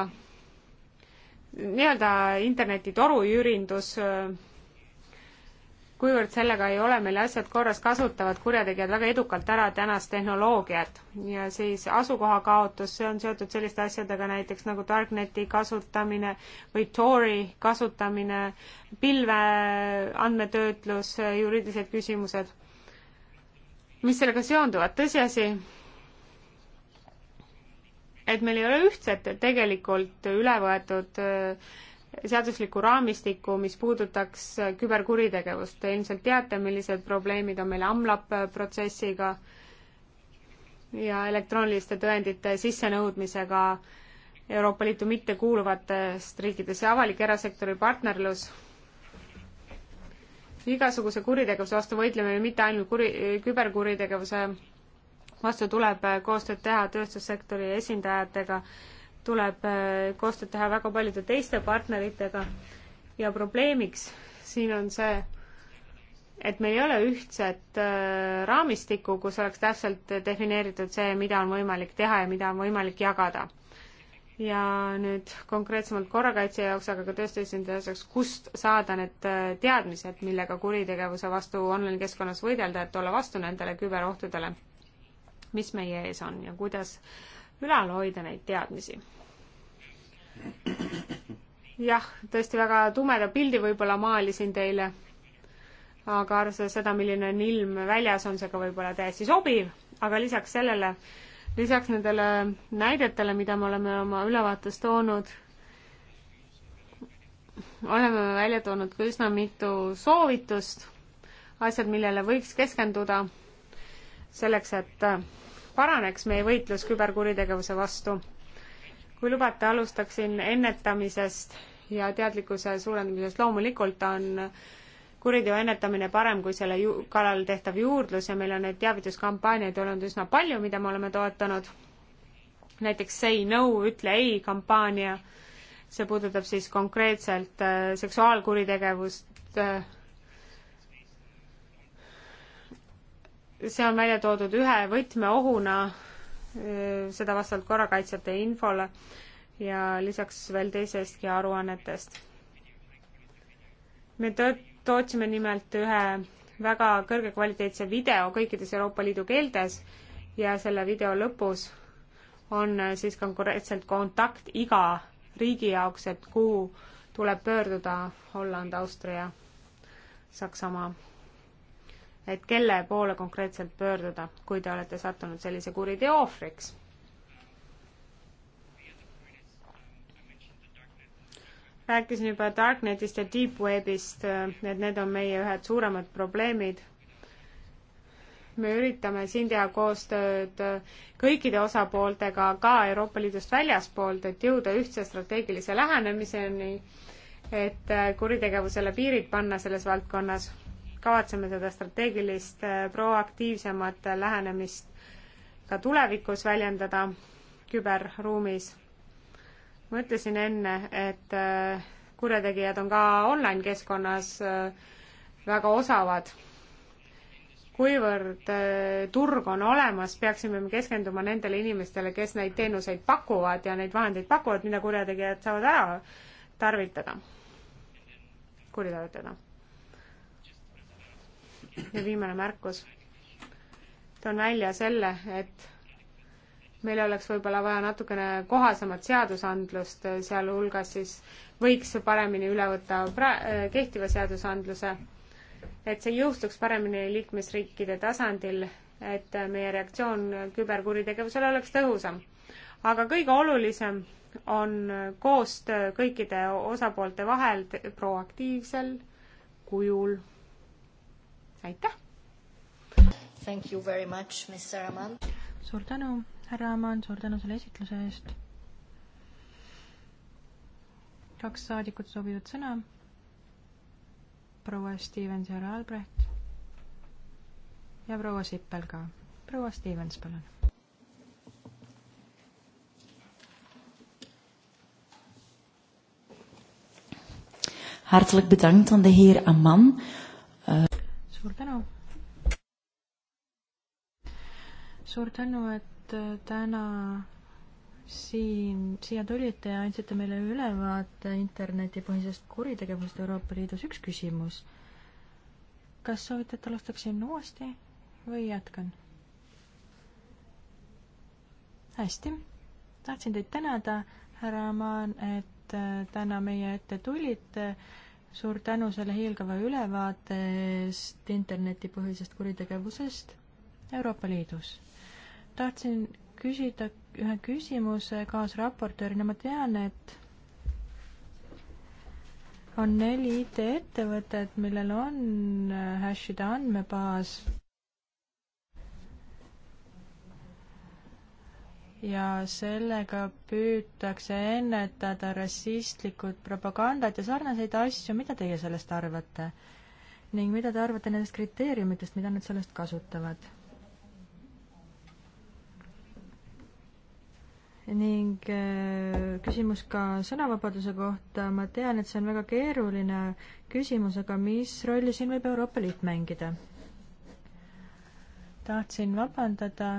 Speaker 3: nii-öelda interneti torujürindus, äh, kuivõrd sellega ei ole meil asjad korras, kasutavad kurjategijad väga edukalt ära tänast tehnoloogiat ja siis asukoha kaotus, see on seotud selliste asjadega näiteks nagu Darkneti kasutamine või Tori kasutamine, pilve andmetöötlus, äh, juriidilised küsimused, mis sellega seonduvad, tõsiasi, et meil ei ole ühtset tegelikult üle võetud äh, seaduslikku raamistikku, mis puudutaks äh, küberkuritegevust. Te ilmselt teate, millised probleemid on meil AMLAP äh, protsessiga ja elektrooniliste tõendite sissenõudmisega Euroopa Liitu mittekuuluvatest riikidest ja avalik erasektori partnerlus igasuguse kuritegevuse vastu võitleme ju mitte ainult kuri, küberkuritegevuse vastu tuleb äh, koostööd teha tööstussektori esindajatega, tuleb äh, koostööd teha väga paljude teiste partneritega ja probleemiks siin on see, et meil ei ole ühtset äh, raamistikku, kus oleks täpselt defineeritud see, mida on võimalik teha ja mida on võimalik jagada. ja nüüd konkreetsemalt korrakaitse jaoks, aga ka tõesti esindaja jaoks, kust saada need teadmised, millega kuritegevuse vastu online keskkonnas võidelda, et olla vastu nendele küberohtudele mis meie ees on ja kuidas ülal hoida neid teadmisi. jah, tõesti väga tumeda pildi võib-olla maalisin teile, aga arvestades seda, milline on ilm väljas, on see ka võib-olla täiesti sobiv, aga lisaks sellele, lisaks nendele näidetele, mida me oleme oma ülevaates toonud, oleme välja toonud ka üsna mitu soovitust, asjad, millele võiks keskenduda selleks, et paraneks meie võitlus küberkuritegevuse vastu. kui lubate, alustaksin ennetamisest ja teadlikkuse suurendamisest. loomulikult on kuriteo ennetamine parem kui selle ju-, kallal tehtav juurdlus ja meil on neid teavituskampaaniaid olnud üsna palju, mida me oleme toetanud. näiteks Say no, ütle ei kampaania, see puudutab siis konkreetselt äh, seksuaalkuritegevust äh, see on välja toodud ühe võtmeohuna, eh, seda vastavalt korrakaitsjate infole ja lisaks veel teisestki aruannetest. me tootsime nimelt ühe väga kõrgekvaliteetse video kõikides Euroopa Liidu keeltes ja selle video lõpus on eh, siis konkreetselt kontakt iga riigi jaoks, et kuhu tuleb pöörduda Holland, Austria, Saksamaa et kelle poole konkreetselt pöörduda, kui te olete sattunud sellise kuriteo ohvriks. rääkisin juba Darknetist ja Deepwebist, et need on meie ühed suuremad probleemid. me üritame siin teha koostööd kõikide osapooltega, ka Euroopa Liidust väljaspoolt, et jõuda ühtse strateegilise lähenemiseni, et kuritegevusele piirid panna selles valdkonnas kavatseme seda strateegilist äh, proaktiivsemat äh, lähenemist ka tulevikus väljendada küberruumis. ma ütlesin enne, et äh, kurjategijad on ka online keskkonnas väga osavad. kuivõrd turg on olemas, peaksime me keskenduma nendele inimestele, kes neid teenuseid pakuvad ja neid vahendeid pakuvad, mida kurjategijad saavad ära tarvitada, kuritarvitada ja viimane märkus. toon välja selle, et meil oleks võib-olla vaja natukene kohasemat seadusandlust, sealhulgas siis võiks paremini üle võtta pra-, kehtiva seadusandluse, et see jõustuks paremini liikmesriikide tasandil, et meie reaktsioon küberkuritegevusele oleks tõhusam. aga kõige olulisem on koostöö kõikide osapoolte vahel proaktiivsel kujul aitäh!
Speaker 1: Thank you very much, Miss Saraman. suur tänu, härra Aman, suur tänu selle esitluse eest. kaks saadikut soovivad sõna. proua Stevens ja härra Albrecht. ja proua Sippel ka. proua Stevens, palun. Hartelijk bedankt aan de heer Amman suur tänu. suur tänu, et äh, täna siin, siia tulite ja andsite meile ülevaate internetipõhisest kuritegevusest Euroopa Liidus. üks küsimus. kas soovite, et alustaksin uuesti või jätkan? hästi, tahtsin teid tänada, härra Amaan, et äh, täna meie ette tulite suur tänu selle hiilgava ülevaate eest internetipõhisest kuritegevusest Euroopa Liidus. tahtsin küsida ühe küsimuse kaasraportöörina, ma tean, et on neli IT-ettevõtet, millel on äh, hashide andmebaas ja sellega püütakse ennetada rassistlikud propagandat ja sarnaseid asju, mida teie sellest arvate? ning mida te arvate nendest kriteeriumitest, mida nad sellest kasutavad? ning äh, küsimus ka sõnavabaduse kohta, ma tean, et see on väga keeruline küsimus, aga mis rolli siin võib Euroopa Liit mängida? tahtsin vabandada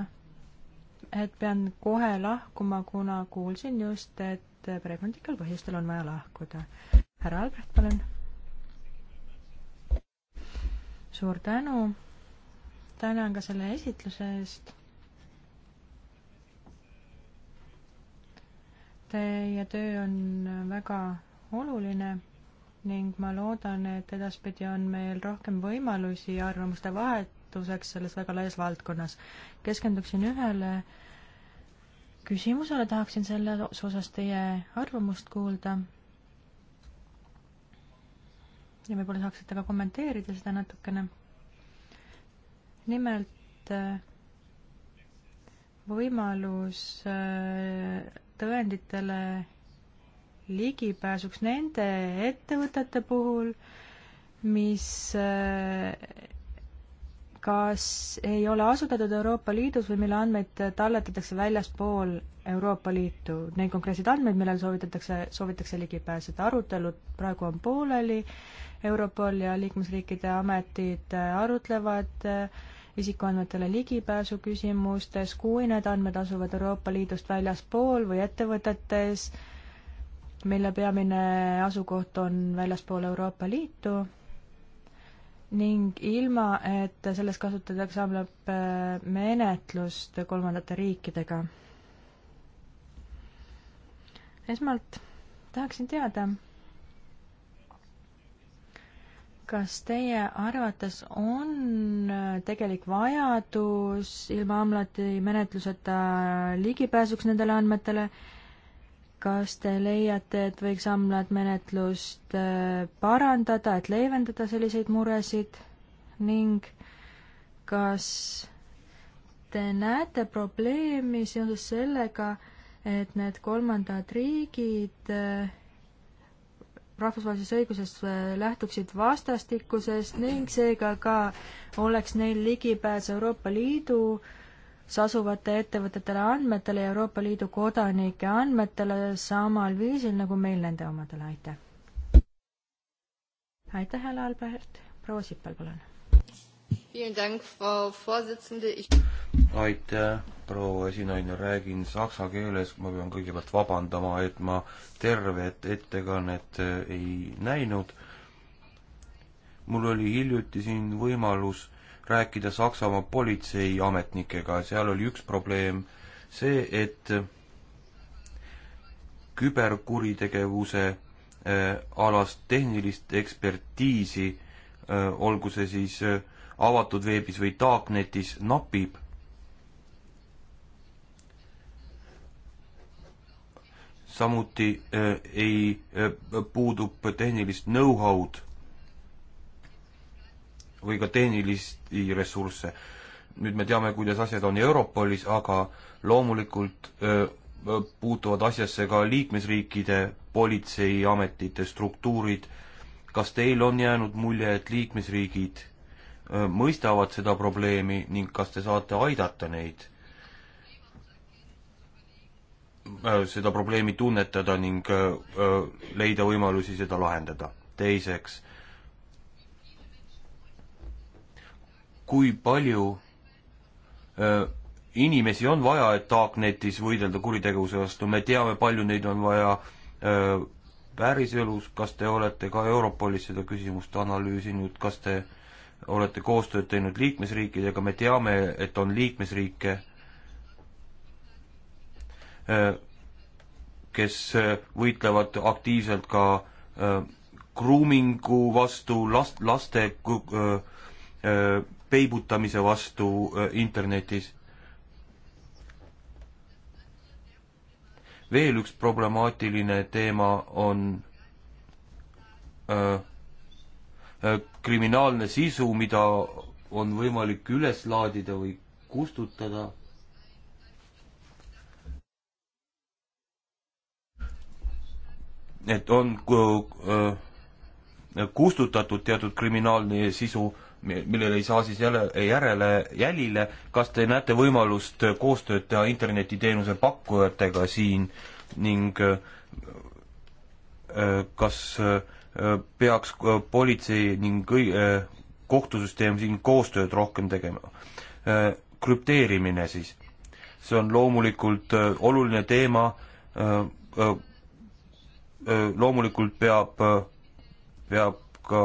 Speaker 1: et pean kohe lahkuma, kuna kuulsin just, et perekondlikel põhjustel on vaja lahkuda. härra Albrecht, palun. suur tänu. tänan ka selle esitluse eest. Teie töö on väga oluline ning ma loodan, et edaspidi on meil rohkem võimalusi arvamuste vahet algatuseks selles väga laias valdkonnas. keskenduksin ühele küsimusele, tahaksin selles osas teie arvamust kuulda. ja võib-olla saaksite ka kommenteerida seda natukene. nimelt äh, võimalus äh, tõenditele ligipääsuks nende ettevõtete puhul, mis äh, kas ei ole asutatud Euroopa Liidus või mille andmeid talletatakse väljaspool Euroopa Liitu. Neid konkreetseid andmeid, millele soovitatakse, soovitakse ligi pääseda. arutelud praegu on pooleli, Europol ja liikmesriikide ametid arutlevad isikuandmetele ligipääsu küsimustes, kui need andmed asuvad Euroopa Liidust väljaspool või ettevõtetes, mille peamine asukoht on väljaspool Euroopa Liitu ning ilma, et selles kasutatakse ablamenetlust äh, kolmandate riikidega. esmalt tahaksin teada, kas teie arvates on äh, tegelik vajadus ilma amlati menetluseta ligipääsuks nendele andmetele äh, kas te leiate, et võiks ammulatmenetlust äh, parandada, et leevendada selliseid muresid ning kas te näete probleemi seoses sellega, et need kolmandad riigid äh, rahvusvahelises õiguses äh, lähtuksid vastastikusest ning seega ka oleks neil ligipääs Euroopa Liidu äh, asuvate ettevõtetele andmetele ja Euroopa Liidu kodanike andmetele samal viisil nagu meil nende omadele, aitäh. aitäh, härra Albert, proua Sippel, palun.
Speaker 2: aitäh, proua esinaine, räägin saksa keeles, ma pean kõigepealt vabandama, et ma tervet ettekannet äh, ei näinud. mul oli hiljuti siin võimalus rääkida Saksamaa politseiametnikega, seal oli üks probleem see, et küberkuritegevuse äh, alast tehnilist ekspertiisi, äh, olgu see siis äh, avatud veebis või darknetis, napib. samuti ei, puudub tehnilist know-how'd või ka tehnilisi ressursse. nüüd me teame, kuidas asjad on Europolis, aga loomulikult öö, puutuvad asjasse ka liikmesriikide politseiametite struktuurid. kas teil on jäänud mulje, et liikmesriigid öö, mõistavad seda probleemi ning kas te saate aidata neid öö, seda probleemi tunnetada ning öö, leida võimalusi seda lahendada? teiseks kui palju öö, inimesi on vaja, et Darknetis võidelda kuritegevuse vastu, me teame, palju neid on vaja öö, päriselus, kas te olete ka Europolis seda küsimust analüüsinud, kas te olete koostööd teinud liikmesriikidega, me teame, et on liikmesriike, kes võitlevad aktiivselt ka groomingu vastu, last, laste peibutamise vastu äh, internetis. veel üks problemaatiline teema on äh, äh, kriminaalne sisu, mida on võimalik üles laadida või kustutada. et on äh, kustutatud teatud kriminaalne sisu millele ei saa siis jälle, järele, jälile, kas te näete võimalust koostööd teha internetiteenuse pakkujatega siin ning äh, kas äh, peaks äh, politsei ning kohtusüsteem siin koostööd rohkem tegema? krüpteerimine siis, see on loomulikult oluline teema, loomulikult peab, peab ka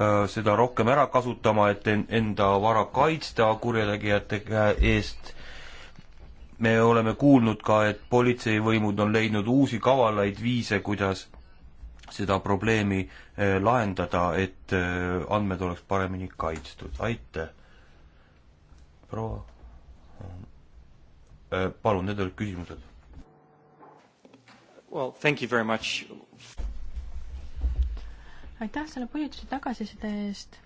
Speaker 2: Äh, seda rohkem ära kasutama, et enda vara kaitsta kurjategijate eest. me oleme kuulnud ka, et politseivõimud on leidnud uusi kavalaid viise, kuidas seda probleemi äh, lahendada, et äh, andmed oleks paremini kaitstud. aitäh. proua. palun, need olid küsimused. Well, thank you very much
Speaker 1: aitäh selle põhjutuse tagasiside eest.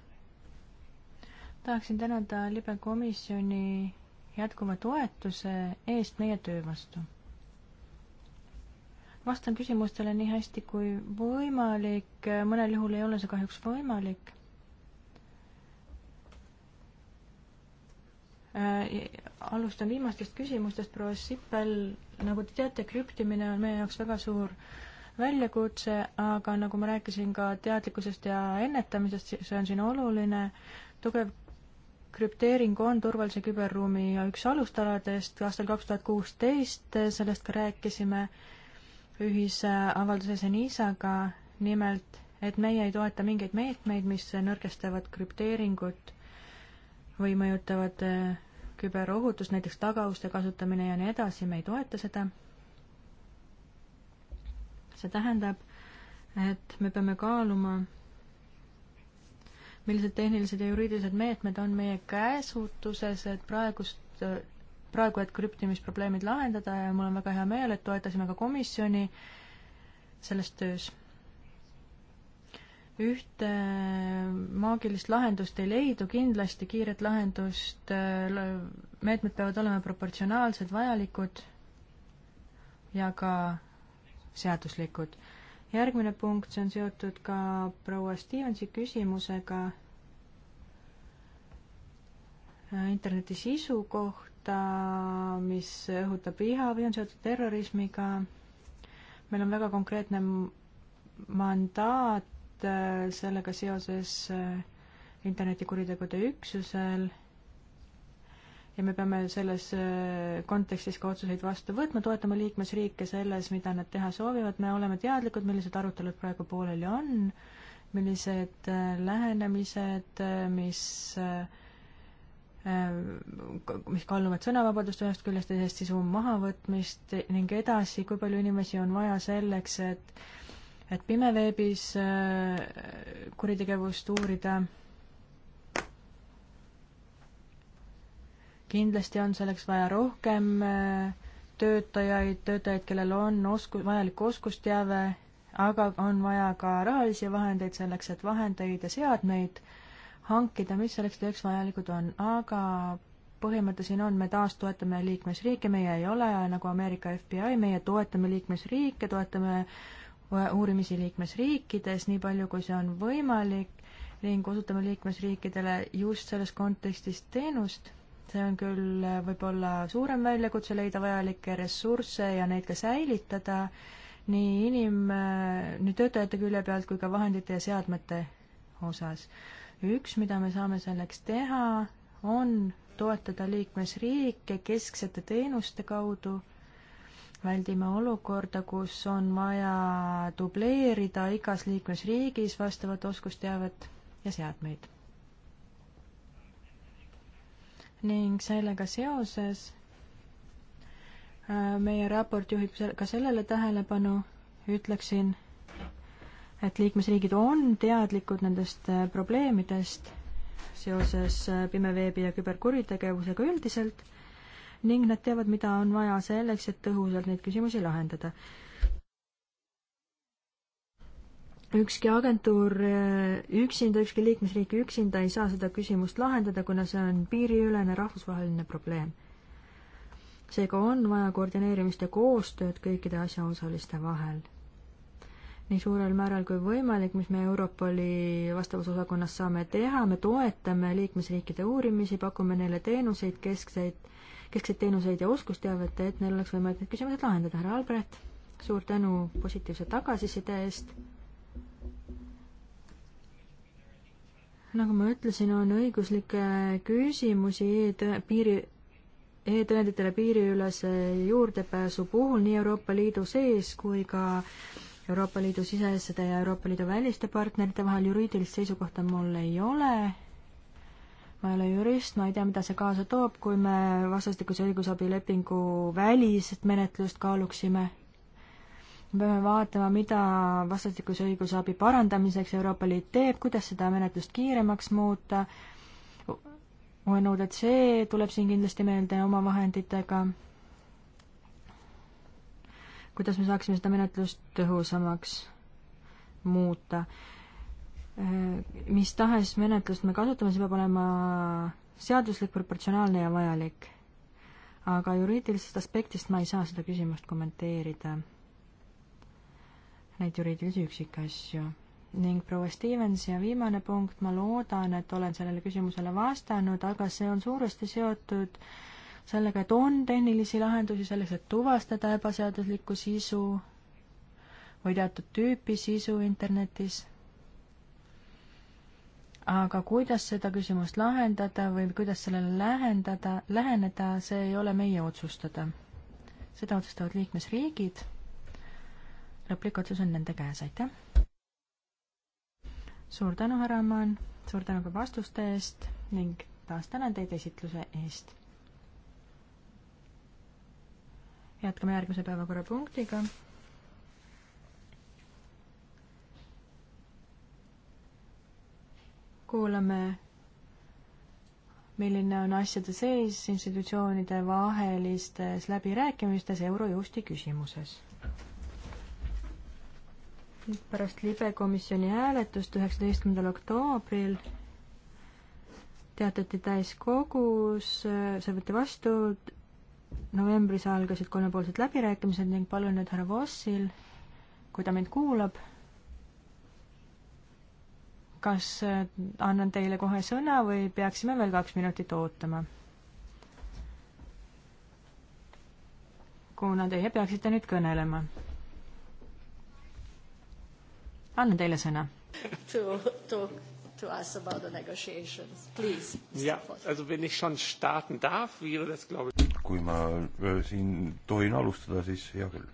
Speaker 1: tahaksin tänada libekomisjoni jätkuva toetuse eest meie töö vastu. vastan küsimustele nii hästi kui võimalik, mõnel juhul ei ole see kahjuks võimalik. Äh, alustan viimastest küsimustest, proua Sippel, nagu te teate, krüptimine on meie jaoks väga suur äh, väljakutse, aga nagu ma rääkisin ka teadlikkusest ja ennetamisest, see on siin oluline, tugev krüpteering on turvalise küberruumi üks alustaladest, aastal kaks tuhat kuusteist sellest ka rääkisime ühise avalduse Zenisaga, nimelt et meie ei toeta mingeid meetmeid, mis nõrgestavad krüpteeringut või mõjutavad küberohutust, näiteks tagauste kasutamine ja nii edasi, me ei toeta seda see tähendab, et me peame kaaluma, millised tehnilised ja juriidilised meetmed on meie käsutuses, et praegust, praegu, et krüptimisprobleemid lahendada ja mul on väga hea meel, et toetasime ka komisjoni selles töös ühte maagilist lahendust ei leidu, kindlasti kiiret lahendust, meetmed peavad olema proportsionaalsed, vajalikud ja ka seaduslikud. järgmine punkt, see on seotud ka proua Stevensi küsimusega äh, interneti sisu kohta, mis õhutab viha või on seotud terrorismiga. meil on väga konkreetne mandaat äh, sellega seoses äh, internetikuritegude üksusel ja me peame selles äh, kontekstis ka otsuseid vastu võtma, toetama liikmesriike selles, mida nad teha soovivad, me oleme teadlikud, millised arutelud praegu pooleli on, millised äh, lähenemised, äh, mis mis kalluvad sõnavabadust ühest küljest ja teisest sisu mahavõtmist ning edasi, kui palju inimesi on vaja selleks, et et pimeveebis kuritegevust uurida kindlasti on selleks vaja rohkem äh, töötajaid, töötajaid, kellel on osku-, vajalik oskusteave, aga on vaja ka rahalisi vahendeid selleks, et vahendeid ja seadmeid hankida, mis selleks tööks vajalikud on, aga põhimõte siin on, me taas toetame liikmesriike, meie ei ole nagu Ameerika FBI, meie toetame liikmesriike, toetame uurimisi liikmesriikides nii palju, kui see on võimalik ning osutame liikmesriikidele just selles kontekstis teenust see on küll äh, võib-olla suurem väljakutse leida vajalikke ressursse ja neid ka säilitada nii inim-, äh, nii töötajate külje pealt kui ka vahendite ja seadmete osas. üks, mida me saame selleks teha, on toetada liikmesriike kesksete teenuste kaudu, väldime olukorda, kus on vaja dubleerida igas liikmesriigis vastavat oskusteavet ja seadmeid ning sellega seoses äh, meie raport juhib ka sellele tähelepanu, ütleksin, et liikmesriigid on teadlikud nendest äh, probleemidest seoses äh, pimeveebi ja küberkuritegevusega üldiselt ning nad teavad, mida on vaja selleks, et tõhusalt neid küsimusi lahendada. ükski agentuur äh, üksinda, ükski liikmesriik üksinda ei saa seda küsimust lahendada, kuna see on piiriülene rahvusvaheline probleem. seega on vaja koordineerimist ja koostööd kõikide asjaosaliste vahel. nii suurel määral kui võimalik, mis me Europoli vastavusosakonnas saame teha, me toetame liikmesriikide uurimisi, pakume neile teenuseid, keskseid, keskseid teenuseid ja oskusteavet, et neil oleks võimalik need küsimused lahendada. härra Albrecht, suur tänu positiivse tagasiside eest nagu ma ütlesin, on õiguslikke küsimusi piiri e, e-tõenditele piiriülese juurdepääsu puhul nii Euroopa Liidu sees kui ka Euroopa Liidu sisesede ja Euroopa Liidu väliste partnerite vahel juriidilist seisukohta mul ei ole. ma ei ole jurist, ma ei tea, mida see kaasa toob, kui me vastastikuse õigusabilepingu välist menetlust kaaluksime me peame vaatama, mida vastastikuse õigusabi parandamiseks Euroopa Liit teeb, kuidas seda menetlust kiiremaks muuta, UNODC tuleb siin kindlasti meelde oma vahenditega, kuidas me saaksime seda menetlust tõhusamaks muuta. Mis tahes menetlust me kasutame, see peab olema seaduslik, proportsionaalne ja vajalik. aga juriidilisest aspektist ma ei saa seda küsimust kommenteerida neid juriidilisi üksikasju. ning proua Stevens ja viimane punkt, ma loodan, et olen sellele küsimusele vastanud, aga see on suuresti seotud sellega, et on tehnilisi lahendusi selleks, et tuvastada ebaseaduslikku sisu või teatud tüüpi sisu internetis aga kuidas seda küsimust lahendada või kuidas sellele lähendada, läheneda, see ei ole meie otsustada. seda otsustavad liikmesriigid lõplik otsus on nende käes, aitäh! suur tänu, härra Amman, suur tänu ka vastuste eest ning taas tänan teid esitluse eest. jätkame järgmise päevakorrapunktiga. kuulame, milline on asjade seis institutsioonide vahelistes läbirääkimistes Eurojusti küsimuses pärast libekomisjoni hääletust üheksateistkümnendal oktoobril teatati täiskogus, see võeti vastu, novembris algasid kolmepoolsed läbirääkimised ning palun nüüd härra Vossil, kui ta mind kuulab, kas äh, annan teile kohe sõna või peaksime veel kaks minutit ootama? kuna teie peaksite nüüd kõnelema annan teile sõna. To, to to us about the negotiations. Please. Ja,
Speaker 3: also wenn ich schon starten darf, wäre das glaube ich.
Speaker 2: Kui ma äh, siin tohin alustada, siis hea küll.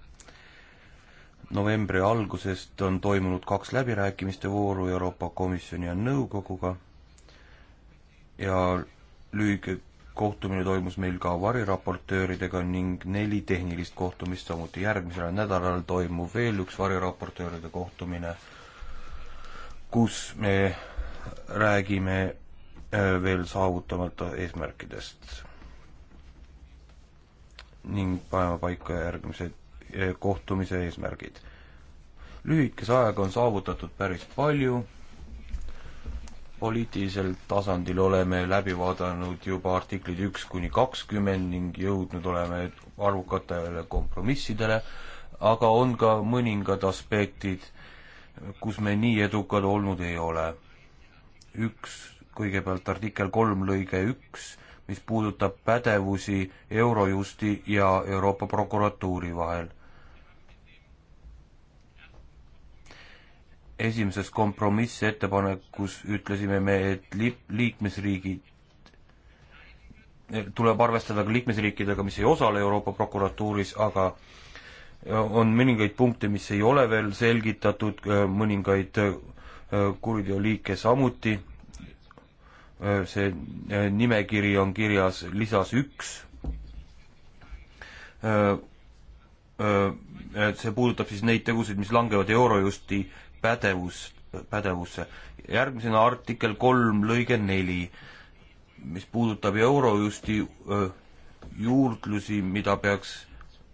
Speaker 2: Novembri algusest on toimunud kaks läbirääkimiste vooru Euroopa Komisjoni ja nõukoguga ja lühike kohtumine toimus meil ka variraportööridega ning neli tehnilist kohtumist, samuti järgmisel nädalal toimub veel üks variraportööride kohtumine, kus me räägime äh, veel saavutamata eesmärkidest. ning paneme paika järgmise äh, kohtumise eesmärgid. lühikese ajaga on saavutatud päris palju poliitilisel tasandil oleme läbi vaadanud juba artiklid üks kuni kakskümmend ning jõudnud oleme arvukatele kompromissidele, aga on ka mõningad aspektid, kus me nii edukad olnud ei ole. üks, kõigepealt artikkel kolm lõige üks, mis puudutab pädevusi Eurojusti ja Euroopa Prokuratuuri vahel esimeses kompromissettepanekus ütlesime me, et liip-, liikmesriigid, tuleb arvestada ka liikmesriikidega, mis ei osale Euroopa prokuratuuris, aga on mõningaid punkte, mis ei ole veel selgitatud, mõningaid kuriteoliike samuti, see nimekiri on kirjas lisas üks, see puudutab siis neid tegusid, mis langevad Eurojusti pädevus, pädevusse. järgmisena artikkel kolm lõige neli, mis puudutab Eurojusti juurdlusi, mida peaks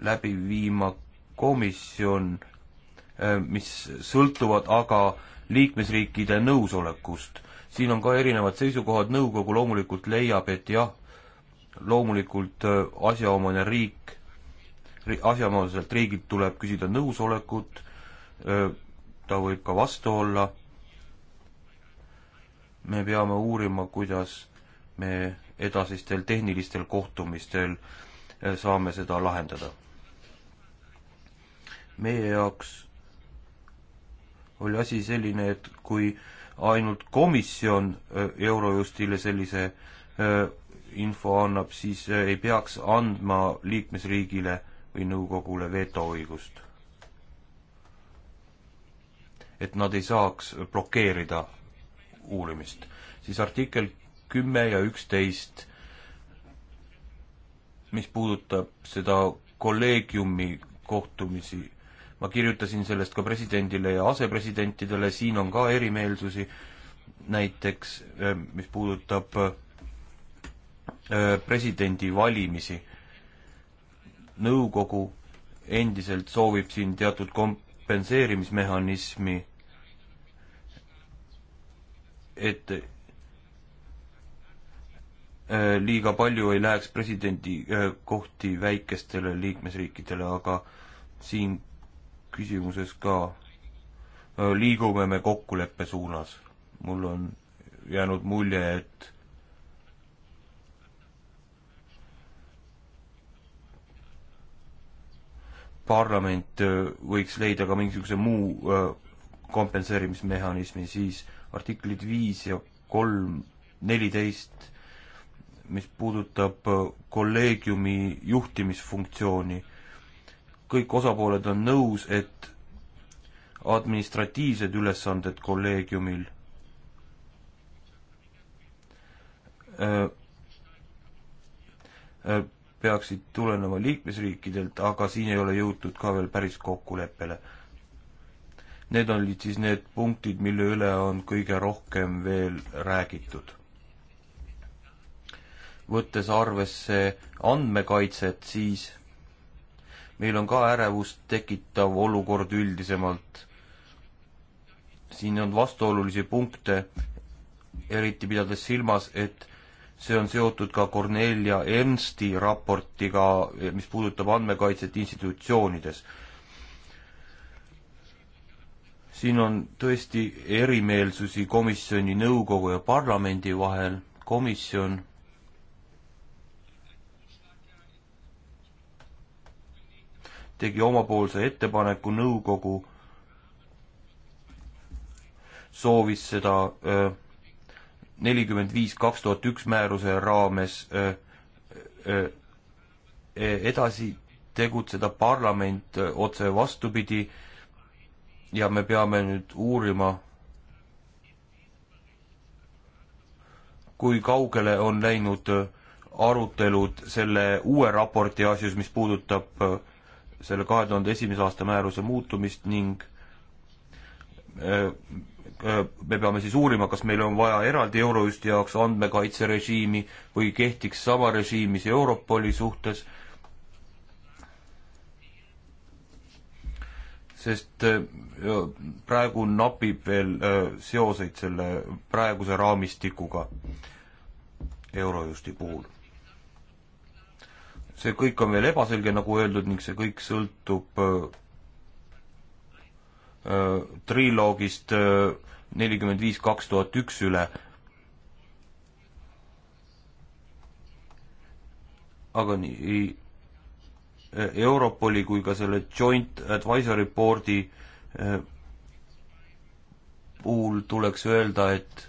Speaker 2: läbi viima komisjon, mis sõltuvad aga liikmesriikide nõusolekust. siin on ka erinevad seisukohad, nõukogu loomulikult leiab, et jah, loomulikult asjaomane riik, asjaomaselt riigilt tuleb küsida nõusolekut, ta võib ka vastu olla. me peame uurima, kuidas me edasistel tehnilistel kohtumistel eh, saame seda lahendada. meie jaoks oli asi selline, et kui ainult komisjon eh, Eurojustile sellise eh, info annab, siis ei peaks andma liikmesriigile või nõukogule vetoõigust et nad ei saaks blokeerida uurimist. siis artikkel kümme ja üksteist, mis puudutab seda kolleegiumi kohtumisi, ma kirjutasin sellest ka presidendile ja asepresidentidele, siin on ka erimeelsusi, näiteks eh, mis puudutab eh, presidendi valimisi. nõukogu endiselt soovib siin teatud kom-, kompenseerimismehhanismi, et äh, liiga palju ei läheks presidendi äh, kohti väikestele liikmesriikidele, aga siin küsimuses ka äh, liigume me kokkuleppe suunas. mul on jäänud mulje, et parlament äh, võiks leida ka mingisuguse muu äh, kompenseerimismehhanismi, siis artiklid viis ja kolm, neliteist, mis puudutab äh, kolleegiumi juhtimisfunktsiooni. kõik osapooled on nõus, et administratiivsed ülesanded kolleegiumil äh, äh, peaksid tulenema liikmesriikidelt, aga siin ei ole jõutud ka veel päris kokkuleppele. Need olid siis need punktid, mille üle on kõige rohkem veel räägitud. võttes arvesse andmekaitset, siis meil on ka ärevust tekitav olukord üldisemalt. siin on vastuolulisi punkte, eriti pidades silmas, et see on seotud ka Cornelia Ernsti raportiga, mis puudutab andmekaitset institutsioonides. siin on tõesti erimeelsusi komisjoni, nõukogu ja parlamendi vahel, komisjon tegi omapoolse ettepaneku, nõukogu soovis seda öö, nelikümmend viis kaks tuhat üks määruse raames öö, öö, edasi tegutseda, parlament otse vastupidi ja me peame nüüd uurima, kui kaugele on läinud arutelud selle uue raporti asjus, mis puudutab selle kahe tuhande esimese aasta määruse muutumist ning öö, Äh, me peame siis uurima, kas meil on vaja eraldi Eurojusti jaoks andmekaitserežiimi või kehtiks sama režiim, mis Europoli suhtes. sest äh, praegu napib veel äh, seoseid selle praeguse raamistikuga Eurojusti puhul. see kõik on veel ebaselge, nagu öeldud, ning see kõik sõltub Äh, triloogist äh, nelikümmend viis kaks tuhat üks üle. aga nii e, e, Europoli kui ka selle Joint Advisory Board'i e, puhul tuleks öelda, et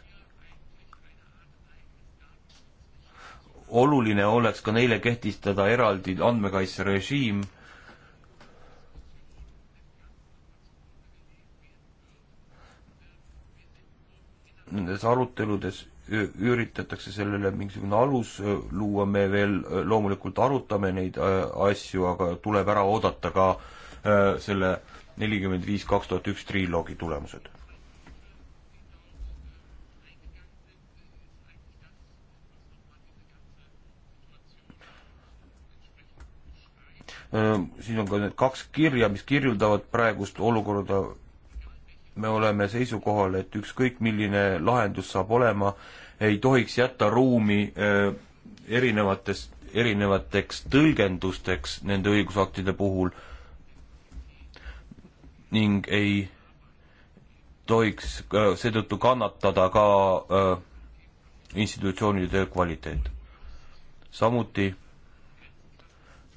Speaker 2: oluline oleks ka neile kehtestada eraldi andmekaitserežiim nendes aruteludes üritatakse sellele mingisugune alus äh, luua, me veel äh, loomulikult arutame neid äh, asju, aga tuleb ära oodata ka selle nelikümmend viis kaks tuhat üks triloogi tulemused. siin on ka need kaks kirja, mis kirjeldavad praegust olukorda me oleme seisukohal, et ükskõik, milline lahendus saab olema, ei tohiks jätta ruumi äh, erinevates, erinevateks tõlgendusteks nende õigusaktide puhul ning ei tohiks äh, seetõttu kannatada ka äh, institutsioonide töö kvaliteet. samuti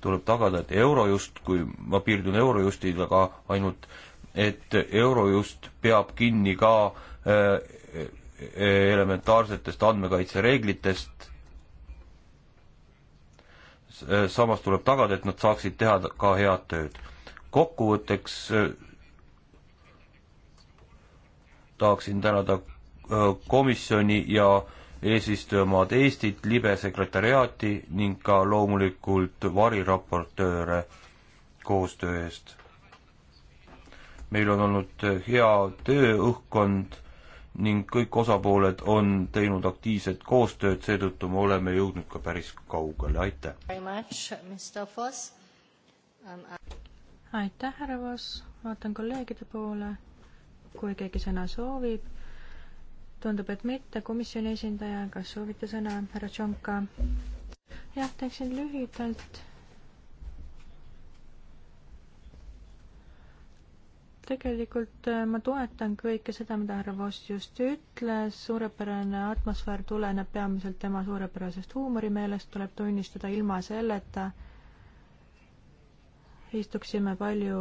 Speaker 2: tuleb tagada, et Eurojust, kui ma piirdun Eurojustiga ainult, et Eurojust peab kinni ka äh, äh, elementaarsetest andmekaitsereeglitest. Äh, samas tuleb tagada, et nad saaksid teha ka head tööd. kokkuvõtteks tahaksin tänada komisjoni ja eesistujamaad Eestit, libe sekretäriaati ning ka loomulikult variraportööre koostöö eest meil on olnud äh, hea tööõhkkond ning kõik osapooled on teinud aktiivset koostööd, seetõttu me oleme jõudnud ka päris kaugele, aitäh!
Speaker 1: Um, aitäh, härra Voss, vaatan kolleegide poole, kui keegi sõna soovib. tundub, et mitte, komisjoni esindaja, kas soovite sõna, härra Tšonka? jah, teeksin lühidalt tegelikult äh, ma toetan kõike seda, mida härra Voss just ütles, suurepärane atmosfäär tuleneb peamiselt tema suurepärasest huumorimeelest, tuleb tunnistada, ilma selleta istuksime palju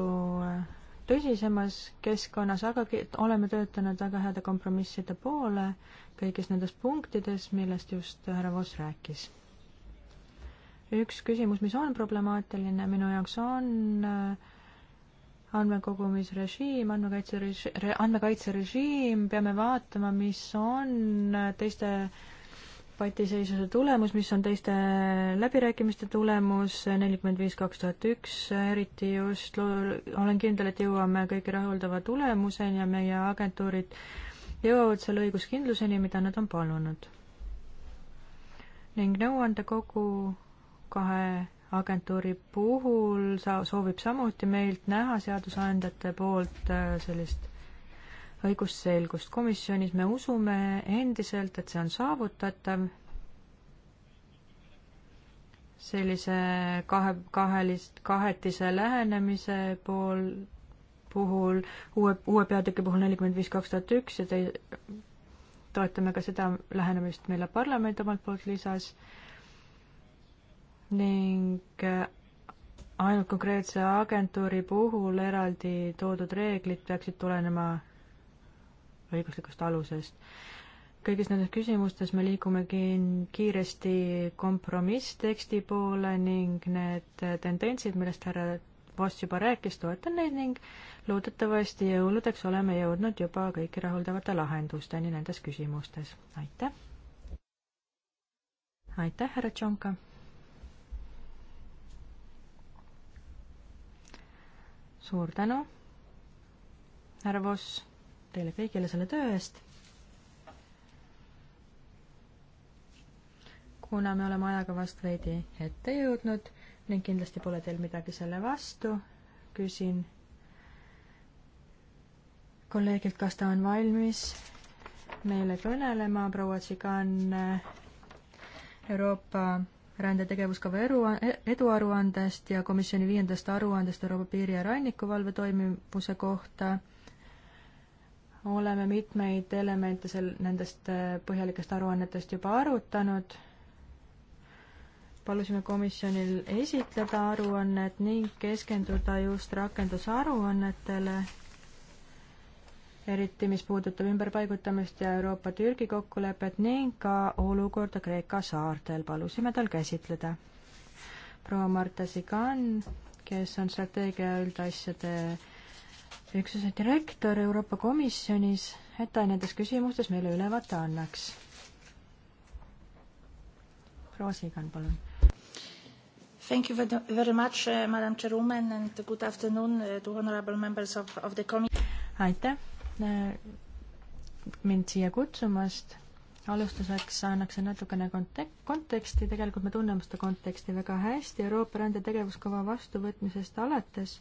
Speaker 1: äh, tõsisemas keskkonnas, aga oleme töötanud väga heade kompromisside poole kõigis nendes punktides, millest just härra Voss rääkis. üks küsimus, mis on problemaatiline minu jaoks, on äh, andmekogumisrežiim, andmekaitserežiim, andmekaitserežiim, peame vaatama, mis on teiste patiseisuse tulemus, mis on teiste läbirääkimiste tulemus, nelikümmend viis kaks tuhat üks, eriti just olen kindel, et jõuame kõige rahuldava tulemuseni ja meie agentuurid jõuavad selle õiguskindluseni, mida nad on palunud. ning nõuandekogu kahe agentuuri puhul sa-, soovib samuti meilt näha seadusandjate poolt äh, sellist õigusselgust komisjonis, me usume endiselt, et see on saavutatav sellise kahe, kahelist, kahetise lähenemise pool, puhul, uue, uue peatüki puhul nelikümmend viis kaks tuhat üks ja tei-, toetame ka seda lähenemist, mille parlament omalt poolt lisas ning äh, ainult konkreetse agentuuri puhul eraldi toodud reeglid peaksid tulenema õiguslikust alusest. kõigis nendes küsimustes me liigumegi kiiresti kompromissteksti poole ning need tendentsid, millest härra Voss juba rääkis, toetan neid ning loodetavasti jõuludeks oleme jõudnud juba kõiki rahuldavate lahendusteni nendes küsimustes. aitäh! aitäh, härra Tšonka! suur tänu, härra Voss, teile kõigile selle töö eest. kuna me oleme ajaga vast veidi ette jõudnud ning kindlasti pole teil midagi selle vastu, küsin kolleegilt, kas ta on valmis meile kõnelema, proua Tsigan Euroopa rändetegevuskava eru, eduaruandest ja komisjoni viiendast aruandest Euroopa piiri- ja rannikuvalve toimivuse kohta oleme mitmeid elemente seal nendest äh, põhjalikest aruannetest juba arutanud. palusime komisjonil esitleda aruannet ning keskenduda just rakendusaruannetele eriti mis puudutab ümberpaigutamist ja Euroopa-Türgi kokkulepet ning ka olukorda Kreeka saartel palusime tal käsitleda. proua Marta Sigan, kes on strateegia üldasjade üksuse direktor Euroopa Komisjonis, et ta nendes küsimustes meile ülevaate annaks. proua Sigan, palun. Thank you very much, eh, Madam Chairwoman and good afternoon eh, to honorable members of, of the committee. aitäh mind siia kutsumast. alustuseks annaksin natukene kontek-, konteksti, tegelikult me tunneme seda konteksti väga hästi, Euroopa rändetegevuskava vastuvõtmisest alates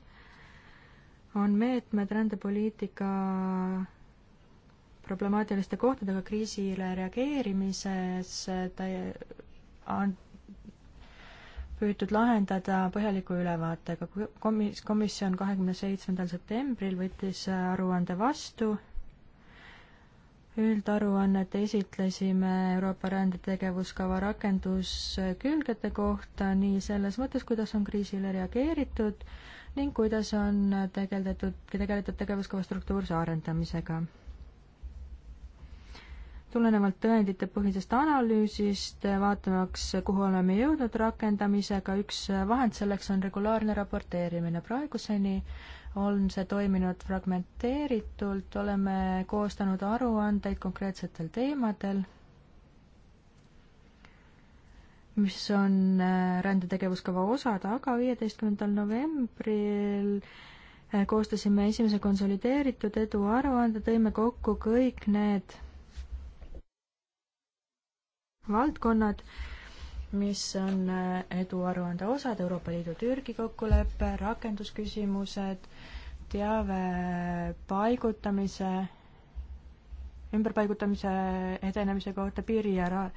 Speaker 1: on meetmed rändepoliitika problemaatiliste kohtadega kriisile reageerimises püütud lahendada põhjaliku ülevaatega. komis-, komisjon kahekümne seitsmendal septembril võttis aruande vastu, üldaruannet esitlesime Euroopa rändetegevuskava rakenduskülgede kohta nii selles mõttes, kuidas on kriisile reageeritud ning kuidas on tegeldatud, tegeletud tegevuskava struktuurse arendamisega tulenevalt tõenditepõhisest analüüsist, vaatamaks, kuhu oleme jõudnud rakendamisega, üks vahend selleks on regulaarne raporteerimine. praeguseni on see toiminud fragmenteeritult, oleme koostanud aruandeid konkreetsetel teemadel, mis on äh, rändetegevuskava osad, aga viieteistkümnendal novembril äh, koostasime esimese konsolideeritud eduaruande, tõime kokku kõik need valdkonnad, mis on äh, eduaruande osad, Euroopa Liidu Türgi kokkulepe, rakendusküsimused, teave paigutamise, ümberpaigutamise edenemise kohta, piiri ja ra-,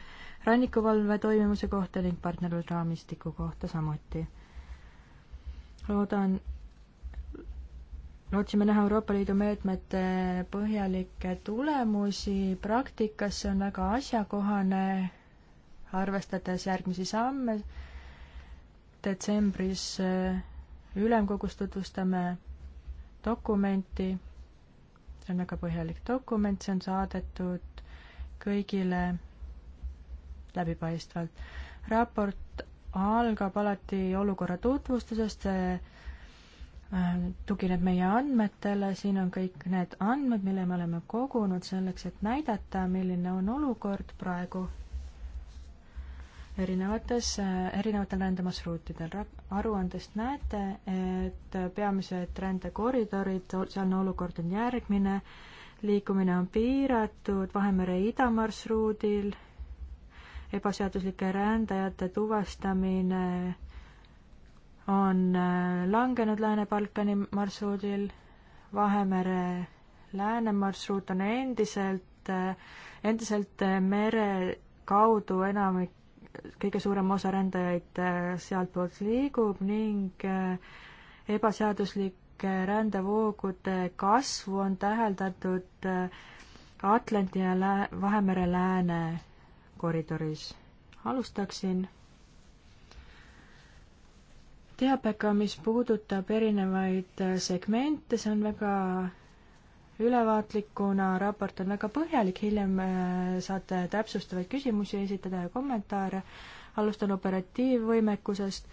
Speaker 1: rannikuvalve toimimuse kohta ning partnerlusraamistiku kohta samuti. loodan, lootsime näha Euroopa Liidu meetmete põhjalikke tulemusi praktikas, see on väga asjakohane, arvestades järgmisi samme. detsembris äh, ülemkogus tutvustame dokumenti, see on väga põhjalik dokument, see on saadetud kõigile läbipaistvalt. raport algab alati olukorra tutvustusest, see Ähm, tugineb meie andmetele, siin on kõik need andmed, mille me oleme kogunud selleks, et näidata, milline on olukord praegu erinevates, äh, erinevatel rändemasruutidel. aruandest näete, et peamised rändekoridorid, sealne olukord on järgmine, liikumine on piiratud Vahemere idamarsruudil, ebaseaduslike rändajate tuvastamine on äh, langenud Lääne-Balkani marsruudil, Vahemere läänemarsruut on endiselt, äh, endiselt äh, mere kaudu enamik, kõige suurem osa rändajaid sealtpoolt liigub ning ebaseaduslike rändevoogude kasvu on täheldatud Atlandi ja Lää-, Vahemere lääne koridoris. alustaksin teabega, mis puudutab erinevaid äh, segmente, see on väga ülevaatlik, kuna raport on väga põhjalik, hiljem äh, saate täpsustavaid küsimusi esitada ja kommentaare. alustan operatiivvõimekusest,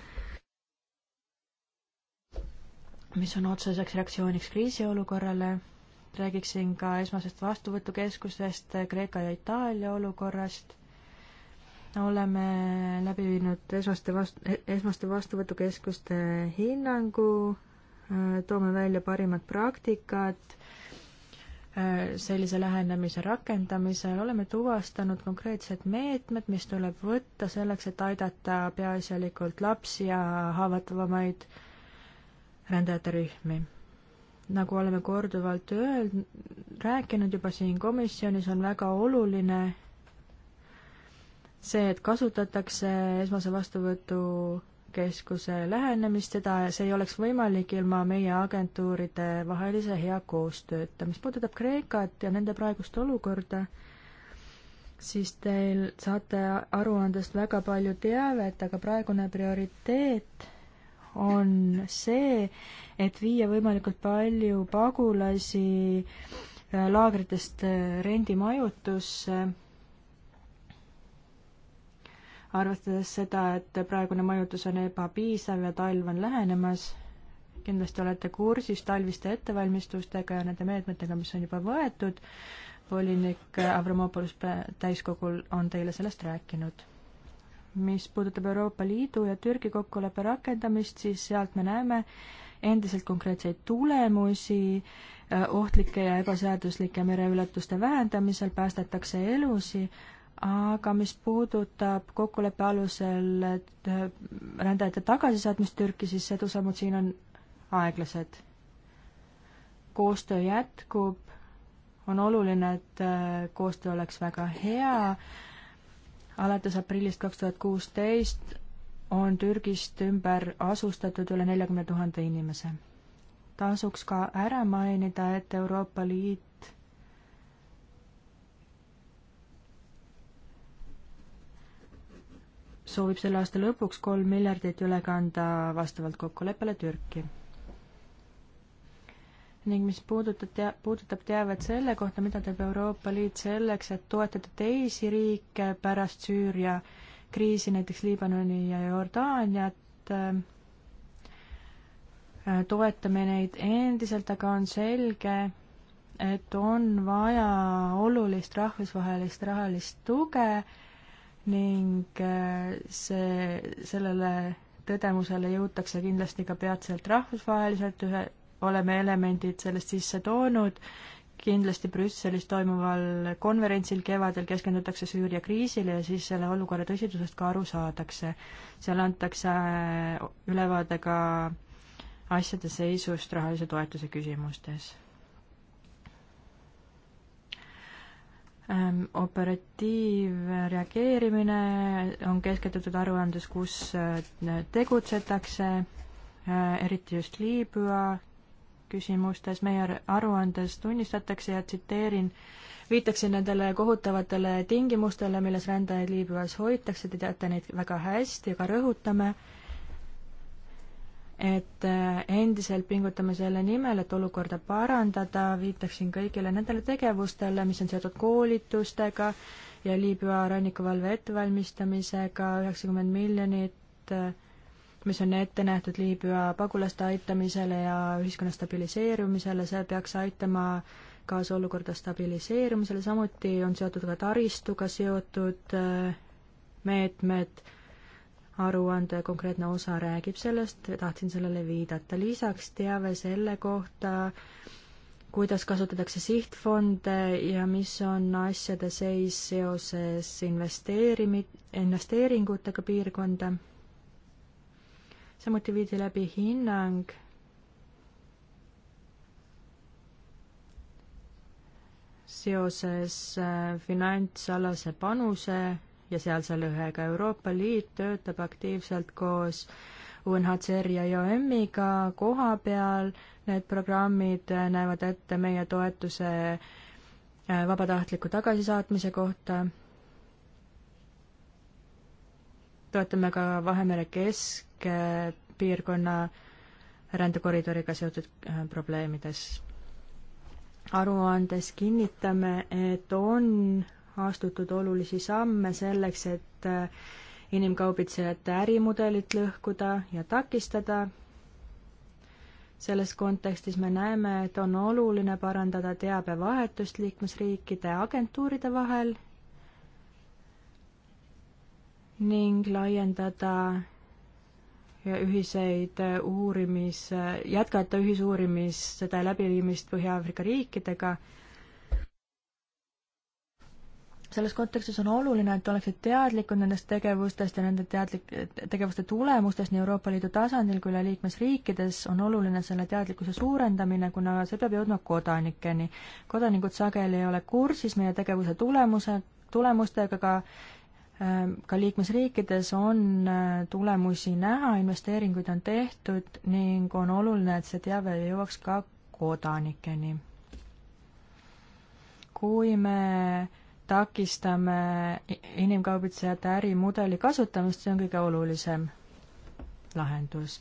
Speaker 1: mis on otseseks reaktsiooniks kriisiolukorrale. räägiksin ka esmasest vastuvõtukeskusest, Kreeka ja Itaalia olukorrast oleme läbi viinud esmaste vastu, e-, esmaste vastuvõtukeskuste hinnangu, toome välja parimad praktikad sellise lähenemise rakendamisel, oleme tuvastanud konkreetsed meetmed, mis tuleb võtta selleks, et aidata peaasjalikult lapsi ja haavatavamaid rändajate rühmi. nagu oleme korduvalt öelnud, rääkinud juba siin komisjonis, on väga oluline see, et kasutatakse esmase vastuvõtu keskuse lähenemist, seda, see ei oleks võimalik ilma meie agentuuride vahelise hea koostööta. mis puudutab Kreekat ja nende praegust olukorda, siis teil saate aruandest väga palju teavet, aga praegune prioriteet on see, et viia võimalikult palju pagulasi laagritest rendimajutusse arvestades seda, et praegune mõjutus on ebapiisav ja talv on lähenemas, kindlasti olete kursis talviste ettevalmistustega ja nende meetmetega, mis on juba võetud, volinik Avramopoulos täiskogul on teile sellest rääkinud mis puudutab Euroopa Liidu ja Türgi kokkuleppe rakendamist, siis sealt me näeme endiselt konkreetseid tulemusi, äh, ohtlike ja ebaseaduslike mereületuste vähendamisel päästetakse elusi, aga mis puudutab kokkuleppe alusel äh, rändajate tagasisaatmist Türki, siis edusammud siin on aeglased. koostöö jätkub, on oluline, et äh, koostöö oleks väga hea, alates aprillist kaks tuhat kuusteist on Türgist ümber asustatud üle neljakümne tuhande inimese. tasuks ka ära mainida, et Euroopa Liit soovib selle aasta lõpuks kolm miljardit üle kanda vastavalt kokkuleppele Türki. ning mis puudutab tea-, puudutab teavet selle kohta, mida teeb Euroopa Liit selleks, et toetada teisi riike pärast Süüria kriisi, näiteks Liibanoni ja Jordaaniat, äh, toetame neid endiselt, aga on selge, et on vaja olulist rahvusvahelist rahalist tuge, ning äh, see, sellele tõdemusele jõutakse kindlasti ka peatselt rahvusvaheliselt, ühe, oleme elemendid sellest sisse toonud, kindlasti Brüsselis toimuval konverentsil kevadel keskendutakse Süüria kriisile ja siis selle olukorra tõsidusest ka aru saadakse. seal antakse äh, ülevaade ka asjade seisust rahalise toetuse küsimustes Ähm, operatiivreageerimine on keskendutud aruandes, kus äh, tegutsetakse, äh, eriti just Liibüa küsimustes. meie aruandes tunnistatakse ja tsiteerin, viitakse nendele kohutavatele tingimustele, milles rändajaid Liibüas hoitakse, te teate neid väga hästi, aga rõhutame, et äh, endiselt pingutame selle nimel, et olukorda parandada, viitaksin kõigile nendele tegevustele, mis on seotud koolitustega ja Liibüa rannikuvalve ettevalmistamisega, üheksakümmend miljonit, äh, mis on ette nähtud Liibüa pagulaste aitamisele ja ühiskonna stabiliseerumisele, see peaks aitama kaasa olukorda stabiliseerumisele, samuti on seotud ka taristuga seotud äh, meetmed aruande konkreetne osa räägib sellest, tahtsin sellele viidata. lisaks teave selle kohta, kuidas kasutatakse sihtfonde ja mis on asjade seis seoses investeerimi-, investeeringutega piirkonda. samuti viidi läbi hinnang seoses äh, finantsalase panuse ja sealse lõhega. Euroopa Liit töötab aktiivselt koos UNHCR ja IOM-iga e koha peal, need programmid näevad ette meie toetuse äh, vabatahtliku tagasisaatmise kohta, toetame ka Vahemere keskpiirkonna rändekoridoriga seotud äh, probleemides. aruandes kinnitame, et on astutud olulisi samme selleks, et äh, inimkaubitsejate ärimudelit lõhkuda ja takistada. selles kontekstis me näeme, et on oluline parandada teabevahetust liikmesriikide agentuuride vahel ning laiendada ühiseid äh, uurimis, jätkata ühisuurimistööde läbiviimist Põhja-Aafrika riikidega selles kontekstis on oluline, et oleksid teadlikud nendest tegevustest ja nende teadlik, tegevuste tulemustest nii Euroopa Liidu tasandil kui ka liikmesriikides, on oluline selle teadlikkuse suurendamine, kuna see peab jõudma kodanikeni. kodanikud sageli ei ole kursis meie tegevuse tulemuse, tulemustega, ka ähm, ka liikmesriikides on äh, tulemusi näha, investeeringuid on tehtud ning on oluline, et see teave jõuaks ka kodanikeni. kui me takistame inimkaubitsejate ärimudeli kasutamist, see on kõige olulisem lahendus.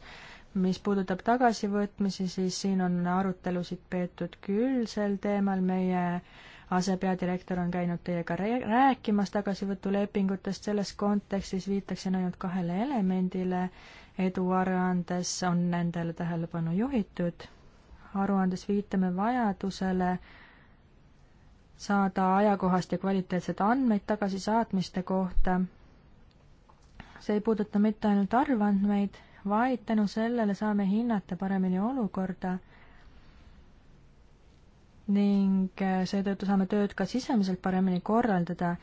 Speaker 1: mis puudutab tagasivõtmisi, siis siin on arutelusid peetud küll sel teemal, meie asepeadirektor on käinud teiega rääkimas tagasivõtulepingutest, selles kontekstis viitaksin ainult kahele elemendile, eduaruandes on nendele tähelepanu juhitud, aruandes viitame vajadusele saada ajakohast ja kvaliteetset andmeid tagasisaatmiste kohta. see ei puuduta mitte ainult arvandmeid, vaid tänu sellele saame hinnata paremini olukorda ning seetõttu saame tööd ka sisemiselt paremini korraldada.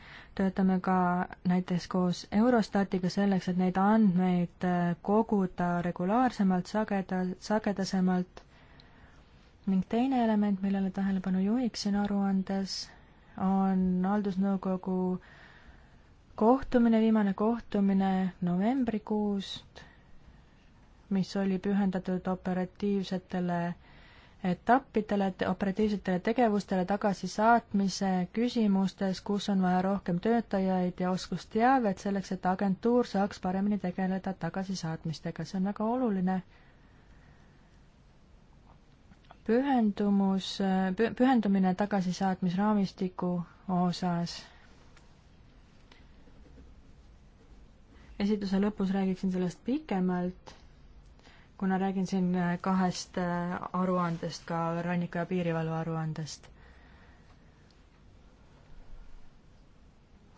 Speaker 1: töötame ka näiteks koos Eurostatiga selleks, et neid andmeid koguda regulaarsemalt, sageda, sagedasemalt ning teine element, millele tähelepanu juhiksin aruandes, on haldusnõukogu kohtumine, viimane kohtumine novembrikuust, mis oli pühendatud operatiivsetele etappidele, operatiivsetele tegevustele tagasisaatmise küsimustes, kus on vaja rohkem töötajaid ja oskusteavet selleks, et agentuur saaks paremini tegeleda tagasisaatmistega, see on väga oluline pühendumus, pühendumine tagasisaatmisraamistiku osas. esituse lõpus räägiksin sellest pikemalt, kuna räägin siin kahest äh, aruandest, ka ranniku- ja piirivalve aruandest.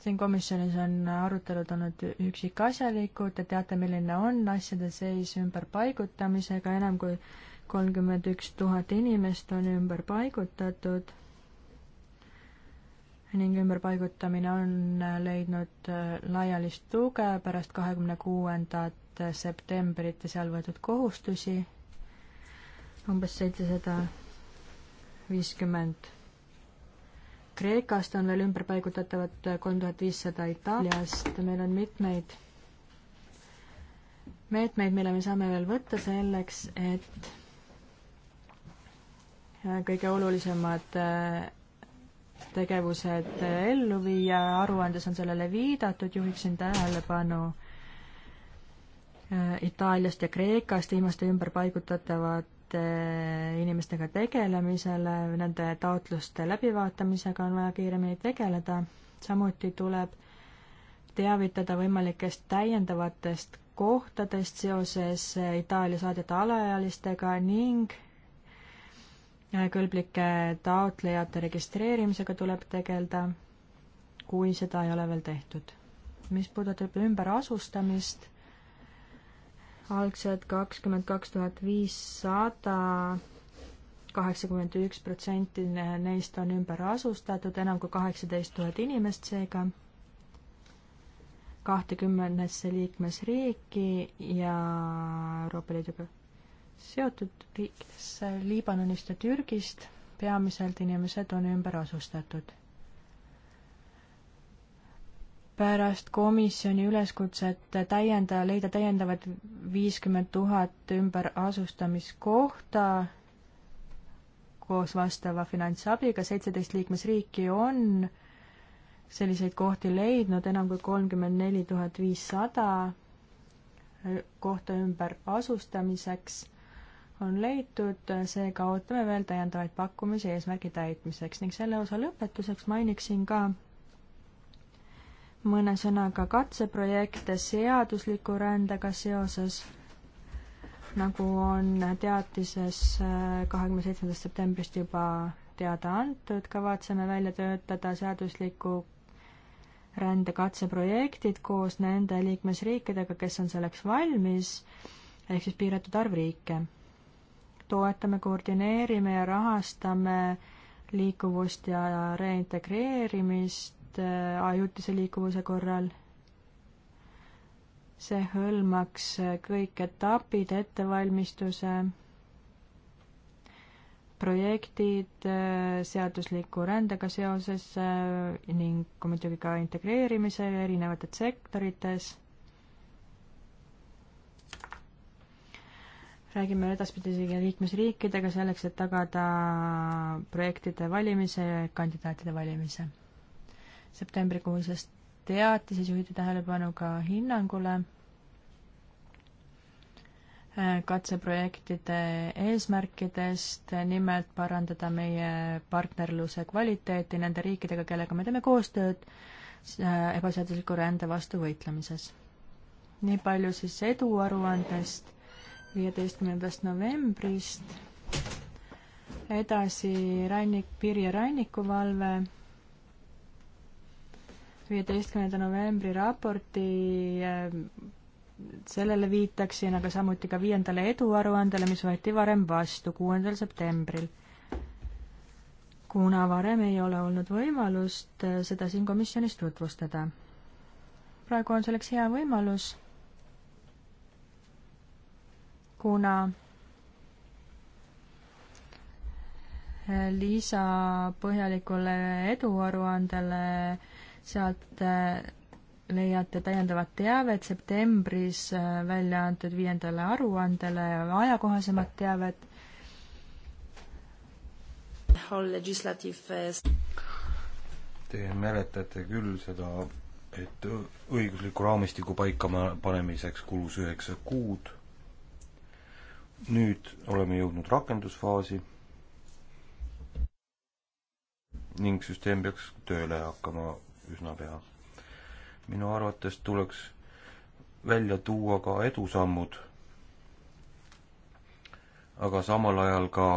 Speaker 1: siin komisjonis on arutelud olnud üksikasjalikud, te teate, milline on asjade seis ümberpaigutamisega, enam kui kolmkümmend üks tuhat inimest on ümber paigutatud ning ümberpaigutamine on leidnud äh, laialist tuge pärast kahekümne kuuendat septembrit ja seal võetud kohustusi. umbes seitsesada viiskümmend Kreekast on veel ümberpaigutatavat äh, kolm tuhat viissada Itaaliast, meil on mitmeid meetmeid, mille me saame veel võtta selleks, et kõige olulisemad äh, tegevused äh, ellu viia, aruandes on sellele viidatud, juhiksin tähelepanu äh, Itaaliast ja Kreekast viimaste ümberpaigutatavate inimestega tegelemisele, nende taotluste läbivaatamisega on vaja kiiremini tegeleda, samuti tuleb teavitada võimalikest täiendavatest kohtadest seoses Itaalia saadete alaealistega ning kõlblike taotlejate registreerimisega tuleb tegeleda, kui seda ei ole veel tehtud. mis puudutab ümberasustamist, algselt kakskümmend kaks tuhat viissada kaheksakümmend üks protsenti neist on ümber asustatud, enam kui kaheksateist tuhat inimest seega, kahtekümnesse liikmesriiki ja Euroopa Liiduga seotud riikidesse Liibanonist ja Türgist peamiselt inimesed on ümber asustatud. pärast komisjoni üleskutset täienda, leida täiendavad viiskümmend tuhat ümberasustamiskohta koos vastava finantsabiga, seitseteist liikmesriiki on selliseid kohti leidnud, enam kui kolmkümmend neli tuhat viissada kohta ümberasustamiseks on leitud, seega ootame veel täiendavaid pakkumisi eesmärgi täitmiseks ning selle osa lõpetuseks mainiksin ka mõne sõnaga katseprojekte seadusliku rändega seoses, nagu on teatises äh, kahekümne seitsmendast septembrist juba teada antud, kavatseme välja töötada seadusliku rändekatseprojektid koos nende liikmesriikidega, kes on selleks valmis, ehk siis piiratud arv riike toetame, koordineerime ja rahastame liikuvust ja reintegreerimist äh, ajutise liikuvuse korral. see hõlmaks äh, kõik etapid, ettevalmistuse, projektid äh, seadusliku rändega seoses ning muidugi ka integreerimise erinevates sektorites räägime edaspidi liikmesriikidega selleks, et tagada projektide valimise ja kandidaatide valimise. septembrikuuses teatises juhiti tähelepanu ka hinnangule äh, katseprojektide eesmärkidest, nimelt parandada meie partnerluse kvaliteeti nende riikidega, kellega me teeme koostööd äh, ebaseadusliku rände vastu võitlemises. nii palju siis eduaruandest viieteistkümnendast novembrist. edasi rannik, piiri- ja rannikuvalve, viieteistkümnenda novembri raporti äh, sellele viitaksin, aga samuti ka viiendale eduaruandele, mis võeti varem vastu, kuuendal septembril. kuna varem ei ole olnud võimalust äh, seda siin komisjonis tutvustada. praegu on selleks hea võimalus kuna lisa põhjalikule eduaruandele, sealt eh, leiate täiendavat teavet septembris eh, välja antud viiendale aruandele ja ajakohasemat teavet.
Speaker 2: Te mäletate küll seda, et õigusliku raamistiku paika panemiseks kulus üheksa kuud nüüd oleme jõudnud rakendusfaasi ning süsteem peaks tööle hakkama üsna pea. minu arvates tuleks välja tuua ka edusammud, aga samal ajal ka,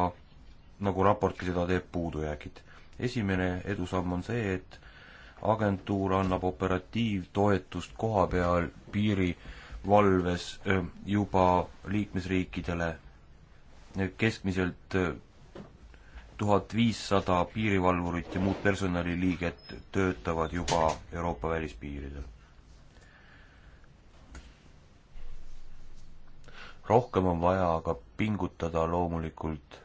Speaker 2: nagu raporti seda teeb, puudujäägid. esimene edusamm on see, et agentuur annab operatiivtoetust koha peal piiri äh, valves juba liikmesriikidele keskmiselt tuhat viissada piirivalvurit ja muud personaliliiget töötavad juba Euroopa välispiiridel. rohkem on vaja aga pingutada loomulikult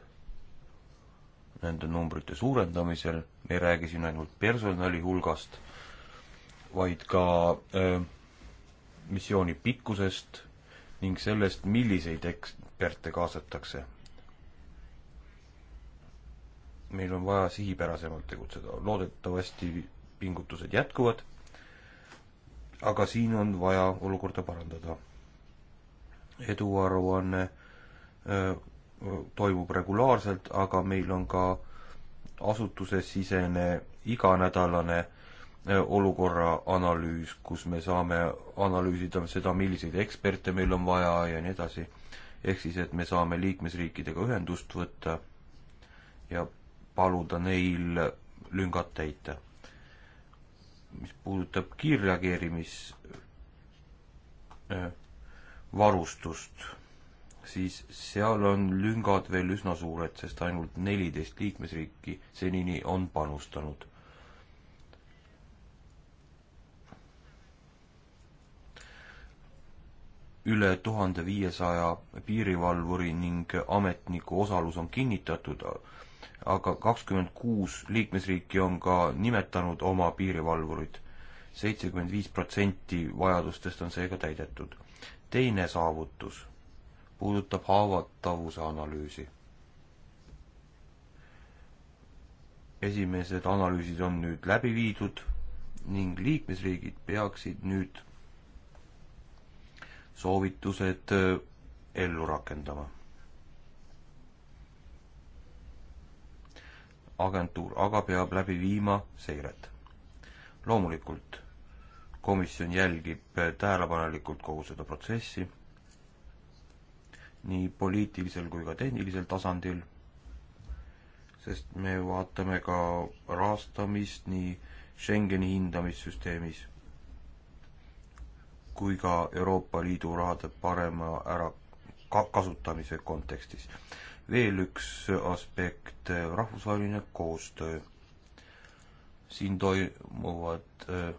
Speaker 2: nende numbrite suurendamisel, me ei räägi siin ainult personali hulgast, vaid ka öö, missiooni pikkusest ning sellest, milliseid eksperte kaasatakse. meil on vaja sihipärasemalt tegutseda, loodetavasti pingutused jätkuvad, aga siin on vaja olukorda parandada. eduaruanne toimub regulaarselt, aga meil on ka asutusesisene iganädalane olukorra analüüs, kus me saame analüüsida seda, milliseid eksperte meil on vaja ja nii edasi. ehk siis, et me saame liikmesriikidega ühendust võtta ja paluda neil lüngad täita. mis puudutab kiirreageerimisvarustust, äh, siis seal on lüngad veel üsna suured, sest ainult neliteist liikmesriiki senini on panustanud üle tuhande viiesaja piirivalvuri ning ametniku osalus on kinnitatud, aga kakskümmend kuus liikmesriiki on ka nimetanud oma piirivalvurid. seitsekümmend viis protsenti vajadustest on seega täidetud. teine saavutus puudutab haavatavuse analüüsi. esimesed analüüsid on nüüd läbi viidud ning liikmesriigid peaksid nüüd soovitused äh, ellu rakendama. agentuur aga peab läbi viima seiret. loomulikult komisjon jälgib äh, tähelepanelikult kogu seda protsessi nii poliitilisel kui ka tehnilisel tasandil, sest me vaatame ka rahastamist nii Schengeni hindamissüsteemis kui ka Euroopa Liidu rahade parema ära ka-, kasutamise kontekstis. veel üks aspekt, rahvusvaheline koostöö. siin toimuvad äh,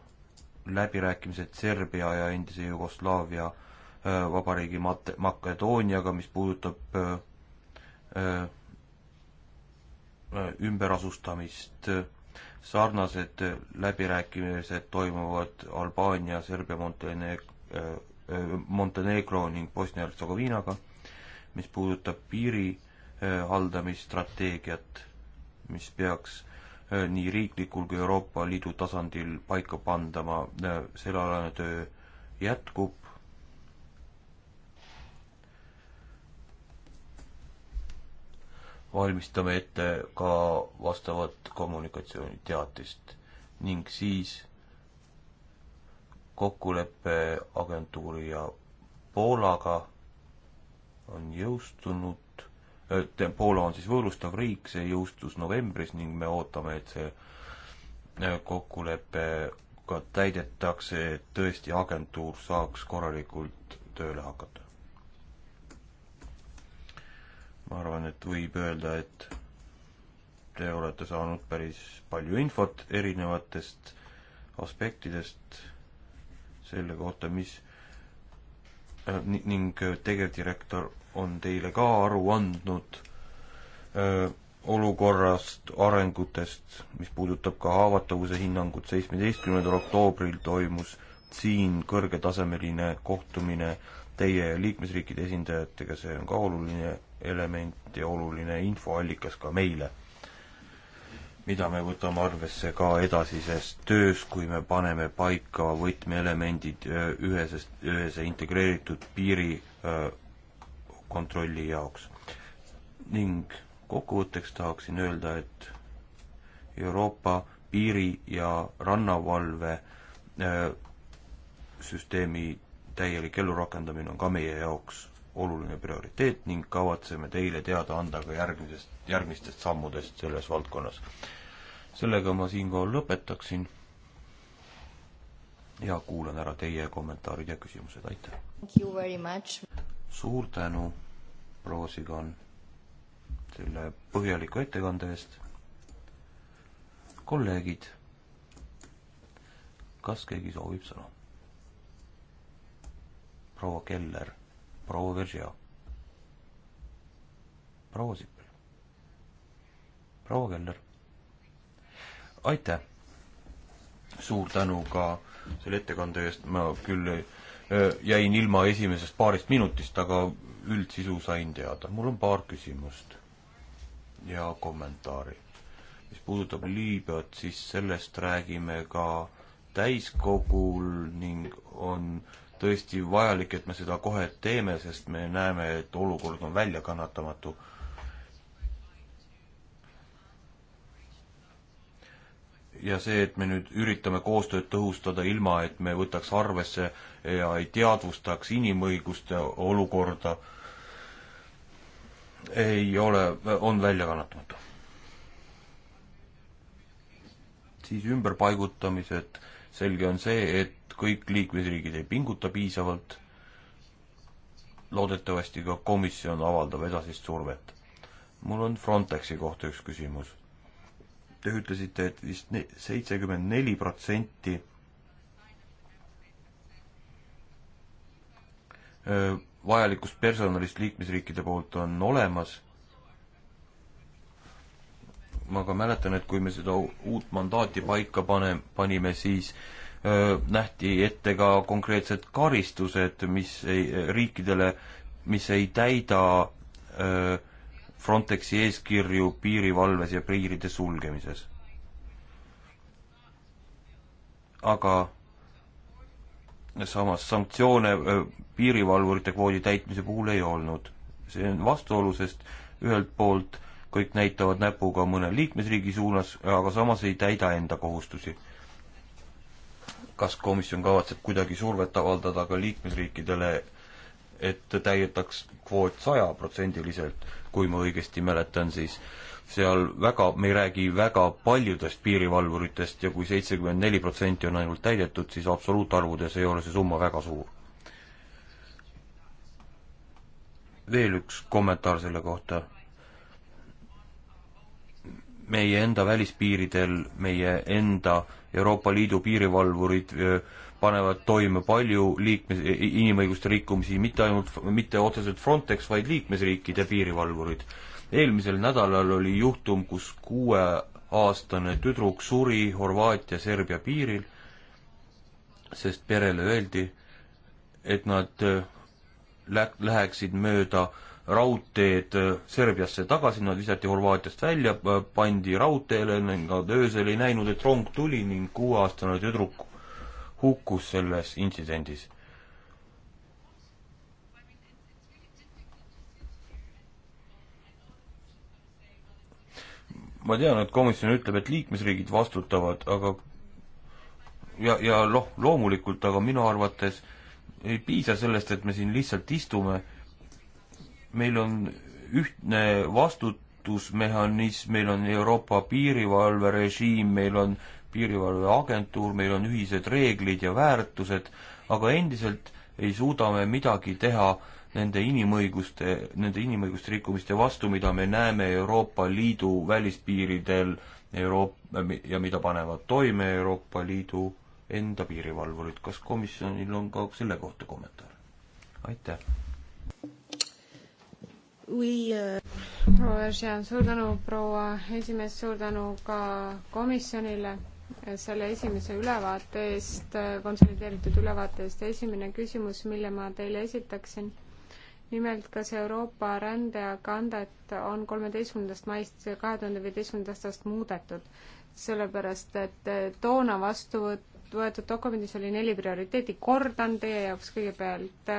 Speaker 2: läbirääkimised Serbia ja endise Jugoslaavia äh, vabariigi Mate-, Makedooniaga, mis puudutab öö, äh, öö, ümberasustamist öö, sarnased läbirääkimised toimuvad Albaania, Serbia, Montenegro, äh, äh, Montenegro ning Bosnia-Hertsegoviinaga, mis puudutab piiri äh, haldamisstrateegiat, mis peaks nii riiklikul kui Euroopa Liidu tasandil paika pandama, sellealane töö jätkub valmistame ette ka vastavat kommunikatsiooniteatist ning siis kokkulepe agentuuri ja Poolaga on jõustunud, äh, Poola on siis võõrustav riik, see jõustus novembris ning me ootame, et see äh, kokkulepe ka täidetakse, et tõesti agentuur saaks korralikult tööle hakata ma arvan, et võib öelda, et te olete saanud päris palju infot erinevatest aspektidest selle kohta, mis äh, ning äh, tegevdirektor on teile ka aru andnud äh, olukorrast, arengutest, mis puudutab ka haavatavuse hinnangut, seitsmeteistkümnendal oktoobril toimus siin kõrgetasemeline kohtumine teie liikmesriikide esindajatega, see on ka oluline element ja oluline infoallikas ka meile, mida me võtame arvesse ka edasises töös, kui me paneme paika võtmeelemendid äh, ühesest, ühese integreeritud piiri äh, kontrolli jaoks. ning kokkuvõtteks tahaksin öelda, et Euroopa piiri- ja rannavalve äh, süsteemi täielik ellurakendamine on ka meie jaoks oluline prioriteet ning kavatseme teile teada anda ka järgmisest, järgmistest sammudest selles valdkonnas. sellega ma siinkohal lõpetaksin ja kuulan ära teie kommentaarid ja küsimused, aitäh! suur tänu, proua Sigan, selle põhjaliku ettekande eest. kolleegid, kas keegi soovib sõna? proua Keller proua Veržia, proua Sippel, proua Keller. aitäh, suur tänu ka selle ettekande eest, ma küll jäin ilma esimesest paarist minutist, aga üldsisu sain teada. mul on paar küsimust ja kommentaari. mis puudutab Liibüat, siis sellest räägime ka täiskogul ning on tõesti vajalik, et me seda kohe teeme, sest me näeme, et olukord on väljakannatamatu. ja see, et me nüüd üritame koostööd tõhustada ilma, et me võtaks arvesse ja ei teadvustaks inimõiguste olukorda, ei ole, on väljakannatamatu. siis ümberpaigutamised, selge on see, et kõik liikmesriigid ei pinguta piisavalt. loodetavasti ka komisjon avaldab edasist survet. mul on Frontexi kohta üks küsimus. Te ütlesite, et vist seitsekümmend neli protsenti vajalikust personalist liikmesriikide poolt on olemas ma ka mäletan, et kui me seda uut mandaati paika pane, panime, siis nähti ette ka konkreetsed karistused, mis ei, riikidele, mis ei täida Frontexi eeskirju piirivalves ja piiride sulgemises. aga samas sanktsioone piirivalvurite kvoodi täitmise puhul ei olnud. see on vastuolu, sest ühelt poolt kõik näitavad näpuga mõne liikmesriigi suunas, aga samas ei täida enda kohustusi kas komisjon kavatseb kuidagi survet avaldada ka liikmesriikidele, et täidetaks kvoot sajaprotsendiliselt, kui ma õigesti mäletan, siis seal väga, me ei räägi väga paljudest piirivalvuritest ja kui seitsekümmend neli protsenti on ainult täidetud, siis absoluutarvudes ei ole see summa väga suur. veel üks kommentaar selle kohta. meie enda välispiiridel, meie enda äh, Euroopa Liidu piirivalvurid panevad toime palju liikmes-, inimõiguste rikkumisi, mitte ainult, mitte otseselt Frontex, vaid liikmesriikide piirivalvurid. eelmisel nädalal oli juhtum, kus kuueaastane tüdruk suri Horvaatia-Serbia piiril, sest perele öeldi, et nad lä-, läheksid mööda äh, raudteed äh, Serbiasse tagasi, nad visati Horvaatiast välja, äh, pandi raudteele ning nad öösel ei näinud, et rong tuli ning kuueaastane tüdruk hukkus selles intsidendis. ma tean, et komisjon ütleb, et liikmesriigid vastutavad, aga ja, ja noh, loomulikult, aga minu arvates ei piisa sellest, et me siin lihtsalt istume meil on ühtne vastutusmehhanism, meil on Euroopa piirivalverežiim, meil on piirivalveagentuur, meil on ühised reeglid ja väärtused, aga endiselt ei suuda me midagi teha nende inimõiguste, nende inimõiguste rikkumiste vastu, mida me näeme Euroopa Liidu välispiiridel Euroopa ja mida panevad toime Euroopa Liidu enda piirivalvurid. kas komisjonil on ka selle kohta kommentaar? aitäh!
Speaker 3: oui, uh... suur tänu, proua esimees, suur tänu ka komisjonile eh, selle esimese ülevaate eest, eh, konsolideeritud ülevaate eest. esimene küsimus, mille ma teile esitaksin. nimelt, kas Euroopa rändeagandet on kolmeteistkümnendast maist kahe tuhande viieteistkümnendast aastast muudetud? sellepärast, et eh, toona vastu võetud dokumendis oli neli prioriteeti. kordan teie jaoks kõigepealt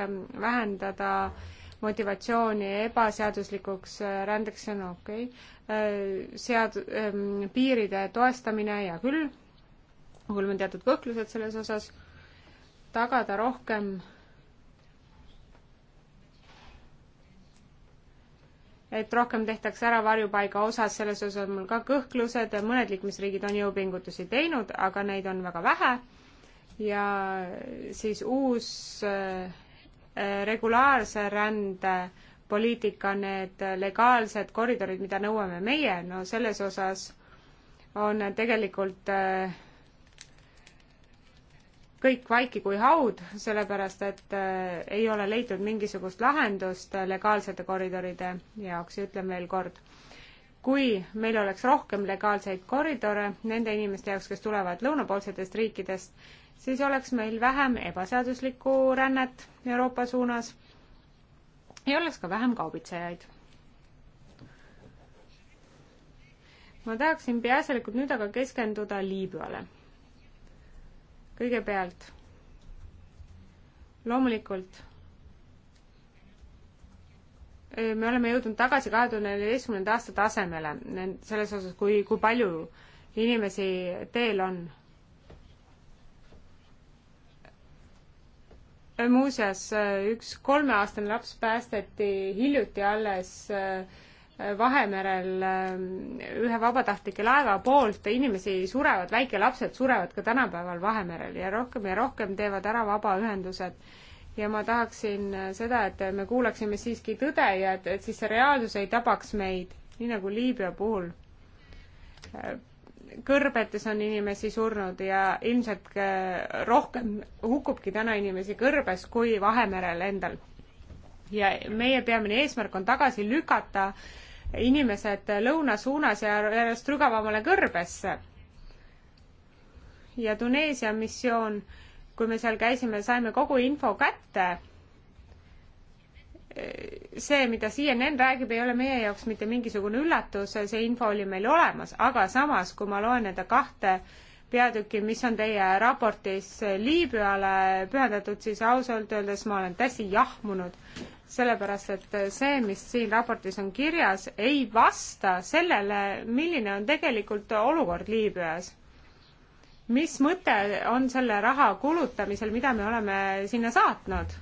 Speaker 3: vähendada äh, motivatsiooni ebaseaduslikuks äh, rändeks, see on okei okay.. Äh, sead-, ähm, piiride toestamine, hea küll, mul on teatud kõhklused selles osas, tagada rohkem et rohkem tehtaks ära varjupaiga osas, selles osas on mul ka kõhklused, mõned liikmesriigid on jõupingutusi teinud, aga neid on väga vähe. ja siis uus äh, Äh, regulaarse rände poliitika, need legaalsed koridorid, mida nõuame meie, no selles osas on tegelikult äh, kõik vaiki kui haud, sellepärast et äh, ei ole leitud mingisugust lahendust legaalsete koridoride jaoks ja ütlen veel kord, kui meil oleks rohkem legaalseid koridore nende inimeste jaoks, kes tulevad lõunapoolsetest riikidest, siis oleks meil vähem ebaseaduslikku rännet Euroopa suunas ja oleks ka vähem kaubitsejaid. ma tahaksin peaasjalikult nüüd aga keskenduda Liibüale. kõigepealt loomulikult me oleme jõudnud tagasi kahe tuhande neljateistkümnenda aasta tasemele selles osas, kui, kui palju inimesi teel on muuseas, üks kolmeaastane laps päästeti hiljuti alles äh, Vahemerel äh, ühe vabatahtlike laeva poolt, inimesi surevad, väikelapsed surevad ka tänapäeval Vahemerel ja rohkem ja rohkem teevad ära vabaühendused. ja ma tahaksin äh, seda, et me kuulaksime siiski tõde ja et, et siis see reaalsus ei tabaks meid, nii nagu Liibüa puhul kõrbetes on inimesi surnud ja ilmselt rohkem hukkubki täna inimesi kõrbes kui Vahemerel endal. ja meie peamine eesmärk on tagasi lükata inimesed lõuna suunas ja järjest sügavamale kõrbesse. ja Tuneesia missioon, kui me seal käisime, saime kogu info kätte see, mida CNN räägib, ei ole meie jaoks mitte mingisugune üllatus, see info oli meil olemas, aga samas, kui ma loen nende kahte peatükki, mis on teie raportis Liibüale pühendatud, siis ausalt öeldes ma olen täiesti jahmunud, sellepärast et see, mis siin raportis on kirjas, ei vasta sellele, milline on tegelikult olukord Liibüas mis mõte on selle raha kulutamisel, mida me oleme sinna saatnud?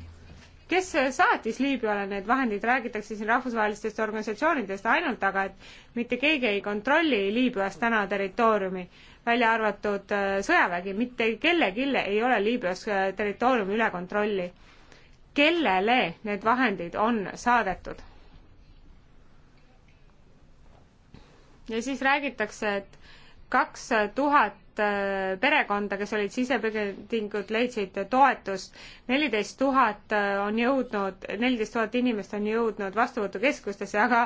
Speaker 3: kes saatis Liibüale need vahendid, räägitakse siin rahvusvahelistest organisatsioonidest ainult, aga et mitte keegi ei kontrolli Liibüas täna territooriumi, välja arvatud äh, sõjavägi, mitte kellelgi ei ole Liibüas äh, territooriumi üle kontrolli. kellele need vahendid on saadetud? ja siis räägitakse, et kaks tuhat tuhat äh, perekonda, kes olid sisepõgenikud, leidsid toetust. neliteist tuhat äh, on jõudnud, neliteist tuhat inimest on jõudnud vastuvõtukeskustesse, aga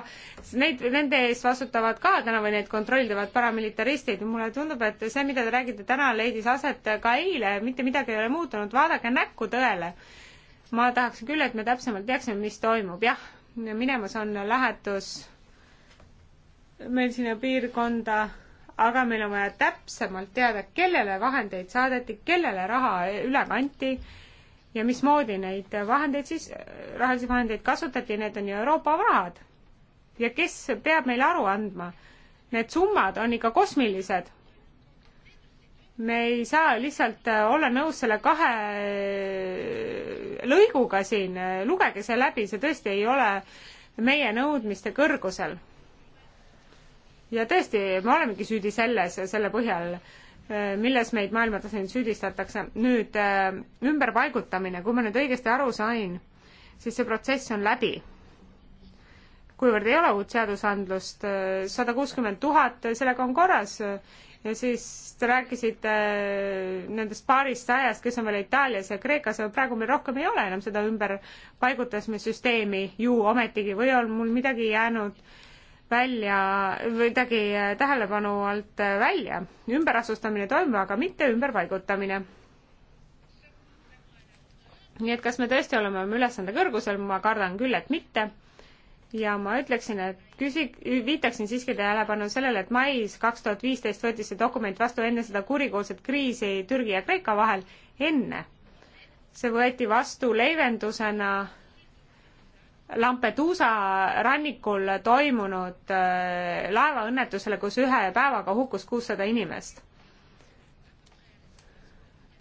Speaker 3: neid, nende eest vastutavad ka täna või neid kontrollivad paramilitaristid. mulle tundub, et see, mida te räägite täna, leidis aset ka eile, mitte midagi ei ole muutunud, vaadake näkku tõele. ma tahaks küll, et me täpsemalt teaksime, mis toimub, jah, minemas on lähetus meil sinna piirkonda aga meil on vaja täpsemalt teada, kellele vahendeid saadeti, kellele raha üle kanti ja mismoodi neid vahendeid siis, rahalisi vahendeid kasutati, need on ju Euroopa rahad. ja kes peab meile aru andma? Need summad on ikka kosmilised. me ei saa lihtsalt äh, olla nõus selle kahe äh, lõiguga siin, lugege see läbi, see tõesti ei ole meie nõudmiste kõrgusel ja tõesti, me olemegi süüdi selles, selle põhjal, äh, milles meid maailma tasandil süüdistatakse. nüüd äh, ümberpaigutamine, kui ma nüüd õigesti aru sain, siis see protsess on läbi. kuivõrd ei ole uut seadusandlust, äh, sada kuuskümmend tuhat, sellega on korras ja siis te rääkisite nendest paarist sajast, kes on veel Itaalias ja Kreekas, aga praegu meil rohkem ei ole enam seda ümberpaigutasmissüsteemi ju ometigi või on mul midagi jäänud äh, välja, midagi äh, tähelepanu alt äh, välja. ümberasustamine toimub, aga mitte ümberpaigutamine. nii et kas me tõesti oleme oma ülesande kõrgusel, ma kardan küll, et mitte. ja ma ütleksin, et küsi-, viitaksin siiski tähelepanu sellele, et mais kaks tuhat viisteist võeti see dokument vastu enne seda kurikuulsat kriisi Türgi ja Kreeka vahel, enne. see võeti vastu leevendusena Lampedusa rannikul toimunud äh, laevaõnnetusele, kus ühe päevaga hukkus kuussada inimest.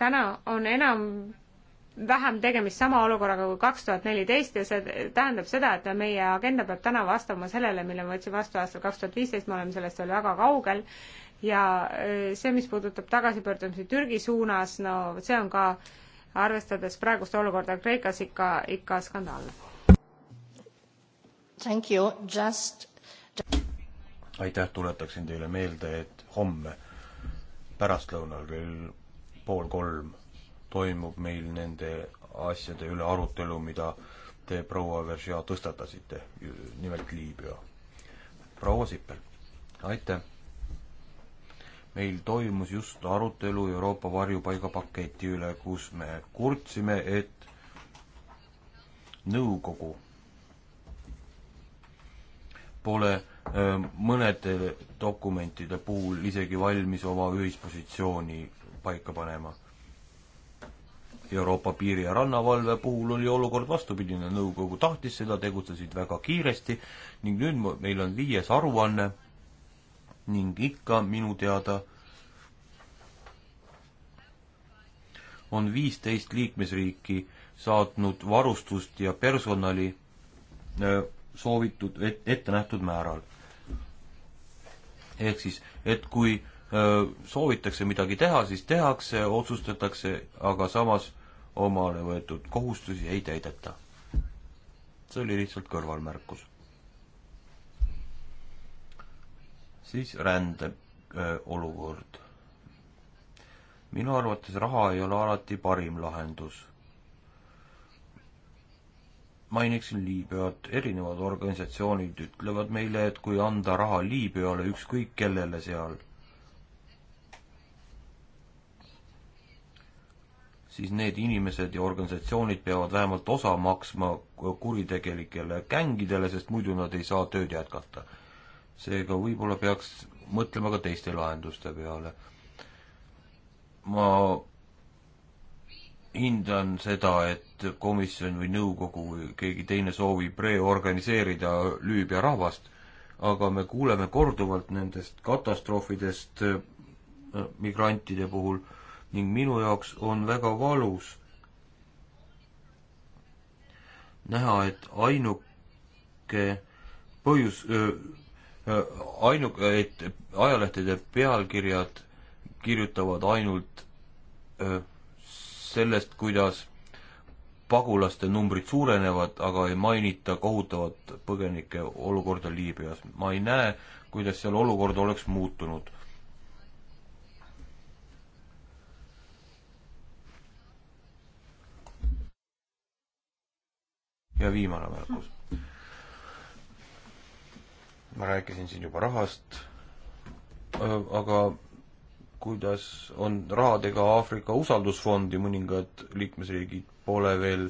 Speaker 3: täna on enam-vähem tegemist sama olukorraga kui kaks tuhat neliteist ja see tähendab seda, et meie agenda peab täna vastama sellele, mille me võtsime vastu aastal kaks tuhat viisteist, me oleme sellest veel väga kaugel ja äh, see, mis puudutab tagasipöördumisi Türgi suunas, no see on ka arvestades praegust olukorda Kreekas ikka, ikka skandaalne
Speaker 1: Thank you, just
Speaker 2: aitäh, tuletaksin teile meelde, et homme pärastlõunal kell pool kolm toimub meil nende asjade üle arutelu, mida te, proua Veržia, tõstatasite, nimelt Liibüa. proua Sippel, aitäh! meil toimus just arutelu Euroopa varjupaigapaketi üle, kus me kurtsime, et nõukogu pole mõnede dokumentide puhul isegi valmis oma ühispositsiooni paika panema. Euroopa Piiri- ja Rannavalve puhul oli olukord vastupidine, nõukogu tahtis seda, tegutsesid väga kiiresti ning nüüd meil on viies aruanne ning ikka minu teada on viisteist liikmesriiki saatnud varustust ja personali öö, soovitud, ette nähtud määral. ehk siis, et kui äh, soovitakse midagi teha, siis tehakse, otsustatakse, aga samas omale võetud kohustusi ei täideta. see oli lihtsalt kõrvalmärkus. siis rände äh, olukord. minu arvates raha ei ole alati parim lahendus mainiksin Liibüat, erinevad organisatsioonid ütlevad meile, et kui anda raha Liibüale, ükskõik kellele seal, siis need inimesed ja organisatsioonid peavad vähemalt osa maksma kuritegelikele gängidele, sest muidu nad ei saa tööd jätkata. seega võib-olla peaks mõtlema ka teiste lahenduste peale. ma hindan seda, et komisjon või nõukogu või keegi teine soovib reorganiseerida Lüübia rahvast, aga me kuuleme korduvalt nendest katastroofidest äh, migrantide puhul ning minu jaoks on väga valus näha, et ainuke põhjus, ainuke, et ajalehtede pealkirjad kirjutavad ainult öö, sellest, kuidas pagulaste numbrid suurenevad, aga ei mainita kohutavat põgenike olukorda Liibüas. ma ei näe, kuidas seal olukord oleks muutunud. ja viimane märkus. ma rääkisin siin juba rahast, aga kuidas on rahadega Aafrika usaldusfondi, mõningad liikmesriigid pole veel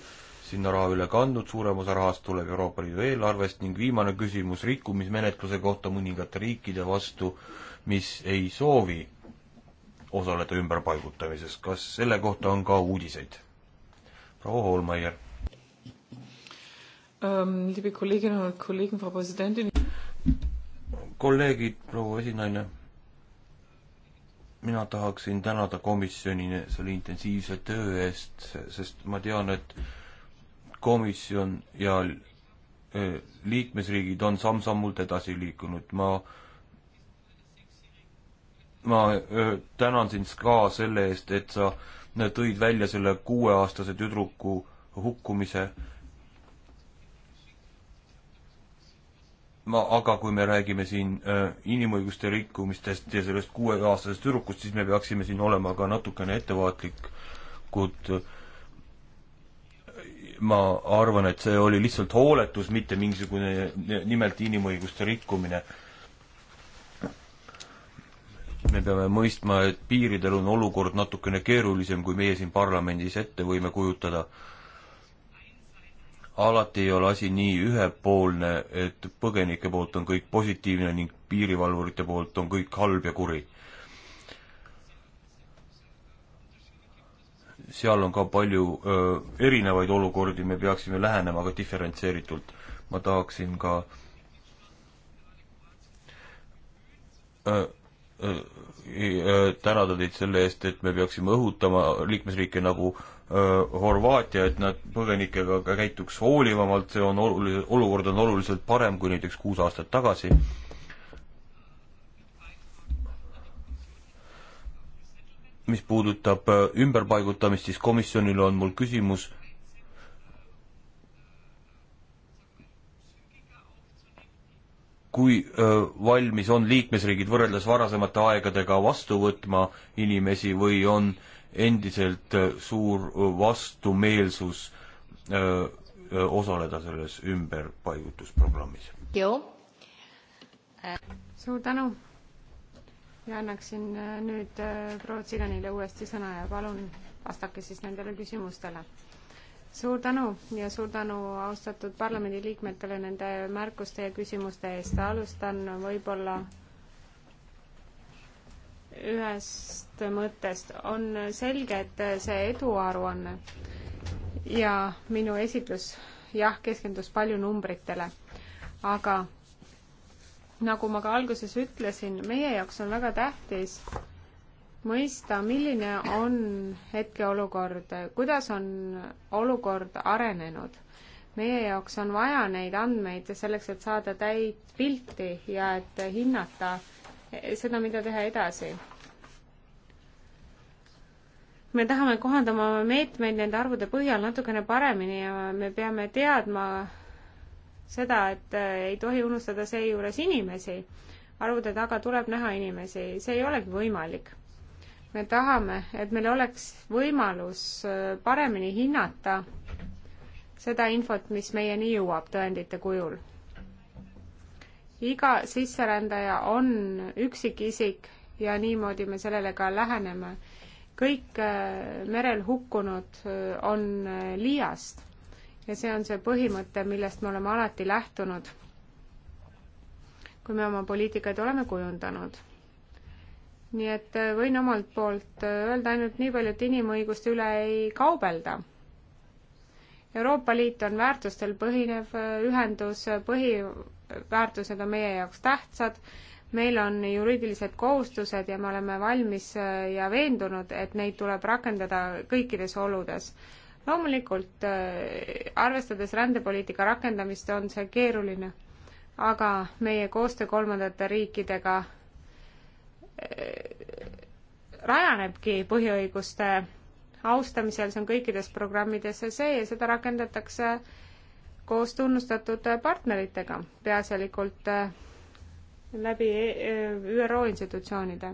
Speaker 2: sinna raha üle kandnud, suurem osa rahast tuleb Euroopa Liidu eelarvest ning viimane küsimus rikkumismenetluse kohta mõningate riikide vastu, mis ei soovi osaleda ümberpaigutamises, kas selle kohta on ka uudiseid? proua Hoolmeier. Ähm, kolleegid, proua esinaine mina tahaksin tänada komisjoni selle intensiivse töö eest, sest ma tean, et komisjon ja liikmesriigid on samm-sammult edasi liikunud, ma ma tänan sind ka selle eest, et sa tõid välja selle kuueaastase tüdruku hukkumise äh, ma, aga kui me räägime siin äh, inimõiguste rikkumistest ja sellest kuueaastasest tüdrukust, siis me peaksime siin olema ka natukene ettevaatlikud. ma arvan, et see oli lihtsalt hooletus, mitte mingisugune nimelt inimõiguste rikkumine. me peame mõistma, et piiridel on olukord natukene keerulisem, kui meie siin parlamendis ette võime kujutada äh, alati ei ole asi nii ühepoolne, et põgenike poolt on kõik positiivne ning piirivalvurite poolt on kõik halb ja kuri. seal on ka palju öö, erinevaid olukordi, me peaksime lähenema ka diferentseeritult. ma tahaksin ka öö, öö, tänada teid selle eest, et me peaksime õhutama liikmesriike nagu öö, Äh, Horvaatia, et nad põgenikega käituks hoolivamalt, see on oluliselt, olukord on oluliselt parem kui näiteks kuus aastat tagasi. mis puudutab äh, ümberpaigutamist, siis komisjonile on mul küsimus kui öö, äh, valmis on liikmesriigid võrreldes varasemate aegadega vastu võtma inimesi või on öö, endiselt äh, suur äh, vastumeelsus öö, äh, osaleda selles ümberpaigutusprogrammis.
Speaker 3: suur tänu ja annaksin nüüd proua Tsiganile uuesti sõna ja palun vastake siis nendele küsimustele. suur tänu ja suur tänu austatud parlamendiliikmetele nende märkuste ja küsimuste eest. alustan võib-olla ühest mõttest. on selge, et see eduaruanne ja minu esitlus jah, keskendus palju numbritele, aga nagu ma ka alguses ütlesin, meie jaoks on väga tähtis mõista, milline on hetkeolukord, kuidas on olukord arenenud. meie jaoks on vaja neid andmeid selleks, et saada täit pilti ja et hinnata äh, seda, mida teha edasi. me tahame kohandama oma meetmeid nende arvude põhjal natukene paremini ja me peame teadma seda, et eh, ei tohi unustada seejuures inimesi. arvude taga tuleb näha inimesi, see ei olegi võimalik. me tahame, et meil oleks võimalus eh, paremini hinnata seda infot, mis meieni jõuab tõendite kujul iga sisserändaja on üksikisik ja niimoodi me sellele ka läheneme. kõik äh, merel hukkunud äh, on äh, liiast ja see on see põhimõte, millest me oleme alati lähtunud, kui me oma poliitikaid oleme kujundanud. nii et võin omalt poolt öelda ainult nii palju, et inimõiguste üle ei kaubelda. Euroopa Liit on väärtustel põhinev ühendus, põhi väärtused on meie jaoks tähtsad, meil on juriidilised kohustused ja me oleme valmis äh, ja veendunud, et neid tuleb rakendada kõikides oludes. loomulikult, äh, arvestades rändepoliitika rakendamist, on see keeruline, aga meie koostöö kolmandate riikidega äh, rajanebki põhiõiguste austamisel, see on kõikides programmides see ja seda rakendatakse äh, koos tunnustatud partneritega, peaasjalikult äh, läbi äh, ÜRO institutsioonide.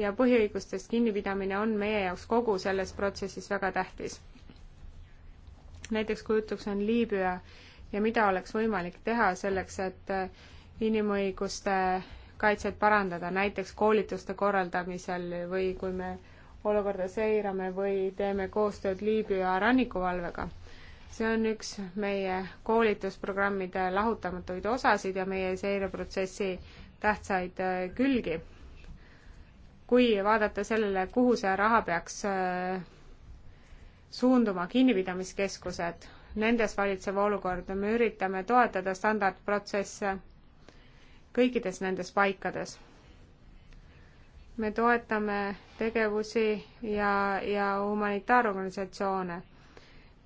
Speaker 3: ja põhiõigustest kinnipidamine on meie jaoks kogu selles protsessis väga tähtis. näiteks kui jutuks on Liibüa ja mida oleks võimalik teha selleks, et äh, inimõiguste kaitset parandada, näiteks koolituste korraldamisel või kui me olukorda seirame või teeme koostööd Liibüa rannikuvalvega see on üks meie koolitusprogrammide lahutamatuid osasid ja meie seireprotsessi tähtsaid äh, külgi. kui vaadata sellele, kuhu see raha peaks äh, suunduma, kinnipidamiskeskused, nendes valitsev olukord, me üritame toetada standardprotsesse kõikides nendes paikades. me toetame tegevusi ja, ja humanitaarorganisatsioone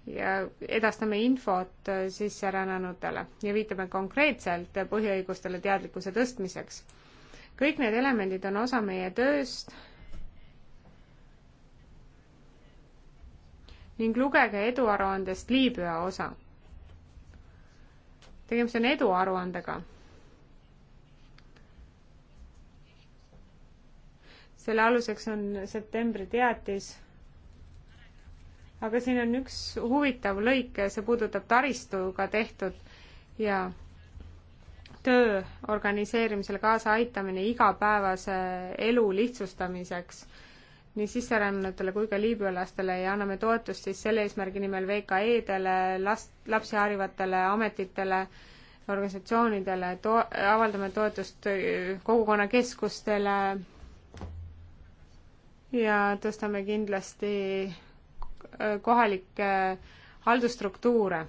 Speaker 3: ja edastame infot äh, sisserännanutele ja viitame konkreetselt põhiõigustele teadlikkuse tõstmiseks. kõik need elemendid on osa meie tööst ning lugege eduaruandest Liibüa osa. tegemist on eduaruandega. selle aluseks on septembri teatis aga siin on üks huvitav lõik, see puudutab taristuga tehtud ja töö organiseerimisele kaasa aitamine igapäevase elu lihtsustamiseks nii sisserännanutele kui ka liibüalastele ja anname toetust siis selle eesmärgi nimel VKE-dele, last, lapsi harivatele ametitele, organisatsioonidele, to-, avaldame toetust kogukonnakeskustele ja tõstame kindlasti Äh, kohalikke haldusstruktuure.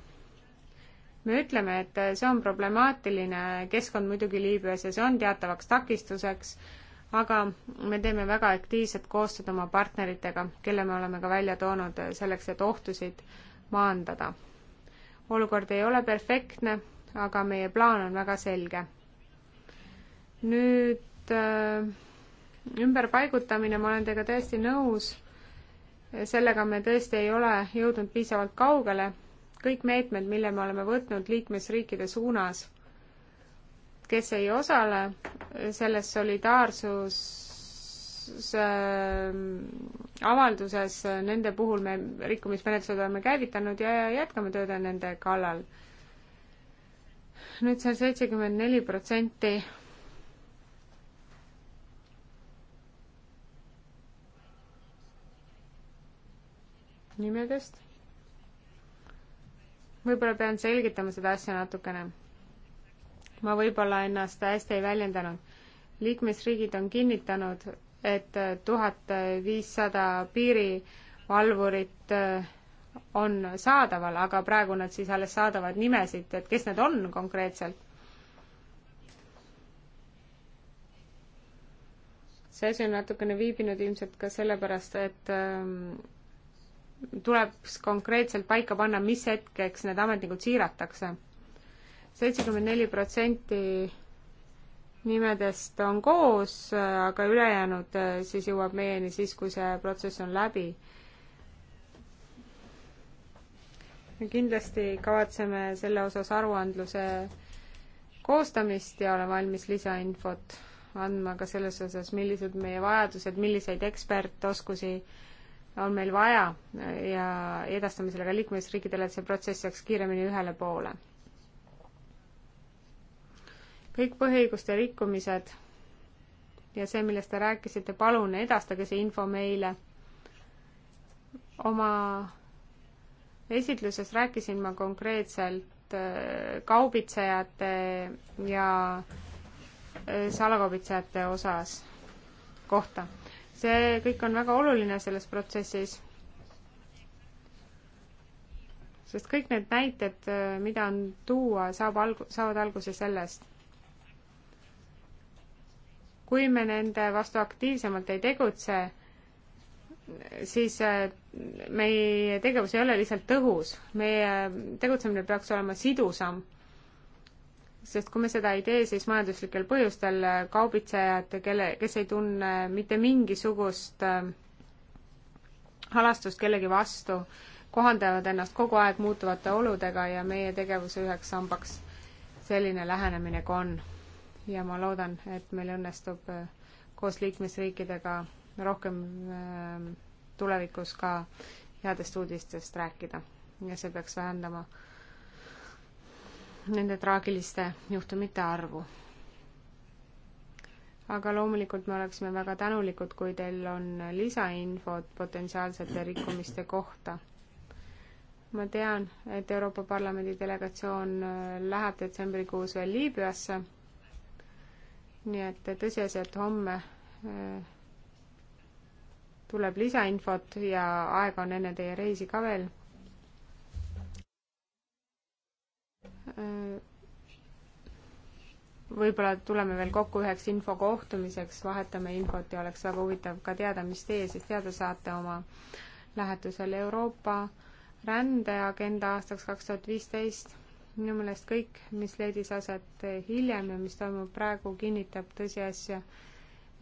Speaker 3: me ütleme, et see on problemaatiline keskkond muidugi Liibüas ja see on teatavaks takistuseks, aga me teeme väga aktiivset koostööd oma partneritega, kelle me oleme ka välja toonud selleks, et ohtusid maandada. olukord ei ole perfektne, aga meie plaan on väga selge. nüüd äh, ümberpaigutamine, ma olen teiega täiesti nõus sellega me tõesti ei ole jõudnud piisavalt kaugele. kõik meetmed, mille me oleme võtnud liikmesriikide suunas, kes ei osale selles solidaarsus ähm, avalduses, nende puhul me rikkumismenetlused oleme käivitanud ja jätkame tööd nende kallal. nüüd see seitsekümmend neli protsenti nimedest. võib-olla pean selgitama seda asja natukene. ma võib-olla ennast hästi ei väljendanud. liikmesriigid on kinnitanud, et tuhat viissada piirivalvurit äh, on saadaval, aga praegu nad siis alles saadavad nimesid, et kes need on konkreetselt. see asi on natukene viibinud ilmselt ka sellepärast, et ähm, tuleb konkreetselt paika panna, mis hetkeks need ametnikud siiratakse. seitsekümmend neli protsenti nimedest on koos, aga ülejäänud eh, siis jõuab meieni siis, kui see protsess on läbi. me kindlasti kavatseme selle osas aruandluse koostamist ja olen valmis lisainfot andma ka selles osas, millised meie vajadused, milliseid ekspertoskusi äh, on meil vaja eh, ja edastame selle ka liikmesriikidele, et see protsess saaks kiiremini ühele poole. kõik põhiõiguste rikkumised ja see, millest te rääkisite, palun edastage see info meile. oma esitluses rääkisin ma konkreetselt eh, kaubitsejate ja eh, salakaubitsejate osas kohta see kõik on väga oluline selles protsessis. sest kõik need näited, mida on tuua, saab alg-, saavad alguse sellest. kui me nende vastu aktiivsemalt ei tegutse, siis äh, meie tegevus ei ole lihtsalt tõhus, meie äh, tegutsemine peaks olema sidusam sest kui me seda ei tee, siis majanduslikel põhjustel äh, kaubitsejad, kelle, kes ei tunne mitte mingisugust äh, halastust kellegi vastu, kohandavad ennast kogu aeg muutuvate oludega ja meie tegevuse üheks sambaks selline lähenemine ka on. ja ma loodan, et meil õnnestub äh, koos liikmesriikidega rohkem tulevikus ka headest uudistest rääkida ja see peaks vähendama äh, nende traagiliste juhtumite arvu. aga loomulikult me oleksime väga tänulikud, kui teil on lisainfot potentsiaalsete rikkumiste kohta. ma tean, et Euroopa Parlamendi delegatsioon äh, läheb detsembrikuus veel Liibüasse, nii et tõsiasi, et homme äh, tuleb lisainfot ja aega on enne teie reisi ka veel võib-olla tuleme veel kokku üheks infokohtumiseks, vahetame infot ja oleks väga huvitav ka teada, mis teie siis teada saate oma lähetusel Euroopa rändeagenda aastaks kaks tuhat viisteist. minu meelest kõik, mis leidis aset hiljem ja mis toimub praegu, kinnitab tõsiasja,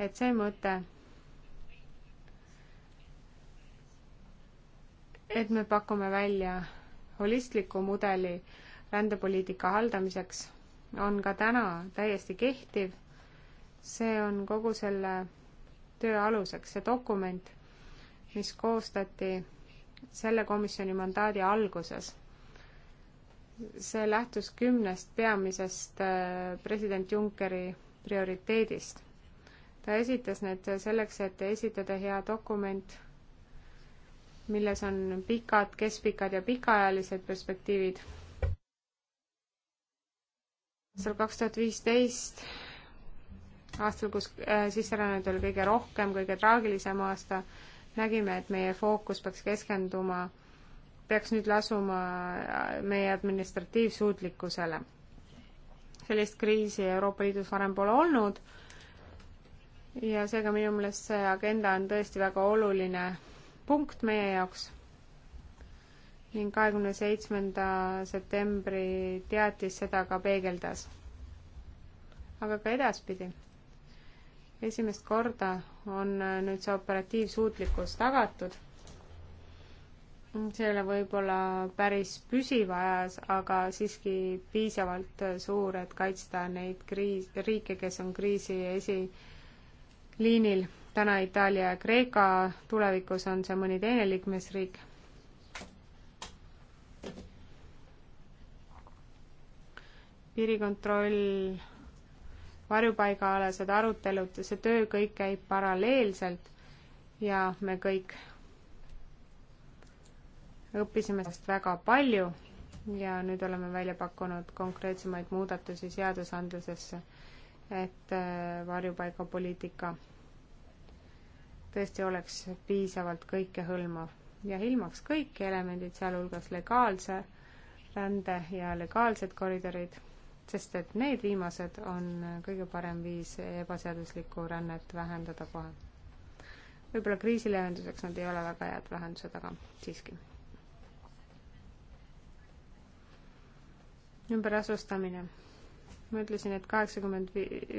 Speaker 3: et see mõte, et me pakume välja holistliku mudeli, rändepoliitika haldamiseks on ka täna täiesti kehtiv. see on kogu selle töö aluseks, see dokument, mis koostati selle komisjoni mandaadi alguses. see lähtus kümnest peamisest äh, president Junckeri prioriteedist. ta esitas need selleks, et esitada hea dokument, milles on pikad, keskpikad ja pikaajalised perspektiivid aastal kaks tuhat viisteist, aastal, kus äh, sisserännet oli kõige rohkem, kõige traagilisem aasta, nägime, et meie fookus peaks keskenduma, peaks nüüd lasuma äh, meie administratiivsuutlikkusele. sellist kriisi Euroopa Liidus varem pole olnud ja seega minu meelest see agenda on tõesti väga oluline punkt meie jaoks ning kahekümne seitsmenda septembri teatis seda ka peegeldas. aga ka edaspidi. esimest korda on äh, nüüd see operatiivsuutlikkus tagatud see ei ole võib-olla päris püsiv ajas, aga siiski piisavalt äh, suur, et kaitsta neid kriis, riike, kes on kriisi esiliinil. täna Itaalia ja Kreeka, tulevikus on see mõni teine liikmesriik. piirikontroll, varjupaigaalased arutelud, see töö kõik käib paralleelselt ja me kõik õppisime sellest väga palju ja nüüd oleme välja pakkunud konkreetsemaid muudatusi seadusandlusesse, et äh, varjupaigapoliitika tõesti oleks piisavalt kõikehõlmav ja ilmaks kõik elemendid, sealhulgas legaalse rände ja legaalsed koridorid sest et need viimased on kõige parem viis ebaseaduslikku rännet vähendada kohe. võib-olla kriisileevenduseks nad ei ole väga head lahendused, aga siiski. ümberasustamine. ma ütlesin et, et kaheksakümmend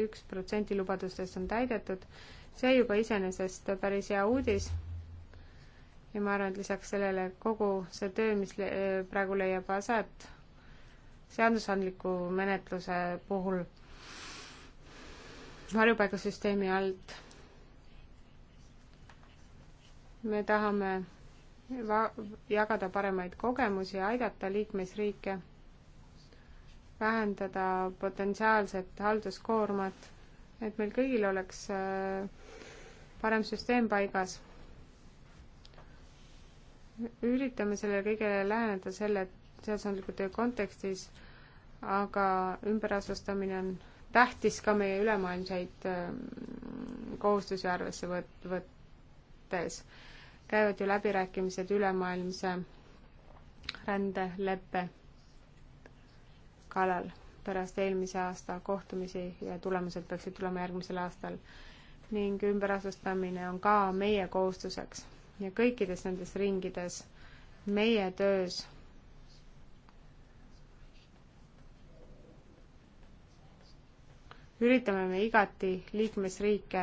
Speaker 3: üks protsenti lubadustest on täidetud, see juba iseenesest päris hea uudis ja ma arvan, et lisaks sellele kogu see töö, mis le praegu leiab aset, seadusandliku menetluse puhul varjupaigasüsteemi alt. me tahame va-, jagada paremaid kogemusi ja aidata liikmesriike vähendada potentsiaalset halduskoormat, et meil kõigil oleks äh, parem süsteem paigas. üritame sellele kõigele läheneda selle seadusandliku töö kontekstis aga ümberasustamine on tähtis ka meie ülemaailmseid ähm, kohustusi arvesse võt-, võttes. käivad ju läbirääkimised ülemaailmse rändeleppe kallal pärast eelmise aasta kohtumisi ja tulemused peaksid tulema järgmisel aastal. ning ümberasustamine on ka meie kohustuseks ja kõikides nendes ringides meie töös üritame me igati liikmesriike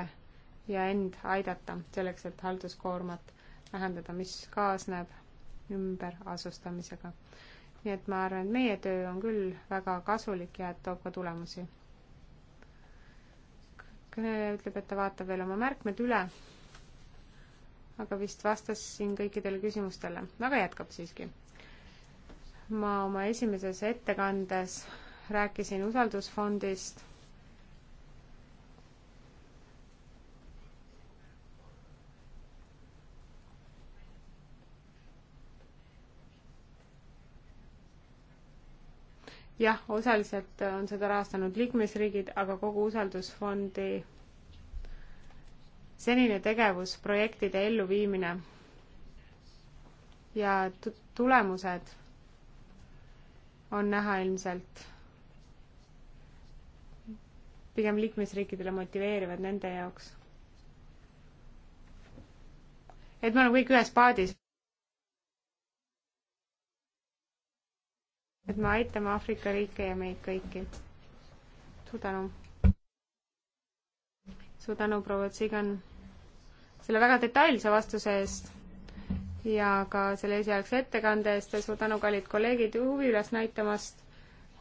Speaker 3: ja end aidata selleks, et halduskoormat vähendada, mis kaasneb ümberasustamisega. nii et ma arvan, et meie töö on küll väga kasulik ja toob ka tulemusi. kõneleja ütleb, et ta vaatab veel oma märkmed üle, aga vist vastasin kõikidele küsimustele, aga jätkab siiski. ma oma esimeses ettekandes rääkisin usaldusfondist jah, osaliselt on seda rahastanud liikmesriigid, aga kogu usaldusfondi senine tegevus, projektide elluviimine ja tulemused on näha ilmselt pigem liikmesriikidele motiveerivad nende jaoks. et me oleme kõik ühes paadis. et me aitame Aafrika riike ja meid kõiki. suur tänu. suur tänu, proua Tsigan, selle väga detailse vastuse eest ja ka selle esialgse ettekande eest ja suur tänu, kallid kolleegid, huvi üles näitamast.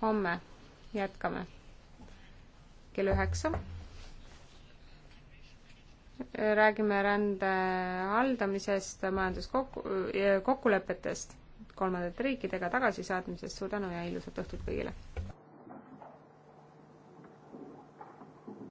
Speaker 3: homme jätkame kell üheksa. räägime rände haldamisest, majanduskokku, kokkulepetest kolmandate riikidega tagasisaatmisest. suur tänu ja ilusat õhtut kõigile!